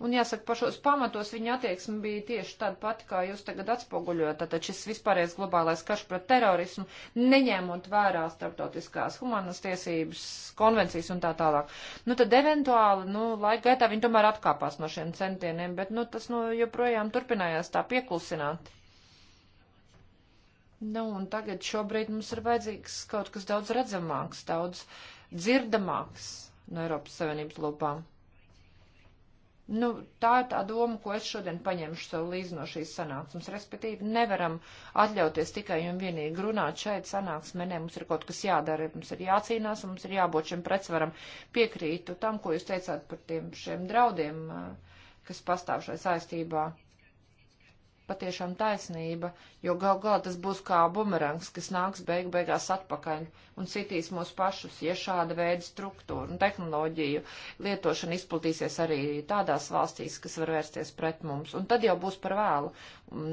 Un jāsaka, pašos pamatos viņa attieksme bija tieši tāda pati, kā jūs tagad atspoguļojat. Tātad šis vispārējais globālais karš pret terorismu, neņēmot vērā starptautiskās humanas tiesības, konvencijas un tā tālāk. Nu tad eventuāli, nu, laika gaitā viņi tomēr atkāpās no šiem centieniem, bet, nu, tas, nu, joprojām turpinājās tā pieklusināt. Nu, un tagad šobrīd mums ir vajadzīgs kaut kas daudz redzamāks, daudz dzirdamāks no Eiropas Savienības lūpām. Nu, tā ir tā doma, ko es šodien paņemšu sev līdzi no šīs sanāksmes. Respektīvi, nevaram atļauties tikai un vienīgi runāt šeit sanāksmē. Nē, mums ir kaut kas jādara, mums ir jācīnās, mums ir jābūt šim pretsvaram. Piekrītu tam, ko jūs teicāt par tiem šiem draudiem, eh, kas pastāv šai saistībā patiešām taisnība, jo gal galā tas būs kā bumerangs, kas nāks beig beigās atpakaļ un sitīs mūs pašus, ja šāda veida struktūra un tehnoloģiju lietošana izplatīsies arī tādās valstīs, kas var vērsties pret mums. Un tad jau būs par vēlu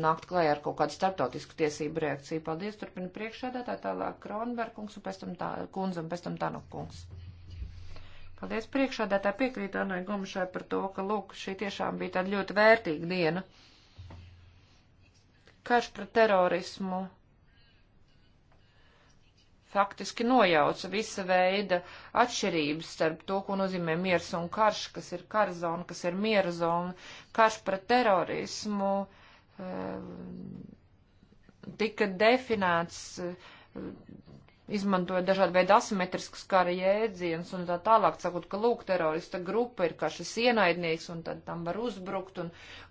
nākt klajā ar kaut kādu starptautisku tiesību reakciju. Paldies, turpina priekšēdētāji, tālāk Kronberkungs un pēc tam tā, kundze un pēc tam Tanukungs. Paldies priekšādātāji piekrīt Anai Gomšai par to, ka, lūk, šī tiešām bija tāda ļoti vērtīga diena. Karš pret terorismu faktiski nojauca visa veida atšķirības starp to, ko nozīmē miers un karš, kas ir karzona, kas ir miera zona, karš pret terorismu eh, tika definēts eh, izmantoja dažādu veidu asimetriskus kara jēdzienus un tā tālāk, sakot, ka lūk, terorista grupa ir kā šis ienaidnieks un tad tam var uzbrukt un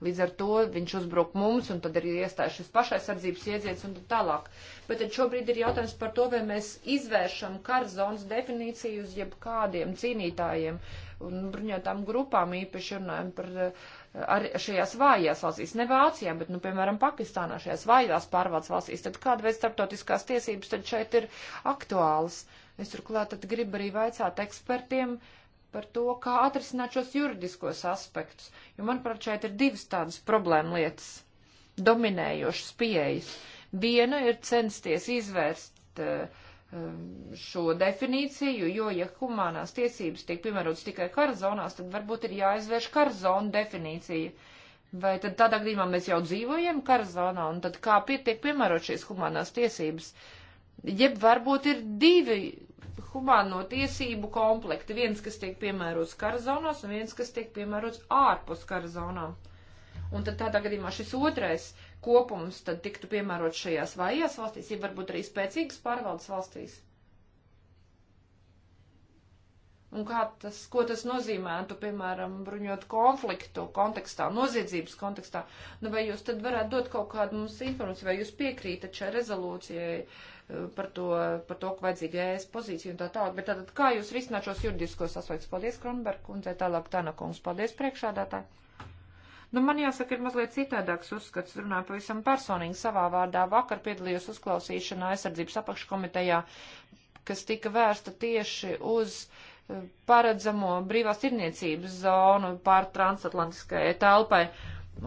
līdz ar to viņš uzbruk mums un tad ir iestājuši šis pašaizsardzības jēdziens un tā tālāk. Bet tad šobrīd ir jautājums par to, vai mēs izvēršam karzonas definīciju uz jebkādiem cīnītājiem un bruņotām grupām īpaši runājam par uh, ar šajās vājās valstīs, ne Vācijā, bet, nu, piemēram, Pakistānā, šajās vājās pārvaldes valstīs, tad kāda veida starptautiskās tiesības tad šeit ir aktuāls? Es turklāt tad gribu arī vaicāt ekspertiem par to, kā atrisināt šos juridiskos aspektus, jo, manuprāt, šeit ir divas tādas problēma lietas, dominējošas pieejas. Viena ir censties izvērst uh, Um, šo definīciju, jo, ja humānās tiesības tiek piemērotas tikai karzonās, tad varbūt ir jāizvērš karzona definīcija. Vai tad tādā gadījumā mēs jau dzīvojam karzonā, un tad kā pietiek piemērot šīs humānās tiesības? Jeb varbūt ir divi humāno tiesību komplekti, viens, kas tiek piemērots karzonās, un viens, kas tiek piemērots ārpus karzonām. Un tad tādā gadījumā šis otrais kopums tad tiktu piemērot šajās vājās valstīs, ja varbūt arī spēcīgas pārvaldes valstīs? Un kā tas, ko tas nozīmētu, piemēram, bruņot konfliktu kontekstā, noziedzības kontekstā? Nu, vai jūs tad varētu dot kaut kādu mums informāciju, vai jūs piekrītat šai rezolūcijai eh, par to, par to, ka vajadzīga ēs pozīcija un tā tālāk? Bet tātad, kā jūs risināt šos juridiskos aspektus? Paldies, Kronberg, un tā tālāk Tāna kungs. Paldies, priekšādātāji! Nu, man jāsaka, ir mazliet citādāks uzskats, runāju pavisam personīgi savā vārdā. Vakar piedalījos uzklausīšanā aizsardzības apakškomitejā, kas tika vērsta tieši uz eh, paredzamo brīvās tirniecības zonu pār transatlantiskajai telpai.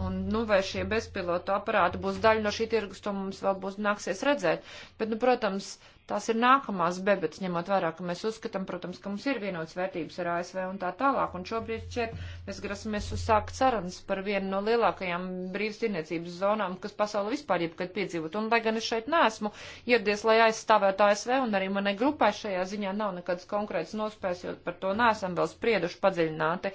Un, nu, vai šie bezpilotu aparāti būs daļa no šī tirgus, to mums vēl būs nāksies redzēt. Bet, nu, protams, uh, Tās ir nākamās bebets, ņemot vērā, ka mēs uzskatām, protams, ka mums ir vienots vērtības ar ASV un tā tālāk. Un šobrīd šeit mēs grasamies uzsākt sarunas par vienu no lielākajām brīvstirniecības zonām, kas pasauli vispār jebkad piedzīvot. Un lai gan es šeit nesmu ieradies, lai aizstāvētu ASV un arī manai grupai šajā ziņā nav nekādas konkrētas nospējas, jo par to nesam vēl sprieduši padziļināti.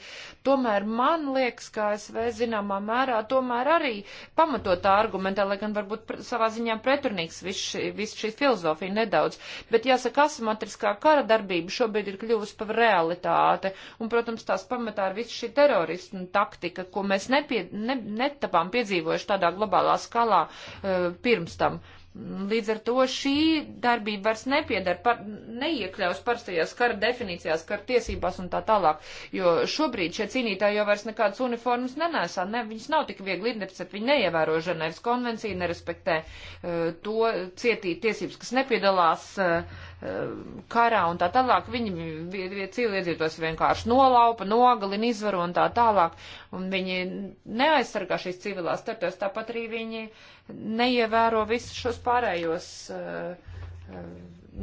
Tomēr man liekas, ka ASV zināmā mērā tomēr arī pamatotā argumentē, lai gan varbūt savā ziņā pretrunīgs viss šī, vis šī filozofija nedaudz nedaudz, bet jāsaka, asimetriskā kara darbība šobrīd ir kļuvusi par realitāte, un, protams, tās pamatā ir viss šī teroristu taktika, ko mēs nepie, ne, netapām piedzīvojuši tādā globālā skalā uh, pirms tam. Uh, Līdz ar to šī darbība vairs nepiedara, par, neiekļaus parastajās kara definīcijās, kara tiesībās un tā tālāk, jo šobrīd šie cīnītāji jau vairs nekādas uniformas nenēsā, ne, viņas nav tik viegli identificēt, viņi neievēro Ženēvas konvenciju, nerespektē uh, to cietīt tiesības, kas nepiedalās uh, Um, karā un tā tālāk. Viņi cīliedzītos vienkārši nolaupa, nogalina, izvaro un tā tālāk. Un viņi neaizsargā šīs civilās teritorijās, tāpat arī viņi neievēro visus šos pārējos uh, uh,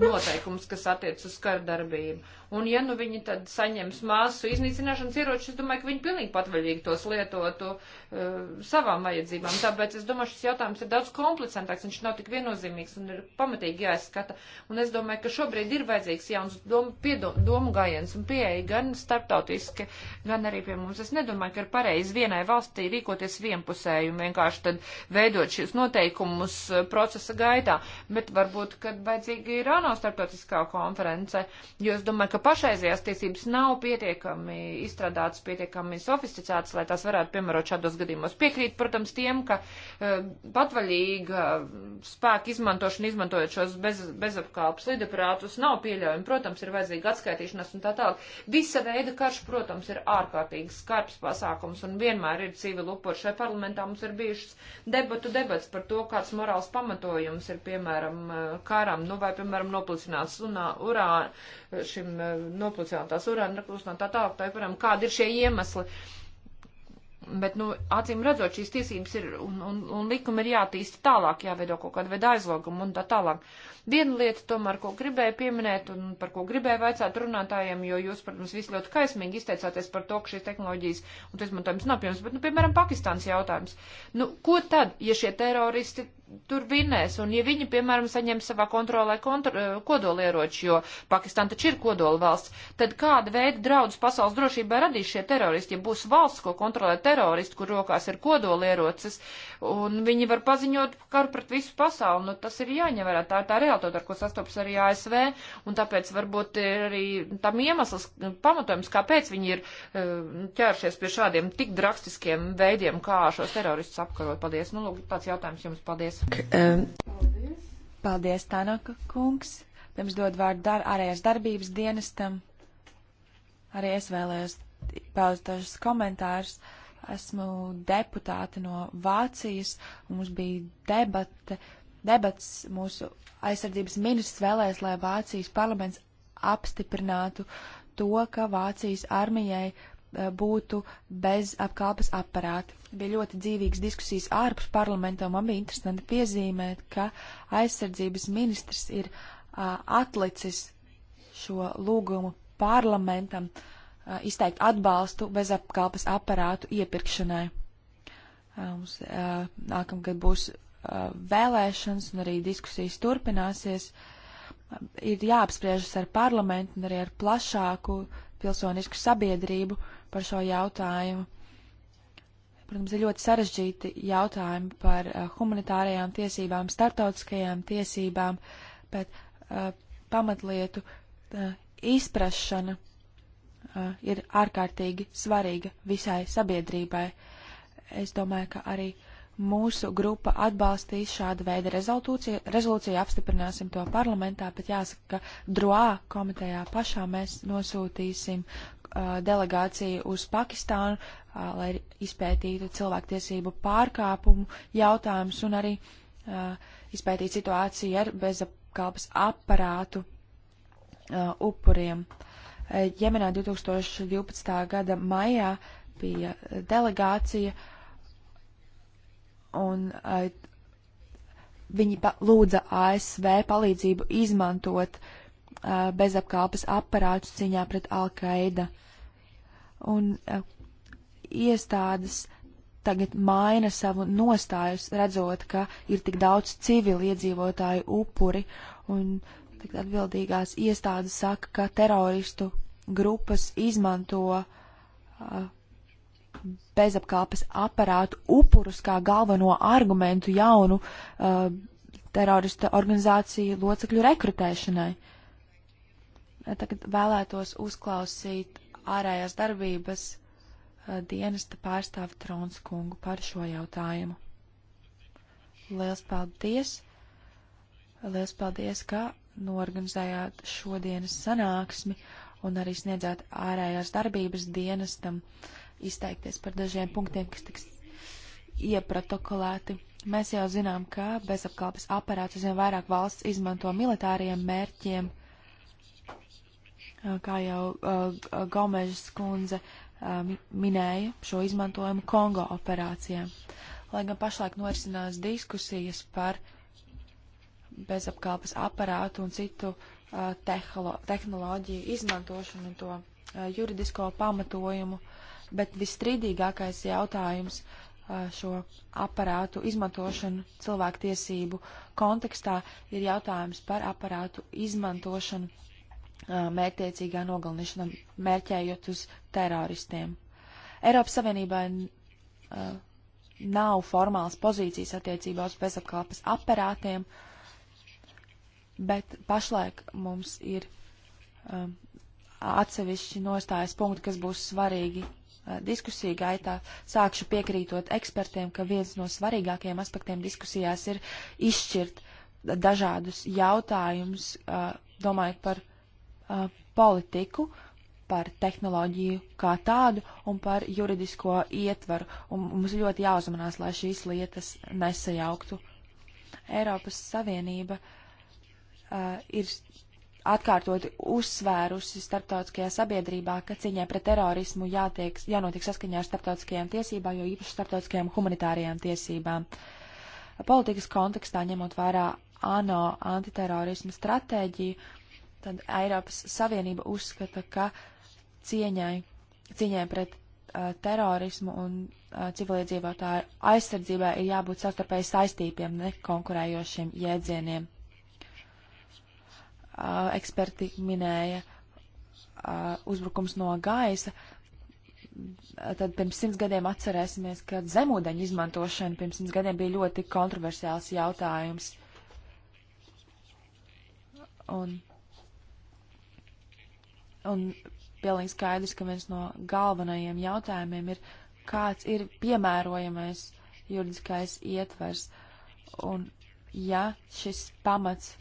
noteikumus, kas attiec uz kardarbību. Un ja nu viņi tad saņems māsu iznīcināšanas ieročus, es domāju, ka viņi pilnīgi patvaļīgi tos lietotu uh, savām vajadzībām. Tāpēc es domāju, šis jautājums ir daudz komplicentāks, viņš nav tik viennozīmīgs un ir pamatīgi jāizskata. Un es domāju, ka šobrīd ir vajadzīgs jauns domu, piedom, domu gājiens un pieeja gan starptautiski, gan arī pie mums. Es nedomāju, ka ir pareizi vienai valstī rīkoties vienpusēju un vienkārši tad veidot šīs noteikumus eh, procesa gaitā, bet varbūt, kad vajadzīgi ir ANO starptautiskā konference, jo es domāju, ka ka pašreizējās tiesības nav pietiekami izstrādātas, pietiekami sofisticētas, lai tās varētu piemērot šādos gadījumos. Piekrīt, protams, tiem, ka e, patvaļīga spēka izmantošana, izmantojot šos bez, bezapkāpus lidaprātus, nav pieļaujama. Protams, ir vajadzīga atskaitīšanās un tā tālāk. Visa veida karš, protams, ir ārkārtīgi skarbs pasākums un vienmēr ir civili upuri. Šai parlamentā mums ir bijušas debatu debats par to, kāds morāls pamatojums ir, piemēram, e, karam, nu vai, piemēram, noplicināts uh, urā šim e, noplicinātās urāna replūsmā tā tālāk, tā joprojām, kādi ir šie iemesli. Bet, nu, acīm redzot, šīs tiesības ir un, un, un likumi ir jātīsta tālāk, jāveido kaut kāda veida aizloguma un tā tālāk. Viena lieta tomēr, ko gribēju pieminēt un par ko gribēju vaicāt runātājiem, jo jūs, protams, visi ļoti kaismīgi izteicāties par to, ka šīs tehnoloģijas un izmantojums nav pieņems, bet, nu, piemēram, Pakistāns jautājums. Nu, ko tad, ja šie teroristi tur vinēs. Un ja viņi, piemēram, saņem savā kontrolē kontro, eh, kodolieroči, jo Pakistāna taču ir kodola valsts, tad kāda veida draudus pasaules drošībai radīs šie teroristi? Ja būs valsts, ko kontrolē teroristi, kur rokās ir kodolierocis, un viņi var paziņot karu pret visu pasauli. Nu, tas ir jāņem vērā. Tā ir tā realitāte, ar ko sastopas arī ASV, un tāpēc varbūt ir arī tam iemesls, pamatojums, kāpēc viņi ir eh, ķēršies pie šādiem tik drakstiskiem veidiem, kā šos teroristus apkarot. Paldies. Nu, lūk, tāds jautājums jums. Paldies. Paldies, Paldies Tanaka kungs. Pirms dod vārdu dar ārējās darbības dienestam. Arī es vēlējos paust dažus komentārus. Uh, Esmu deputāte no Vācijas, un mums bija debate, debats mūsu aizsardzības ministrs vēlēs, lai Vācijas parlaments apstiprinātu to, ka Vācijas armijai e, būtu bez apkalpes aparāti. Bija ļoti dzīvīgas diskusijas ārpus parlamenta, un man bija interesanti piezīmēt, ka aizsardzības ministrs ir a, atlicis šo lūgumu parlamentam. Uh, Uh, izteikt atbalstu bezapkalpes aparātu iepirkšanai. Uh, mums uh, nākamgad būs vēlēšanas un arī diskusijas turpināsies. Ir jāapspriežas ar parlamentu un arī ar plašāku pilsonisku sabiedrību par šo jautājumu. Protams, ir ļoti sarežģīti jautājumi par humanitārajām tiesībām, startautiskajām tiesībām, bet pamatlietu izprašana Eh, ir ārkārtīgi svarīga visai sabiedrībai. Es domāju, ka arī mūsu grupa atbalstīs šādu veidu rezolūciju, rezolūciju apstiprināsim to parlamentā, bet jāsaka, ka droā komitejā pašā mēs nosūtīsim uh, delegāciju uz Pakistānu, uh, lai izpētītu cilvēktiesību pārkāpumu jautājumus un arī uh, izpētītu situāciju ar bezapkalpas aparātu upuriem. Uh, Jemenā 2012. gada maijā bija delegācija, un eh, viņi lūdza ASV palīdzību izmantot eh, bezapkalpes aparātus ciņā pret Al-Qaida. Un eh, iestādes tagad maina savu nostājus, redzot, ka ir tik daudz civili iedzīvotāju upuri, un Tagad atbildīgās iestādes saka, ka teroristu grupas izmanto uh, bezapkalpes aparātu upurus kā galveno argumentu jaunu uh, terorista organizāciju locekļu rekrutēšanai. Tagad vēlētos uzklausīt ārējās darbības uh, dienesta pārstāvi Tronskungu par šo jautājumu. Liels paldies! Liels paldies, ka norganizējāt šodienas sanāksmi un arī sniedzāt ārējās darbības dienestam izteikties par dažiem punktiem, kas tiks ieprotokolēti. Mēs jau zinām, ka bezapkalpes aparāts aizvien vairāk valsts izmanto militāriem mērķiem, kā jau uh, Gomežas kundze uh, minēja šo izmantojumu Kongo operācijām. Lai gan pašlaik norisinās diskusijas par uh, bezapkalpes aparātu un citu uh, tehnoloģiju izmantošanu un to uh, juridisko pamatojumu, bet visstrīdīgākais jautājums uh, šo aparātu izmantošanu cilvēktiesību kontekstā ir jautājums par aparātu izmantošanu mērķtiecīgā nogalnišana, mērķējot uz teroristiem. Eiropas Savienībā nav formāls pozīcijas attiecībā uz bezapkalpes aparātiem, uh, bet pašlaik mums ir um, atsevišķi nostājas punkti, kas būs svarīgi uh, diskusiju gaitā. Sākšu piekrītot ekspertiem, ka viens no svarīgākajiem aspektiem diskusijās ir izšķirt dažādus jautājumus, uh, domājot par uh, politiku, par tehnoloģiju kā tādu un par juridisko ietvaru. Un mums ļoti jāuzmanās, lai šīs lietas nesajauktu. Eiropas Savienība uh, uh, ir atkārtoti uzsvērusi starptautiskajā sabiedrībā, ka cīņai pret terorismu jātiek, jānotiek saskaņā ar starptautiskajām tiesībām, jo īpaši starptautiskajām humanitārajām tiesībām. Politikas kontekstā ņemot vērā ANO antiterorismu stratēģiju, tad Eiropas Savienība uzskata, ka cieņai, cieņai pret uh, terorismu un uh, civiliedzīvotāju aizsardzībai ir jābūt savstarpēji saistītiem, nekonkurējošiem jēdzieniem. Eh, eksperti minēja eh, uzbrukums no gaisa, tad pirms simts gadiem atcerēsimies, ka zemūdeņu izmantošana pirms simts gadiem bija ļoti kontroversiāls jautājums. Un, un pilnīgi skaidrs, ka viens no galvenajiem jautājumiem ir, kāds ir piemērojamais juridiskais ietvers. Un ja šis pamats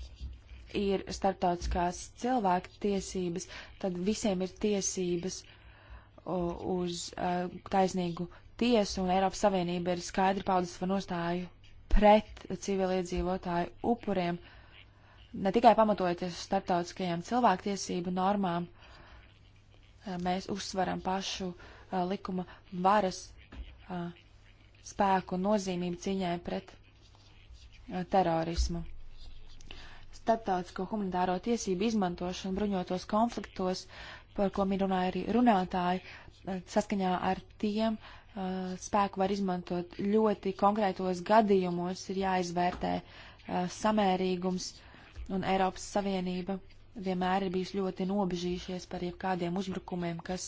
ir starptautiskās cilvēku tiesības, tad visiem ir tiesības uz taisnīgu tiesu, un Eiropas Savienība ir skaidri paudus par nostāju pret civiliedzīvotāju upuriem, ne tikai pamatojoties uz starptautiskajām cilvēktiesību normām, mēs uzsveram pašu a, likuma varas a, spēku nozīmību ciņai pret a, terorismu starptautisko humanitāro tiesību izmantošanu bruņotos konfliktos, par ko min runāja arī runātāji, eh, saskaņā ar tiem uh, spēku var izmantot ļoti konkrētos gadījumos, ir jāizvērtē uh, samērīgums, un Eiropas Savienība vienmēr ir bijusi ļoti nobežījušies par jebkādiem uzbrukumiem, kas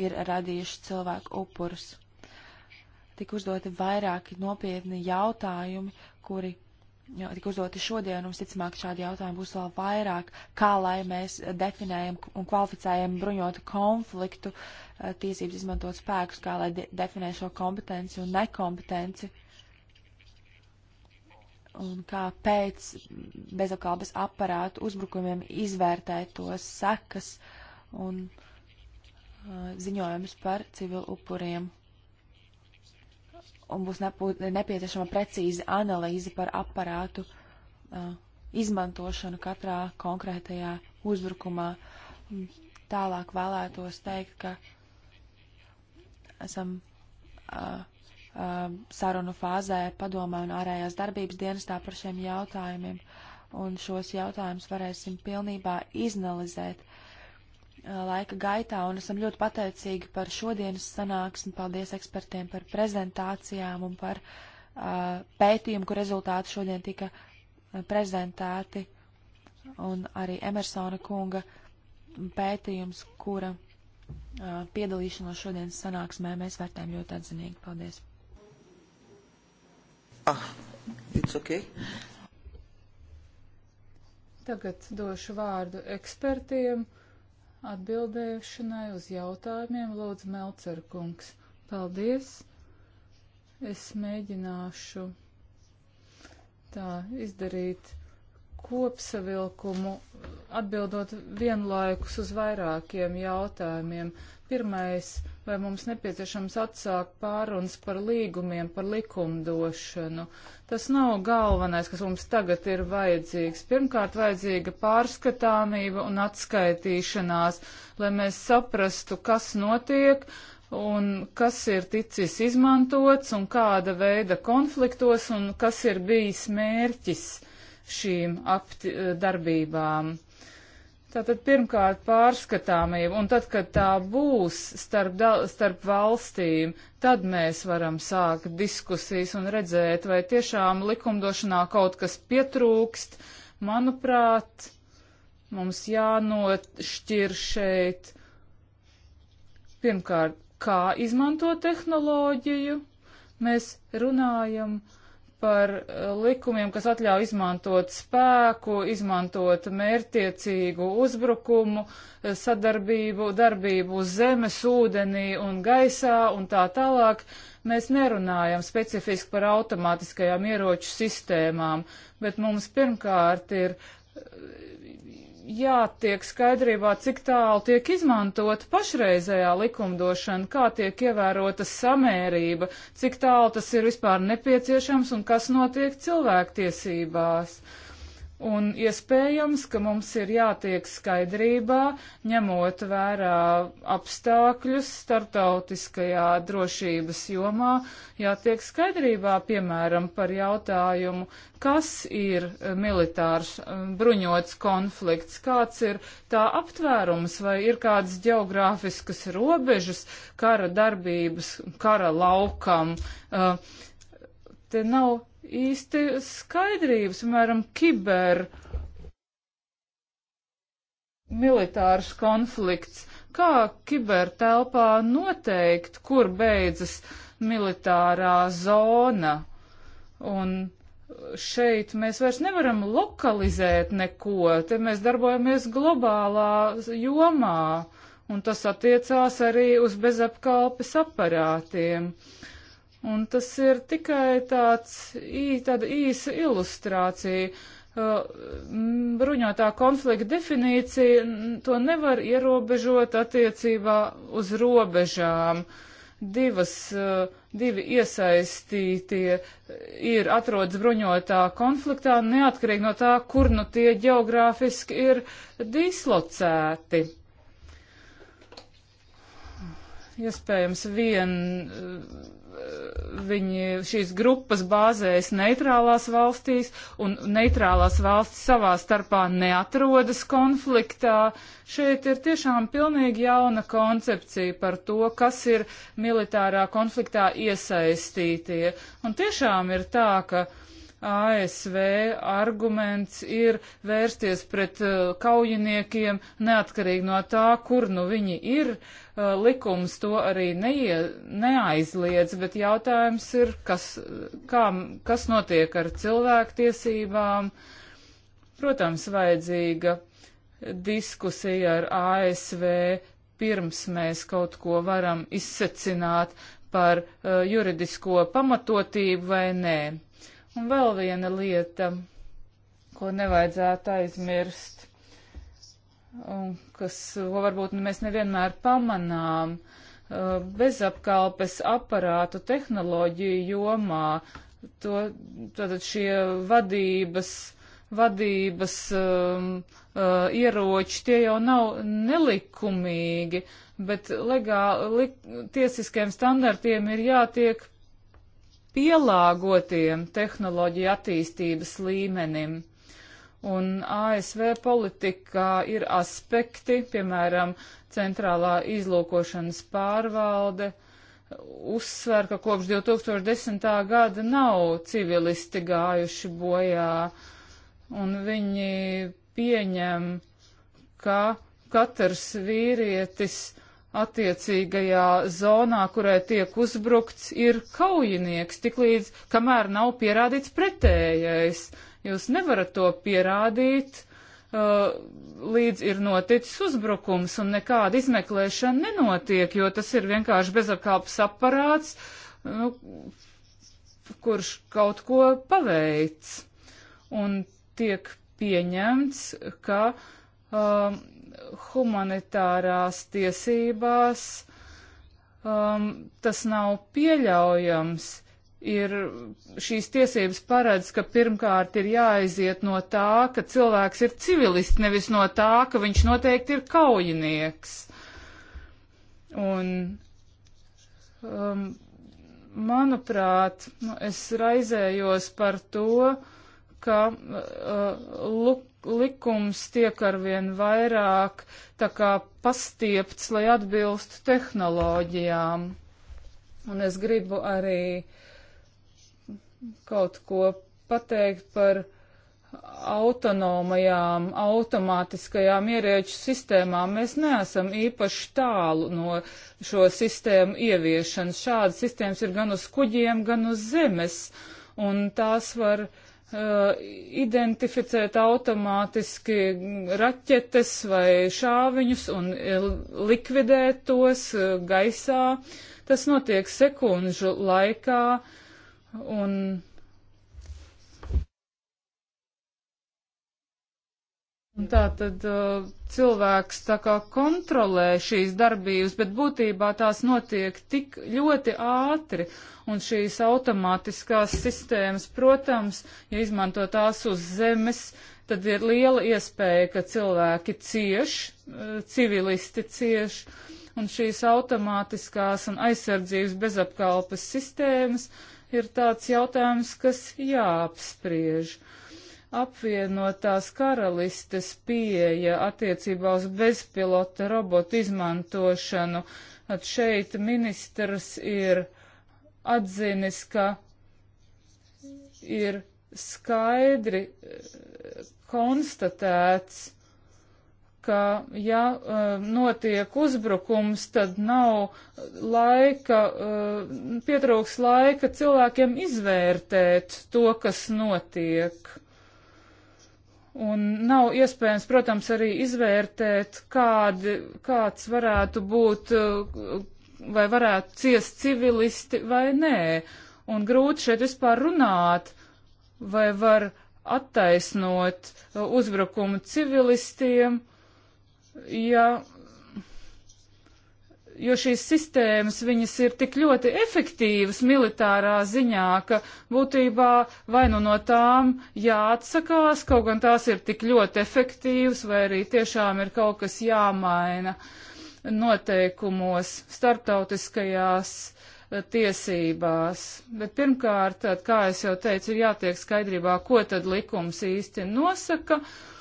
ir radījuši cilvēku upurus. Tik uzdoti vairāki nopietni jautājumi, kuri tika uzdoti šodien, un visticamāk šādi jautājumi būs vēl vairāk, kā lai mēs definējam un kvalificējam bruņotu konfliktu eh, tiesības izmantot spēkus, kā lai de definē šo kompetenci un nekompetenci, un kā pēc bezapkalbes aparātu uzbrukumiem izvērtēt tos sekas un uh, ziņojumus par civilu upuriem un būs nepūt, nepieciešama precīza analīze par aparātu uh, izmantošanu katrā konkrētajā uzbrukumā. Un tālāk vēlētos teikt, ka esam uh, uh, sarunu fāzē padomā un ārējās darbības dienestā par šiem jautājumiem, un šos jautājumus varēsim pilnībā izanalizēt Uh, laika gaitā, un esam ļoti pateicīgi par šodienas sanāksmi. Paldies ekspertiem par prezentācijām un par uh, pētījumu, kur rezultāti šodien tika uh, prezentēti, un arī Emersona kunga pētījums, kura uh, piedalīšanos šodienas sanāksmē mēs vērtējam ļoti atzinīgi. Paldies! Ah, it's okay. Tagad došu vārdu ekspertiem atbildēšanai uz jautājumiem. Lūdzu, Melcerkungs, paldies! Es mēģināšu tā izdarīt kopsavilkumu, atbildot vienlaikus uz vairākiem jautājumiem. Pirmais vai mums nepieciešams atsākt pārunas par līgumiem, par likumdošanu. Tas nav galvenais, kas mums tagad ir vajadzīgs. Pirmkārt, vajadzīga pārskatāmība un atskaitīšanās, lai mēs saprastu, kas notiek un kas ir ticis izmantots un kāda veida konfliktos un kas ir bijis mērķis šīm darbībām. Tātad pirmkārt pārskatāmība, un tad, kad tā būs starp, starp valstīm, tad mēs varam sākt diskusijas un redzēt, vai tiešām likumdošanā kaut kas pietrūkst. Manuprāt, mums jānošķir šeit pirmkārt, kā izmanto tehnoloģiju. Mēs runājam par par eh, likumiem, kas atļauj izmantot spēku, izmantot mērtiecīgu uzbrukumu, eh, sadarbību, darbību uz zemes, ūdenī un gaisā un tā tālāk. Mēs nerunājam specifiski par automātiskajām ieroču sistēmām, bet mums pirmkārt ir eh, jātiek skaidrībā, cik tālu tiek izmantota pašreizējā likumdošana, kā tiek ievērota samērība, cik tālu tas ir vispār nepieciešams un kas notiek cilvēktiesībās. Uh, Un iespējams, ka mums ir jātiek skaidrībā, ņemot vērā apstākļus startautiskajā drošības jomā, jātiek skaidrībā, piemēram, par jautājumu, kas ir militārs um, bruņots konflikts, kāds ir tā aptvērums, vai ir kādas geogrāfiskas robežas kara darbības, kara laukam. Uh, te nav īsti skaidrības, piemēram, kiber militārs konflikts. Kā kibertelpā noteikt, kur beidzas militārā zona? Un šeit mēs vairs nevaram lokalizēt neko, te mēs darbojamies globālā jomā, un tas attiecās arī uz bezapkalpes aparātiem. Uh, Un tas ir tikai tāds, ī, tāda īsa ilustrācija. Uh, bruņotā konflikta definīcija to nevar ierobežot attiecībā uz robežām. Divas, uh, divi iesaistītie ir atrodas bruņotā konfliktā, neatkarīgi no tā, kur nu tie geogrāfiski ir dislocēti iespējams vien viņi šīs grupas bāzējas neitrālās valstīs, un neitrālās valstis savā starpā neatrodas konfliktā. Šeit ir tiešām pilnīgi jauna koncepcija par to, kas ir militārā konfliktā iesaistītie. Un tiešām ir tā, ka ASV arguments ir vērsties pret uh, kaujiniekiem neatkarīgi no tā, kur nu viņi ir. Uh, Uh, likums to arī neie, neaizliedz, bet jautājums ir, kas, kā, kas notiek ar cilvēktiesībām. Protams, vajadzīga diskusija ar ASV pirms mēs kaut ko varam izsacināt par uh, juridisko pamatotību vai nē. Un vēl viena lieta, ko nevajadzētu aizmirst un kas varbūt mēs nevienmēr pamanām uh, bezapkalpes aparātu tehnoloģiju jomā. To, tātad šie vadības, vadības um, uh, ieroči, tie jau nav nelikumīgi, bet legāli, li, tiesiskiem standartiem ir jātiek pielāgotiem tehnoloģiju attīstības līmenim. Un ASV politikā ir aspekti, piemēram, centrālā izlūkošanas pārvalde uzsver, ka kopš 2010. gada nav civilisti gājuši bojā, un viņi pieņem, ka katrs vīrietis attiecīgajā zonā, kurai tiek uzbrukts, ir kaujinieks, tiklīdz kamēr nav pierādīts pretējais. Jūs nevarat to pierādīt, uh, līdz ir noticis uzbrukums un nekāda izmeklēšana nenotiek, jo tas ir vienkārši bezapkalps aparāts, nu, kurš kaut ko paveic. Un tiek pieņemts, ka um, humanitārās tiesībās um, tas nav pieļaujams ir šīs tiesības paredz, ka pirmkārt ir jāaiziet no tā, ka cilvēks ir civilists, nevis no tā, ka viņš noteikti ir kaujinieks. Un, um, manuprāt, nu, es raizējos par to, ka uh, luk, likums tiek arvien vairāk tā kā pastiepts, lai atbilstu tehnoloģijām. Un es gribu arī uh, kaut ko pateikt par autonomajām, automātiskajām ierēču sistēmām. Mēs neesam īpaši tālu no šo sistēmu ieviešanas. Šādas sistēmas ir gan uz kuģiem, gan uz zemes, un tās var uh, identificēt automātiski raķetes vai šāviņus un uh, likvidēt tos uh, gaisā. Tas notiek sekundžu laikā. Uh, Un Tā tad uh, cilvēks tā kā kontrolē šīs darbības, bet būtībā tās notiek tik ļoti ātri, un šīs automātiskās sistēmas, protams, ja izmanto tās uz zemes, tad ir liela iespēja, ka cilvēki cieš, uh, civilisti cieš, un šīs automātiskās un aizsardzības bezapkalpes sistēmas uh, ir tāds jautājums, kas jāapspriež. Apvienotās karalistes pieeja attiecībā uz bezpilota robotu izmantošanu. At šeit ministrs ir atzinis, ka ir skaidri eh, konstatēts, ka, ja eh, notiek uzbrukums, tad nav laika, eh, pietrūks laika cilvēkiem izvērtēt to, kas notiek. Un nav iespējams, protams, arī izvērtēt, kādi, kāds varētu būt, eh, vai varētu ciest civilisti vai nē. Un grūti šeit vispār runāt, vai var attaisnot uzbrukumu civilistiem ja, jo šīs sistēmas, viņas ir tik ļoti efektīvas militārā ziņā, ka būtībā vai nu no tām jāatsakās, kaut gan tās ir tik ļoti efektīvas, vai arī tiešām ir kaut kas jāmaina noteikumos, starptautiskajās eh, tiesībās. Bet pirmkārt, kā es jau teicu, ir jātiek skaidrībā, ko tad likums īsti nosaka, uh,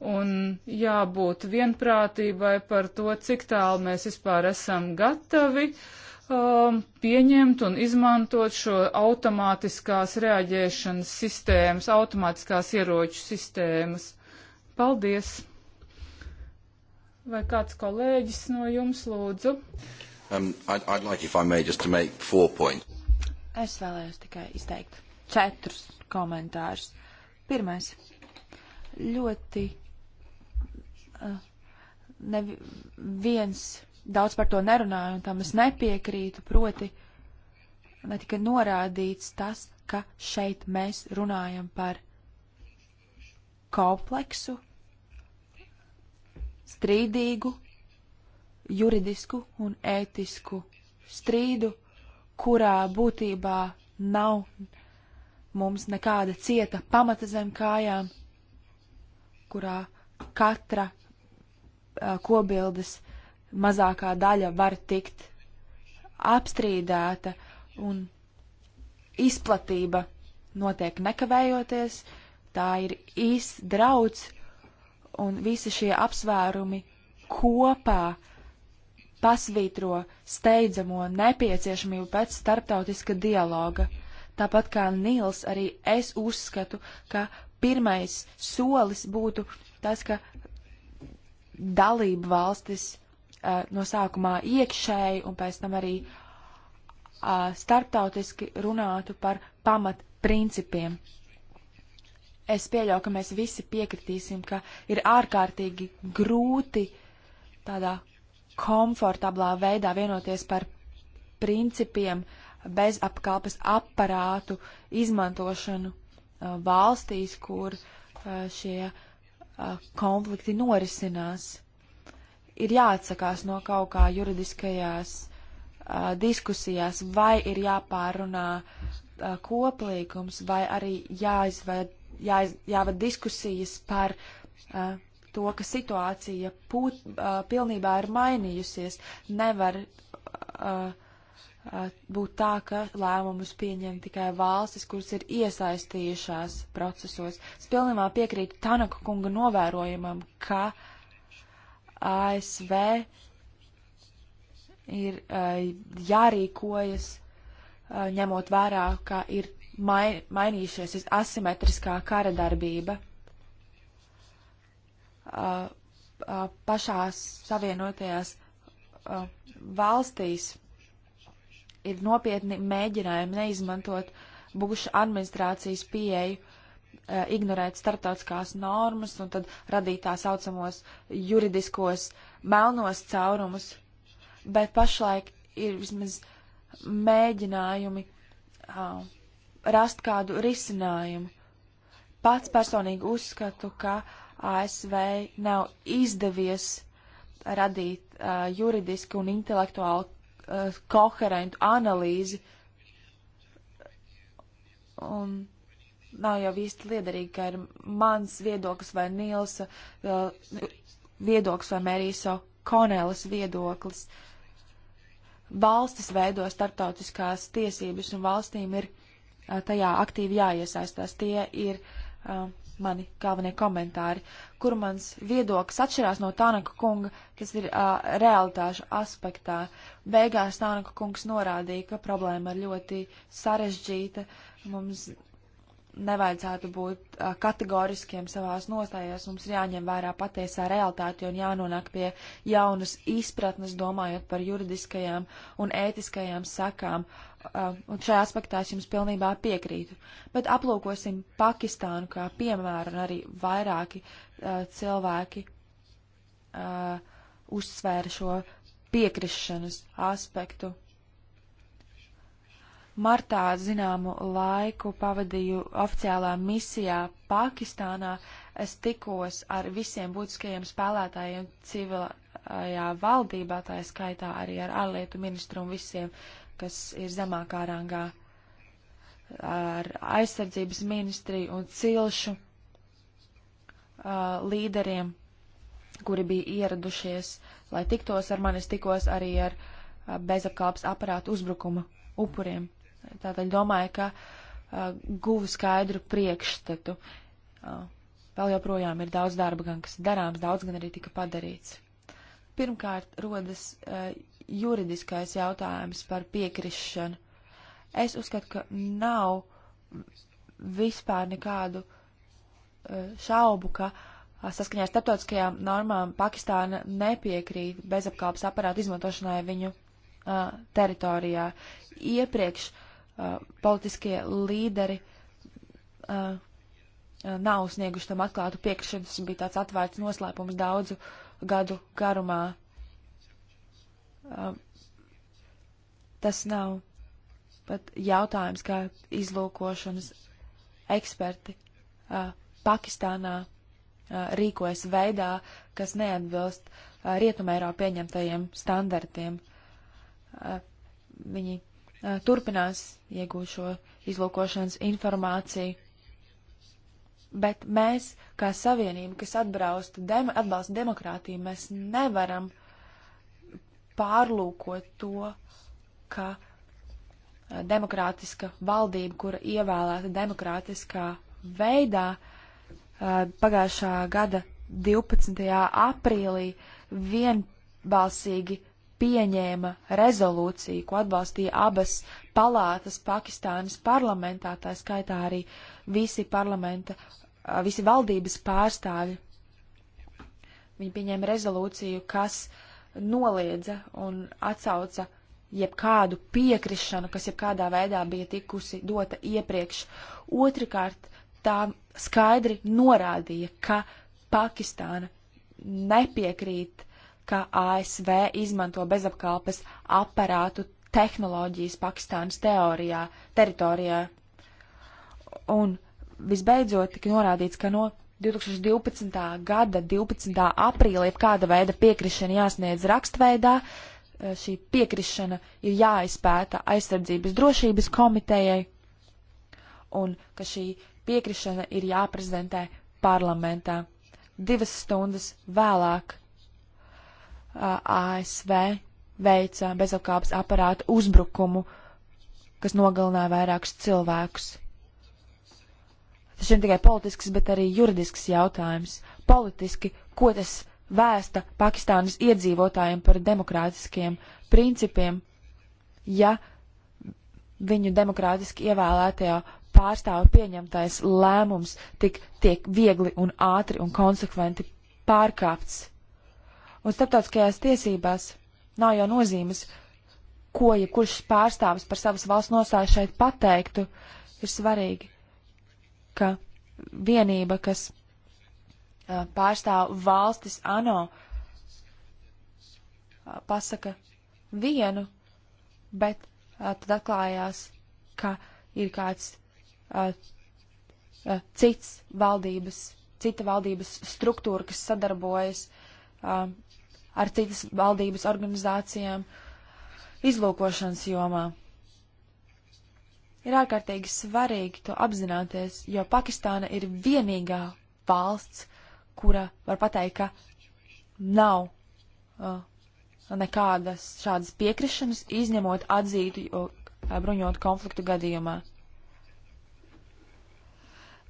un jābūt vienprātībai par to, cik tālu mēs vispār esam gatavi um, pieņemt un izmantot šo automātiskās reaģēšanas sistēmas, automātiskās ieroču sistēmas. Paldies! Vai kāds kolēģis no jums lūdzu? Um, I'd, I'd like, if I may, just to make four points. Es vēlējos tikai izteikt četrus komentārus. Pirmais. Ļoti Eh, neviens daudz par to nerunāja, un tam es nepiekrītu, proti netika norādīts tas, ka šeit mēs runājam par kompleksu, strīdīgu, juridisku un ētisku strīdu, kurā būtībā nav mums nekāda cieta pamata zem kājām, kurā katra kobildes mazākā daļa var tikt apstrīdēta un izplatība notiek nekavējoties, tā ir īsts drauds un visi šie apsvērumi kopā pasvītro steidzamo nepieciešamību pēc starptautiska dialoga. Tāpat kā Nils, arī es uzskatu, ka pirmais solis būtu tas, ka dalību valstis uh, no sākumā iekšēji un pēc tam arī uh, starptautiski runātu par pamat principiem. Es pieļauju, ka mēs visi piekritīsim, ka ir ārkārtīgi grūti tādā komfortablā veidā vienoties par principiem bez apkalpes aparātu izmantošanu uh, valstīs, kur uh, šie uh, konflikti norisinās. Ir jāatsakās no kaut kā juridiskajās a, diskusijās, vai ir jāpārunā a, koplīgums, vai arī jāizved, jāiz, jāved diskusijas par a, to, ka situācija pūt, pilnībā ir mainījusies. Nevar uh, būt tā, ka lēmumus pieņem tikai valstis, kuras ir iesaistījušās procesos. Es pilnībā piekrītu Tanaka kunga novērojumam, ka ASV ir uh, jārīkojas, uh, ņemot vērā, ka ir mai, mainījušies asimetriskā kara darbība. Uh, pašās savienotajās valstīs ir nopietni mēģinājumi neizmantot Buša administrācijas pieeju, uh, ignorēt starptautiskās normas un tad radīt tā saucamos juridiskos melnos caurumus. Bet pašlaik ir vismaz mēģinājumi uh, rast kādu risinājumu. Pats personīgi uzskatu, ka ASV nav izdevies radīt uh, eh, juridisku un intelektuālu uh, koherentu analīzi. Un nav jau īsti liederīgi, ka ir mans viedoklis vai Nīlsa uh, viedoklis vai Mērīso Konēlas viedoklis. Valstis veido starptautiskās tiesības un valstīm ir uh, tajā aktīvi jāiesaistās. Tie ir uh, mani galvenie komentāri, kur mans viedoklis atšķirās no Tānaka kunga, kas ir uh, realitāšu aspektā. Beigās Tānaka kungs norādīja, ka problēma ir ļoti sarežģīta, mums nevajadzētu būt uh, kategoriskiem savās nostājās, mums ir jāņem vērā patiesā realitāte un jānonāk pie jaunas izpratnes, domājot par juridiskajām un ētiskajām sakām. Uh, Uh, un šajā aspektā es jums pilnībā piekrītu. Bet aplūkosim Pakistānu kā piemēru, un arī vairāki uh, cilvēki uh, uzsvēra šo piekrišanas aspektu. Martā zināmu laiku pavadīju oficiālā misijā Pakistānā. Es tikos ar visiem būtiskajiem spēlētājiem civilajā valdībā, tā skaitā arī ar ārlietu ministru un visiem uh, kas ir zemākā rangā ar aizsardzības ministriju un cilšu uh, līderiem, kuri bija ieradušies, lai tiktos ar manis, tikos arī ar uh, bezapkalpas aparātu uzbrukuma upuriem. Tātad domāju, ka uh, guvu skaidru priekšstatu. Uh, vēl joprojām ir daudz darba gan, kas darāms, daudz gan arī tika padarīts. Pirmkārt, rodas uh, juridiskais jautājums par piekrišanu. Es uzskatu, ka nav vispār nekādu eh, šaubu, ka saskaņā ar starptautiskajām normām Pakistāna nepiekrīt bezapkalpas aparātu izmantošanai viņu uh, teritorijā. Iepriekš uh, politiskie līderi uh, nav snieguši tam atklātu piekrišanu, tas bija tāds atvērts noslēpums daudzu gadu garumā. Uh, tas nav pat jautājums, kā izlūkošanas eksperti uh, Pakistānā uh, rīkojas veidā, kas neatbilst uh, Rietumērā pieņemtajiem standartiem. Uh, viņi uh, turpinās iegūt šo izlūkošanas informāciju. Bet mēs, kā savienība, kas dem atbalsta demokrātiju, mēs nevaram uh, pārlūkot to, ka eh, demokrātiska valdība, kura ievēlēta demokrātiskā veidā, eh, pagājušā gada 12. aprīlī vienbalsīgi pieņēma rezolūciju, ko atbalstīja abas palātas Pakistānas parlamentā, tā skaitā arī visi parlamenta, eh, visi valdības pārstāvi. Viņi pieņēma rezolūciju, kas uh, noliedza un atsauca jebkādu piekrišanu, kas jebkādā veidā bija tikusi dota iepriekš. Otrakārt, tā skaidri norādīja, ka Pakistāna nepiekrīt, ka ASV izmanto bezapkalpes aparātu tehnoloģijas Pakistānas teorijā, teritorijā. Un visbeidzot tika norādīts, ka no 2012. gada 12. aprīlī kāda veida piekrišana jāsniedz rakstveidā. Eh, šī piekrišana ir jāizpēta aizsardzības drošības komitejai, un ka šī piekrišana ir jāprezentē parlamentā. Divas stundas vēlāk eh, ASV veica bezalkāpes aparātu uzbrukumu, kas nogalināja vairākus cilvēkus. Tas ir ne tikai politisks, bet arī juridisks jautājums. Politiski, ko tas vēsta Pakistānas iedzīvotājiem par demokrātiskiem principiem, ja viņu demokrātiski ievēlētajā pārstāvu pieņemtais lēmums tik, tiek viegli un ātri un konsekventi pārkāpts. Un starptautiskajās tiesībās nav jau nozīmes, ko jebkurš ja pārstāvis par savas valsts nostāju šeit pateiktu, ir svarīgi ka vienība, kas uh, pārstāv valstis ANO, uh, pasaka vienu, bet uh, tad atklājās, ka ir kāds cits valdības, cita valdības struktūra, kas sadarbojas ar citas valdības organizācijām izlūkošanas jomā. Ir ārkārtīgi svarīgi to apzināties, jo Pakistāna ir vienīgā valsts, kura var pateikt, ka nav uh, nekādas šādas piekrišanas, izņemot atzītu uh, bruņotu konfliktu gadījumā.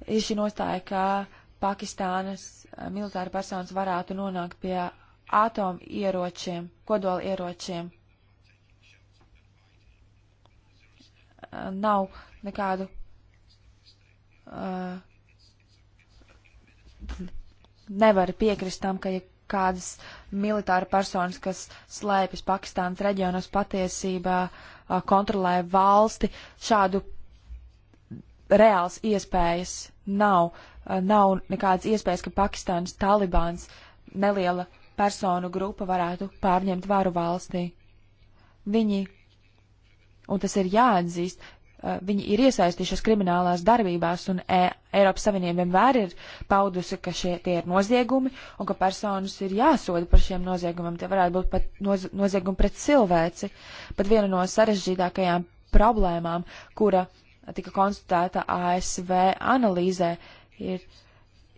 Ir šī nostāja, ka Pakistānas uh, militāra personas varētu nonākt pie atomu ieročiem, kodola ieročiem. nav nekādu uh, nevar piekrist tam, ka ja kādas militāra personas, kas slēpjas Pakistānas reģionos patiesībā uh, kontrolē valsti, šādu reāls iespējas nav. Uh, nav nekādas iespējas, ka Pakistānas talibāns neliela personu grupa varētu pārņemt varu valstī. Viņi un tas ir jāatzīst, eh, viņi ir iesaistījušies kriminālās darbībās, un e Eiropas Savienība vienmēr ir paudusi, ka šie tie ir noziegumi, un ka personas ir jāsoda par šiem noziegumiem. Tie varētu būt pat noz noziegumi pret cilvēci, pat viena no sarežģītākajām problēmām, kura tika konstatēta ASV analīzē, ir,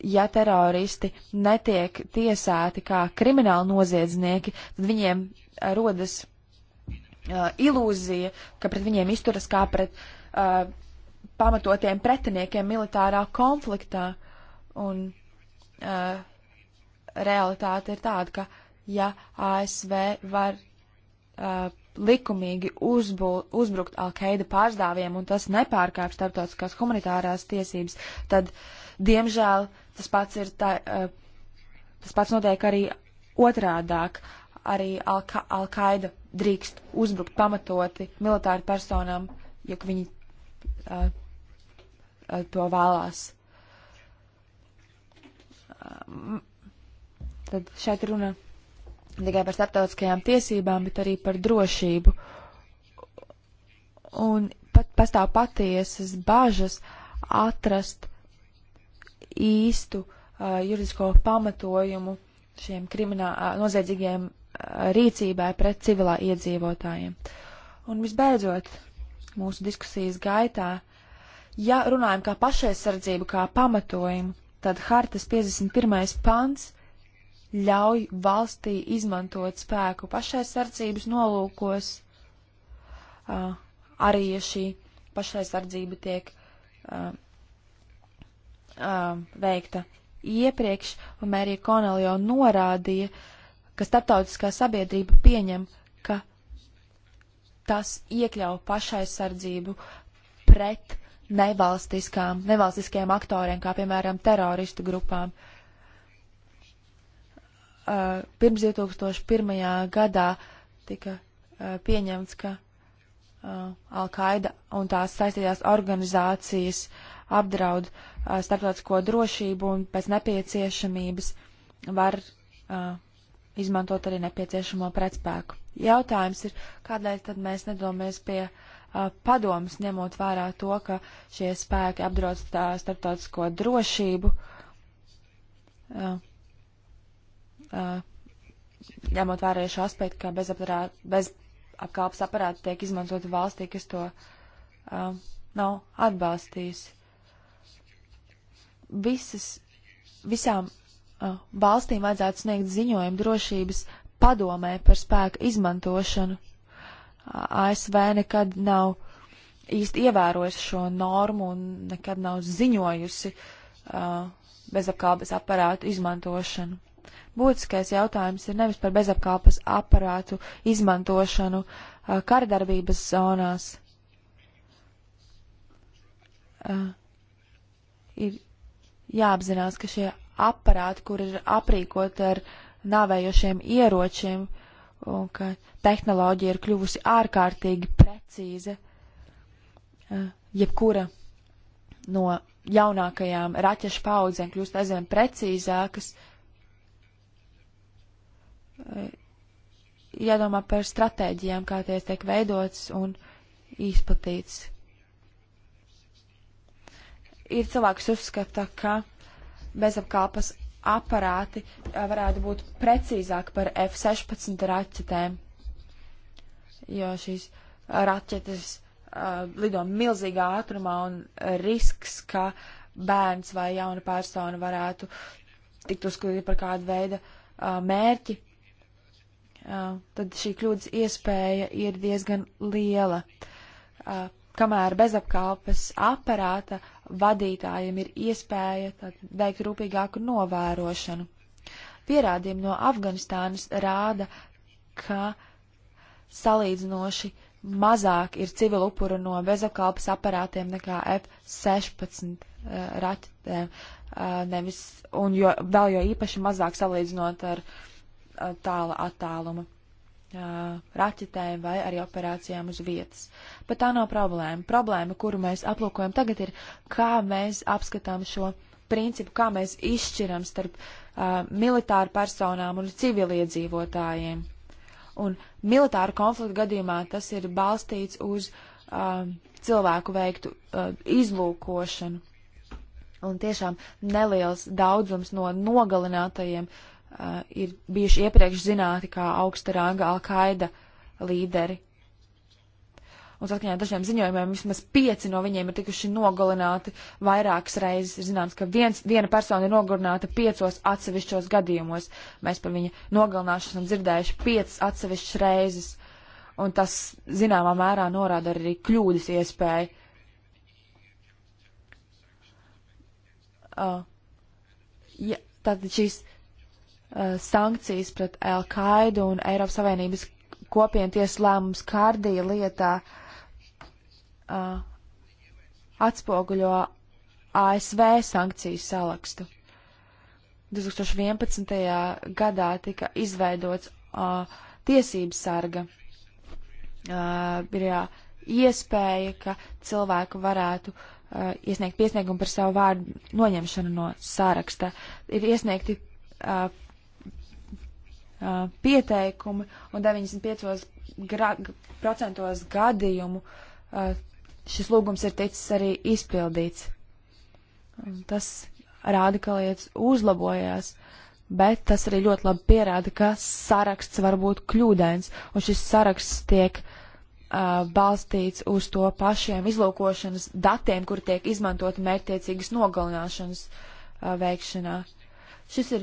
ja teroristi netiek tiesāti kā krimināli noziedznieki, tad viņiem rodas uh, ilūzija, ka pret viņiem izturas kā pret uh, pamatotiem pretiniekiem militārā konfliktā. Un uh, realitāte ir tāda, ka ja ASV var uh, likumīgi uzbul, uzbrukt Alkaida pārstāvjiem un tas nepārkāpj starptautiskās humanitārās tiesības, tad, diemžēl, tas pats ir tā, uh, tas pats notiek arī otrādāk. Arī Alka, Alkaida drīkst uzbrukt pamatoti militāru personām, ja viņi uh, to vēlās. Tad šeit runa tikai par starptautiskajām tiesībām, bet arī par drošību. Un pat pastāv patiesas bažas atrast īstu uh, juridisko pamatojumu šiem krimināl, noziedzīgiem rīcībai pret civilā iedzīvotājiem. Un visbeidzot, mūsu diskusijas gaitā, ja runājam kā pašaizsardzību, kā pamatojumu, tad hartas 51. pants ļauj valstī izmantot spēku pašaizsardzības nolūkos, uh, arī ja šī pašaizsardzība tiek uh, uh, veikta iepriekš, un Mērija Konel jau norādīja, uh, ka starptautiskā sabiedrība pieņem, ka tas iekļauj pašaizsardzību pret nevalstiskām, nevalstiskajiem aktoriem, kā piemēram teroristu grupām. Uh, pirms 2001. gadā tika uh, pieņemts, ka uh, Al-Qaida un tās saistītās organizācijas apdraud uh, starptautisko drošību un pēc nepieciešamības var uh, izmantot arī nepieciešamo pretspēku. Jautājums ir, kādēļ tad mēs nedomies pie uh, padomas, ņemot vērā to, ka šie spēki apdraud starptautisko drošību, uh, uh, ņemot vērā šo aspektu, ka bezapkalpas aparāti tiek izmantot valstī, kas to uh, nav atbalstījusi. Visas, visām valstīm vajadzētu sniegt ziņojumu drošības padomē par spēka izmantošanu. ASV nekad nav īsti ievērojusi šo normu un nekad nav ziņojusi uh, bezapkalpes aparātu izmantošanu. Būtiskais jautājums ir nevis par bezapkalpes aparātu izmantošanu uh, karadarbības zonās. Uh, ir jāapzinās, ka šie aparāti, kur ir aprīkot ar nāvējošiem ieročiem, un ka tehnoloģija ir kļuvusi ārkārtīgi precīza. Eh, jebkura no jaunākajām raķešu paudzēm kļūst aizvien precīzākas. Eh, jādomā par stratēģijām, kā tie tiek veidotas un izplatītas. Ir cilvēks uzskata, ka bezapkalpas aparāti eh, varētu būt precīzāk par F-16 raķetēm, jo šīs raķetes uh, lido milzīgā ātrumā un risks, ka bērns vai jauna persona varētu tikt uzskatīti par kādu veidu uh, mērķi, uh, tad šī kļūdas iespēja ir diezgan liela. Uh, kamēr bezapkalpes aparāta vadītājiem ir iespēja tad, veikt rūpīgāku novērošanu. Pierādījumi no Afganistānas rāda, ka salīdzinoši mazāk ir civilu upuru no bezapkalpas aparātiem nekā F-16 uh, raķetēm, uh, nevis, un jo, vēl jo īpaši mazāk salīdzinot ar uh, tāla attāluma raķetēm vai arī operācijām uz vietas. Bet tā nav problēma. Problēma, kuru mēs aplūkojam tagad, ir, kā mēs apskatām šo principu, kā mēs izšķiram starp uh, militāru personām un civiliedzīvotājiem. Un militāru konfliktu gadījumā tas ir balstīts uz uh, cilvēku veiktu uh, izlūkošanu. Un tiešām neliels daudzums no nogalinātajiem uh, uh, ir bijuši iepriekš zināti kā augsta ranga Al-Qaida līderi. Un saskaņā ar dažiem ziņojumiem vismaz pieci no viņiem ir tikuši nogalināti vairākas reizes. Ir zināms, ka viens, viena persona ir nogalināta piecos atsevišķos gadījumos. Mēs par viņa nogalināšanu esam dzirdējuši piecas atsevišķas reizes. Un tas zināmā mērā norāda arī kļūdas iespēju. Uh, ja, tad šīs Eh, sankcijas pret Al-Qaidu un Eiropas Savienības kopienu tiesu lēmums Kārdija lietā uh, atspoguļo ASV sankciju salakstu. 2011. gadā tika izveidots uh, tiesības sarga. Uh, ir jā, iespēja, ka cilvēku varētu uh, iesniegt piesniegumu par savu vārdu noņemšanu no sāraksta. Ir iesniegti uh, pieteikumi un 95% gadījumu uh, šis lūgums ir ticis arī izpildīts. Un tas rāda, ka lietas uzlabojās, bet tas arī ļoti labi pierāda, ka saraksts var būt kļūdains, un šis saraksts tiek uh, balstīts uz to pašiem izlūkošanas datiem, kur tiek izmantoti mērķtiecīgas nogalināšanas uh, veikšanā. Šis ir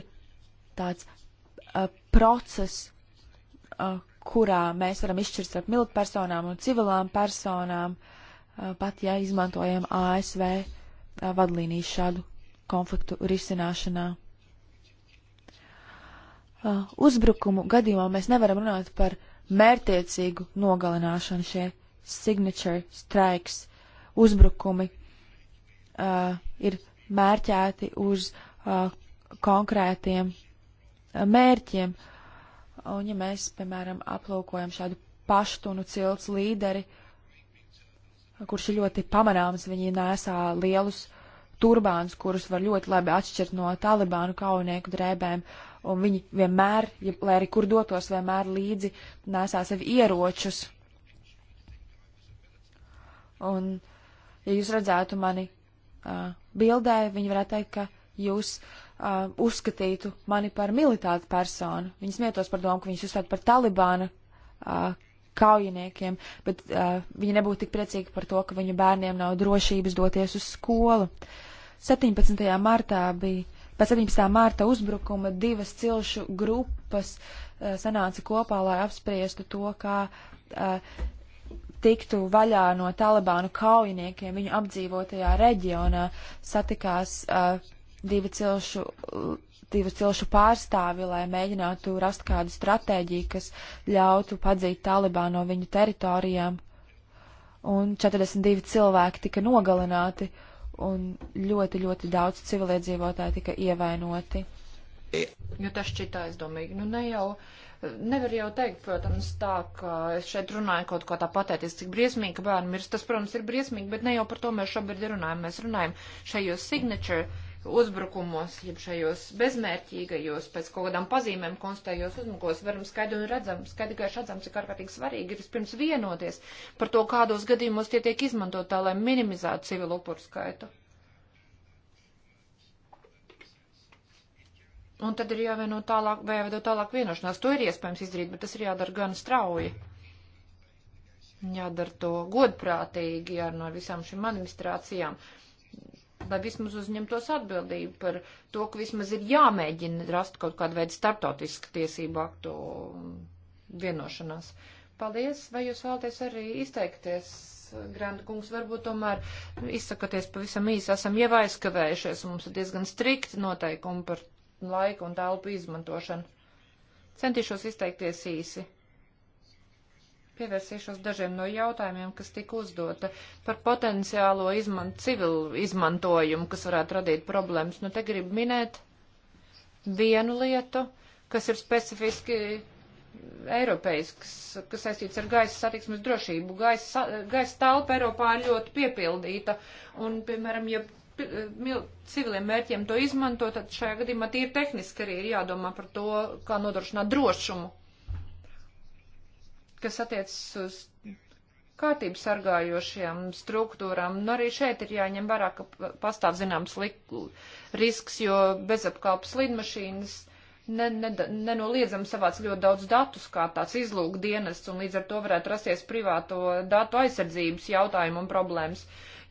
tāds uh, eh, process, uh, eh, kurā mēs varam izšķirt starp militpersonām un civilām personām, uh, pat ja izmantojam ASV uh, vadlīnijas šādu konfliktu risināšanā. Uh, uzbrukumu gadījumā mēs nevaram runāt par mērtiecīgu nogalināšanu šie signature strikes, uzbrukumi uh, ir mērķēti uz uh, konkrētiem mērķiem. Un ja mēs, piemēram, aplūkojam šādu paštunu cilts līderi, kurš ir ļoti pamanāms, viņi nesā lielus turbāns, kurus var ļoti labi atšķirt no talibānu kaunieku drēbēm, un viņi vienmēr, ja, lai arī kur dotos, vienmēr līdzi nesā sevi ieročus. Un, ja jūs redzētu mani uh, bildē, viņi varētu teikt, ka jūs uh, uh, uzskatītu mani par militāru personu. Viņi smietos par domu, ka viņas uzstāda par Talibāna uh, kaujiniekiem, bet uh, viņi nebūtu tik priecīgi par to, ka viņu bērniem nav drošības doties uz skolu. 17. martā bija, pēc 17. marta uzbrukuma divas cilšu grupas uh, sanāca kopā, lai apspriestu to, kā uh, tiktu vaļā no talibānu kaujiniekiem viņu apdzīvotajā reģionā satikās uh, divu cilšu, divu cilšu pārstāvi, lai mēģinātu rast kādu stratēģiju, kas ļautu padzīt Talibā no viņu teritorijām. Un 42 cilvēki tika nogalināti, un ļoti, ļoti daudz civiliedzīvotāji tika ievainoti. E. Jo tas šķita aizdomīgi. Nu, ne jau, nevar jau teikt, protams, tā, ka es šeit runāju kaut ko tā patēties, cik briesmīgi, ka bērni mirst. Tas, protams, ir briesmīgi, bet ne jau par to mēs šobrīd runājam. Mēs runājam šajos signature uzbrukumos, jeb šajos bezmērķīgajos, pēc kaut kādām pazīmēm konstatējos uzbrukos, varam skaidri un redzam, skaidri kā redzam, cik ārkārtīgi svarīgi ir vispirms vienoties par to, kādos gadījumos tie tiek izmantot tā, lai minimizētu civilu upuru skaitu. Un tad ir jāvieno tālāk, vai jāveido tālāk vienošanās. To ir iespējams izdarīt, bet tas ir jādara gan strauji. Jādara to godprātīgi, jārunā ar visām šīm administrācijām lai vismaz uzņemtos atbildību par to, ka vismaz ir jāmēģina rast kaut kādu veidu startautisku tiesību aktu vienošanās. Paldies, vai jūs vēlaties arī izteikties, Grant kungs, varbūt tomēr izsakaties pavisam īsi, esam jau aizkavējušies, mums ir diezgan strikti noteikumi par laiku un telpu izmantošanu. Centīšos izteikties īsi. Pievērsīšos dažiem no jautājumiem, kas tika uzdota par potenciālo izman, civilu izmantojumu, kas varētu radīt problēmas. Nu, te gribu minēt vienu lietu, kas ir specifiski Eiropeisks, kas saistīts ar gaisa satiksmes drošību. Gaisa, gaisa telpa Eiropā ir ļoti piepildīta, un, piemēram, ja civiliem mērķiem to izmanto, tad šajā gadījumā tīri tehniski arī ir jādomā par to, kā nodrošināt drošumu kas attiecas uz kārtības sargājošajām struktūrām. Nu, arī šeit ir jāņem vērā, ka pastāv zināms risks, jo bezapkalpas lidmašīnas ne, ne, nenoliedzam savāc ļoti daudz datus, kā tāds izlūk dienas, un līdz ar to varētu rasties privāto datu aizsardzības jautājumu un problēmas.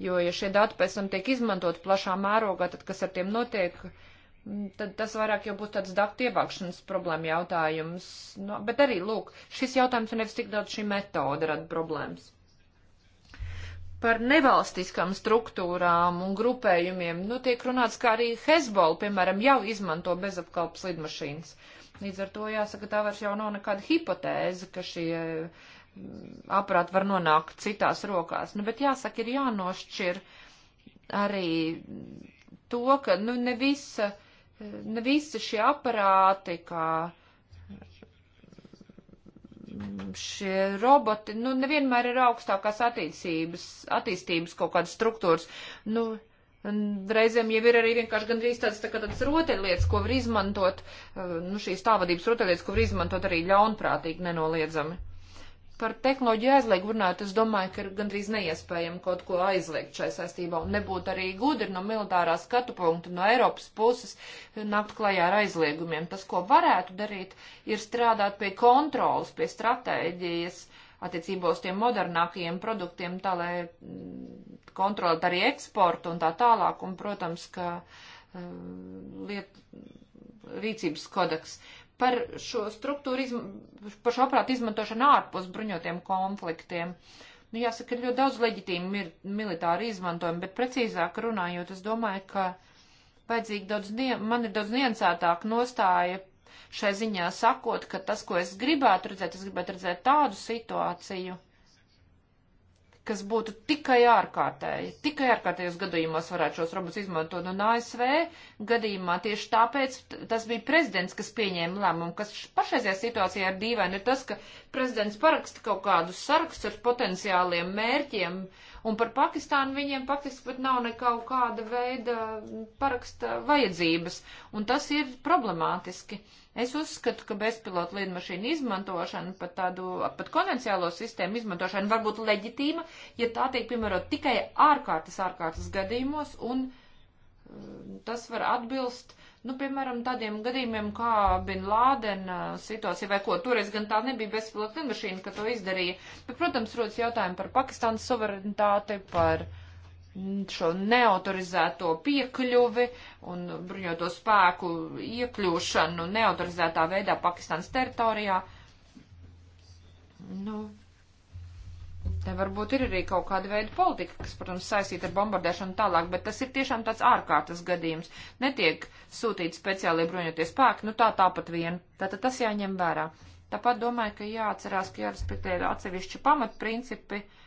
Jo, ja šie dati pēc tam tiek izmantot plašā mērogā, tad kas ar tiem notiek? Uh, tad tas vairāk jau būs tāds daktu ievākšanas problēma jautājums. No, nu, bet arī, lūk, šis jautājums un nevis tik daudz šī metode rada problēmas. Par nevalstiskām struktūrām un grupējumiem, nu, tiek runāts, kā arī Hezbollah, piemēram, jau izmanto bezapkalpas lidmašīnas. Līdz ar to jāsaka, tā vairs jau nav nekāda hipotēze, ka šie mm, aparāti var nonākt citās rokās. Nu, bet jāsaka, ir jānošķir arī to, ka, nu, ne visa. Uh, ne visi šie aparāti, kā mm, šie roboti, nu, nevienmēr ir augstākās attīstības, attīstības kaut kādas struktūras. Nu, reizēm jau ir arī vienkārši gandrīz tāds, tā kā tāds rotaļlietas, ko var izmantot, eh, nu, šīs tāvadības rotaļlietas, ko var izmantot arī ļaunprātīgi nenoliedzami par tehnoloģiju aizliegumu runāt, es domāju, ka ir gandrīz neiespējami kaut ko aizliegt šai saistībā un nebūtu arī gudri no militārā skatu punkta, no Eiropas puses nākt klajā ar aizliegumiem. Tas, ko varētu darīt, ir strādāt pie kontrolas, pie stratēģijas attiecībā uz tiem modernākajiem produktiem, tā lai mm, kontrolēt arī eksportu un tā tālāk, un, protams, ka mm, liet, rīcības kodeks par šo struktūru, izm, par šo aparātu izmantošanu ārpus bruņotiem konfliktiem. Nu, jāsaka, ir ļoti daudz leģitīmu mir, militāru izmantojumu, bet precīzāk runājot, es domāju, ka vajadzīgi daudz, man ir daudz niansētāk nostāja šai ziņā sakot, ka tas, ko es gribētu redzēt, es gribētu redzēt tādu situāciju, kas būtu tikai ārkārtēji. Tikai ārkārtējos gadījumos varētu šos robotus izmantot. Un ASV gadījumā tieši tāpēc tas bija prezidents, kas pieņēma lēmumu, kas pašreizajā situācijā ir dīvaini, ir tas, ka prezidents paraksta kaut kādus sarakstus ar potenciāliem mērķiem, un par Pakistānu viņiem faktiski pat nav nekau kāda veida paraksta vajadzības, un tas ir problemātiski. Es uzskatu, ka bezpilotu lidmašīnu izmantošana, pat tādu, pat konvenciālo sistēmu izmantošana var būt leģitīma, ja tā tiek piemērot tikai ārkārtas, ārkārtas gadījumos, un um, tas var atbilst, nu, piemēram, tādiem gadījumiem kā Bin Lādena uh, situācija, vai ko, toreiz gan tā nebija bezpilotu lidmašīna, ka to izdarīja, bet, protams, rodas jautājumi par Pakistānas suverenitāti, par. Uh, šo neautorizēto piekļuvi un bruņoto spēku iekļūšanu neautorizētā veidā Pakistānas teritorijā. Nu, te varbūt ir arī kaut kāda veida politika, kas, protams, saistīta ar bombardēšanu tālāk, bet tas ir tiešām tāds ārkārtas gadījums. Netiek sūtīti speciāli bruņoties spēki, nu tā tāpat vien. Tātad tas jāņem vērā. Tāpat domāju, ka jāatcerās, ka jārespektē atsevišķi pamatprincipi. Uh,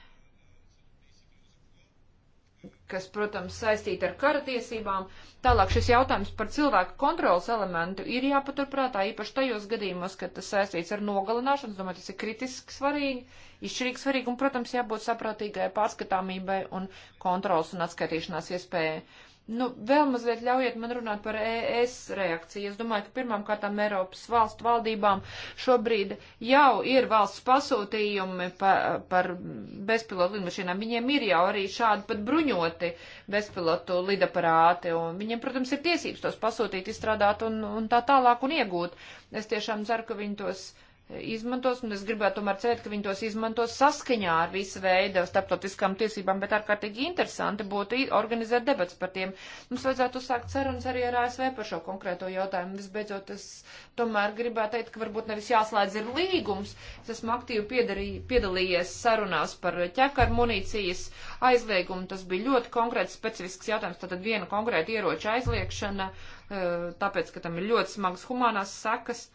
kas, protams, saistīta ar kara tiesībām. Tālāk šis jautājums par cilvēku kontrolas elementu ir jāpaturprātā, īpaši tajos gadījumos, kad tas saistīts ar nogalināšanu. Es domāju, tas ir kritiski svarīgi, izšķirīgi svarīgi un, protams, jābūt saprātīgai pārskatāmībai un kontrolas un atskaitīšanās iespējai. Nu, vēl mazliet ļaujiet man runāt par ES reakciju. Es domāju, ka pirmām kārtām Eiropas valstu valdībām šobrīd jau ir valsts pasūtījumi pa, par bezpilotu lidmašīnām. Viņiem ir jau arī šādi pat bruņoti bezpilotu lidaparāti, un viņiem, protams, ir tiesības tos pasūtīt, izstrādāt un, un tā tālāk un iegūt. Es tiešām ceru, ka viņi tos. Uh, izmantos, un es gribētu tomēr cerēt, ka viņi tos izmantos saskaņā ar visu veidu starptautiskām tiesībām, bet ārkārtīgi interesanti būtu organizēt debats par tiem. Mums vajadzētu uzsākt sarunas arī ar ASV par šo konkrēto jautājumu. Visbeidzot, es tomēr gribētu teikt, ka varbūt nevis jāslēdz ir līgums. Es esmu aktīvi piedarī, piedalījies sarunās par ķekaru munīcijas aizliegumu. Tas bija ļoti konkrēts, specifisks jautājums. Tātad viena konkrēta ieroča aizliekšana, eh, tāpēc, ka tam ir ļoti smagas humanās sekas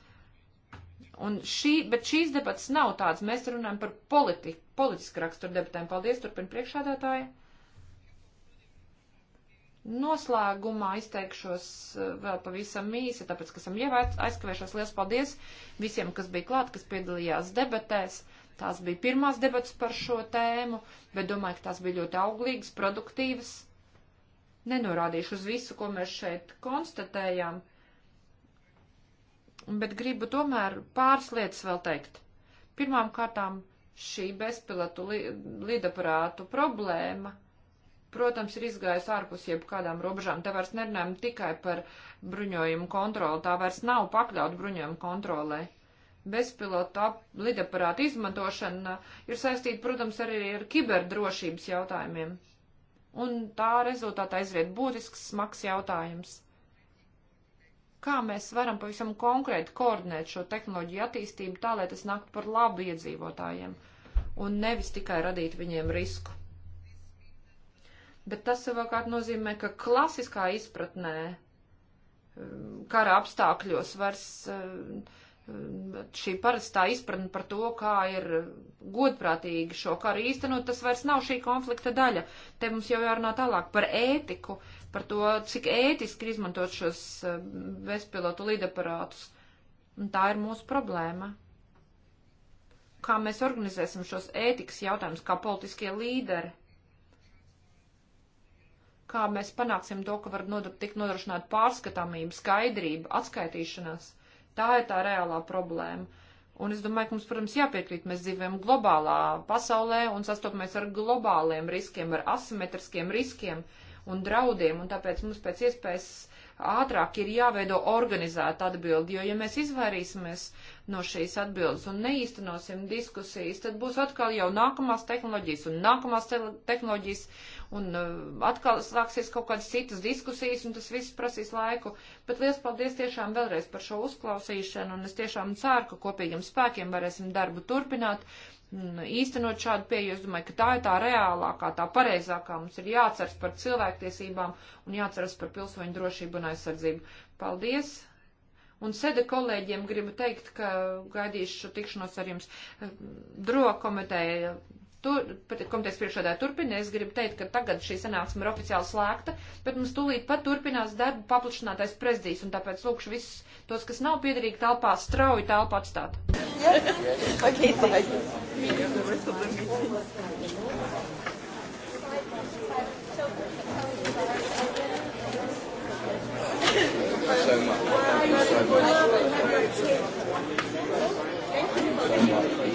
Un šī, bet šīs debats nav tāds, mēs runājam par politi, politisku raksturu debatēm. Paldies, turpin priekšādātāji. Noslēgumā izteikšos eh, vēl pavisam īsi, tāpēc, ka esam jau aizkavējušos. Liels paldies visiem, kas bija klāt, kas piedalījās debatēs. Tās bija pirmās debatas par šo tēmu, bet domāju, ka tās bija ļoti auglīgas, produktīvas. Nenorādīšu uz visu, ko mēs šeit konstatējām bet gribu tomēr pāris lietas vēl teikt. Pirmām kārtām šī bezpilotu li lidaparātu problēma, protams, ir izgājusi ārpus jebkādām robežām. Te vairs nerunājam tikai par bruņojumu kontroli, tā vairs nav pakļaut bruņojumu kontrolē. Bezpilota lidaparāta izmantošana ir saistīta, protams, arī ar kiberdrošības jautājumiem. Un tā rezultātā izriet būtisks smags jautājums kā mēs varam pavisam konkrēti koordinēt šo tehnoloģiju attīstību tā, lai tas nāktu par labu iedzīvotājiem un nevis tikai radīt viņiem risku. Bet tas savukārt nozīmē, ka klasiskā izpratnē um, kara apstākļos vairs um, šī parastā izpratne par to, kā ir godprātīgi šo karu īstenot, tas vairs nav šī konflikta daļa. Te mums jau jārunā tālāk par ētiku, par to, cik ētiski izmantot šos eh, bezpilotu lidaparātus. Un tā ir mūsu problēma. Kā mēs organizēsim šos ētikas jautājumus kā politiskie līderi? Kā mēs panāksim to, ka var nodru, tikt nodrošināt pārskatāmību, skaidrību, atskaitīšanās? Tā ir tā reālā problēma. Un es domāju, ka mums, protams, jāpiekrīt, mēs dzīvojam globālā pasaulē un sastopamies ar globāliem riskiem, ar asimetriskiem riskiem. Uh, un draudiem, un tāpēc mums pēc iespējas ātrāk ir jāveido organizēta atbildi, jo ja mēs izvairīsimies no šīs atbildes un neīstenosim diskusijas, tad būs atkal jau nākamās tehnoloģijas un nākamās te tehnoloģijas, un uh, atkal sāksies kaut kādas citas diskusijas, un tas viss prasīs laiku. Bet liels paldies tiešām vēlreiz par šo uzklausīšanu, un es tiešām ceru, ka kopīgiem spēkiem varēsim darbu turpināt. Mm, īstenot šādu pieeju. Es domāju, ka tā ir tā reālākā, tā pareizākā. Mums ir jāceras par cilvēktiesībām un jāceras par pilsoņu drošību un aizsardzību. Paldies! Un sēde kolēģiem gribu teikt, ka gaidīšu tikšanos ar jums. Dro komiteja Tur, komitejas priekšādā turpina, es gribu teikt, ka tagad šī sanāksme ir oficiāli slēgta, bet mums tūlīt pat turpinās darbu paplašinātais prezidijs, un tāpēc lūkšu visus tos, kas nav piederīgi telpā, strauji telpu atstāt. Yes. Yes. Okay, bye. Meet the rest of the meeting. so much. Thank you so much.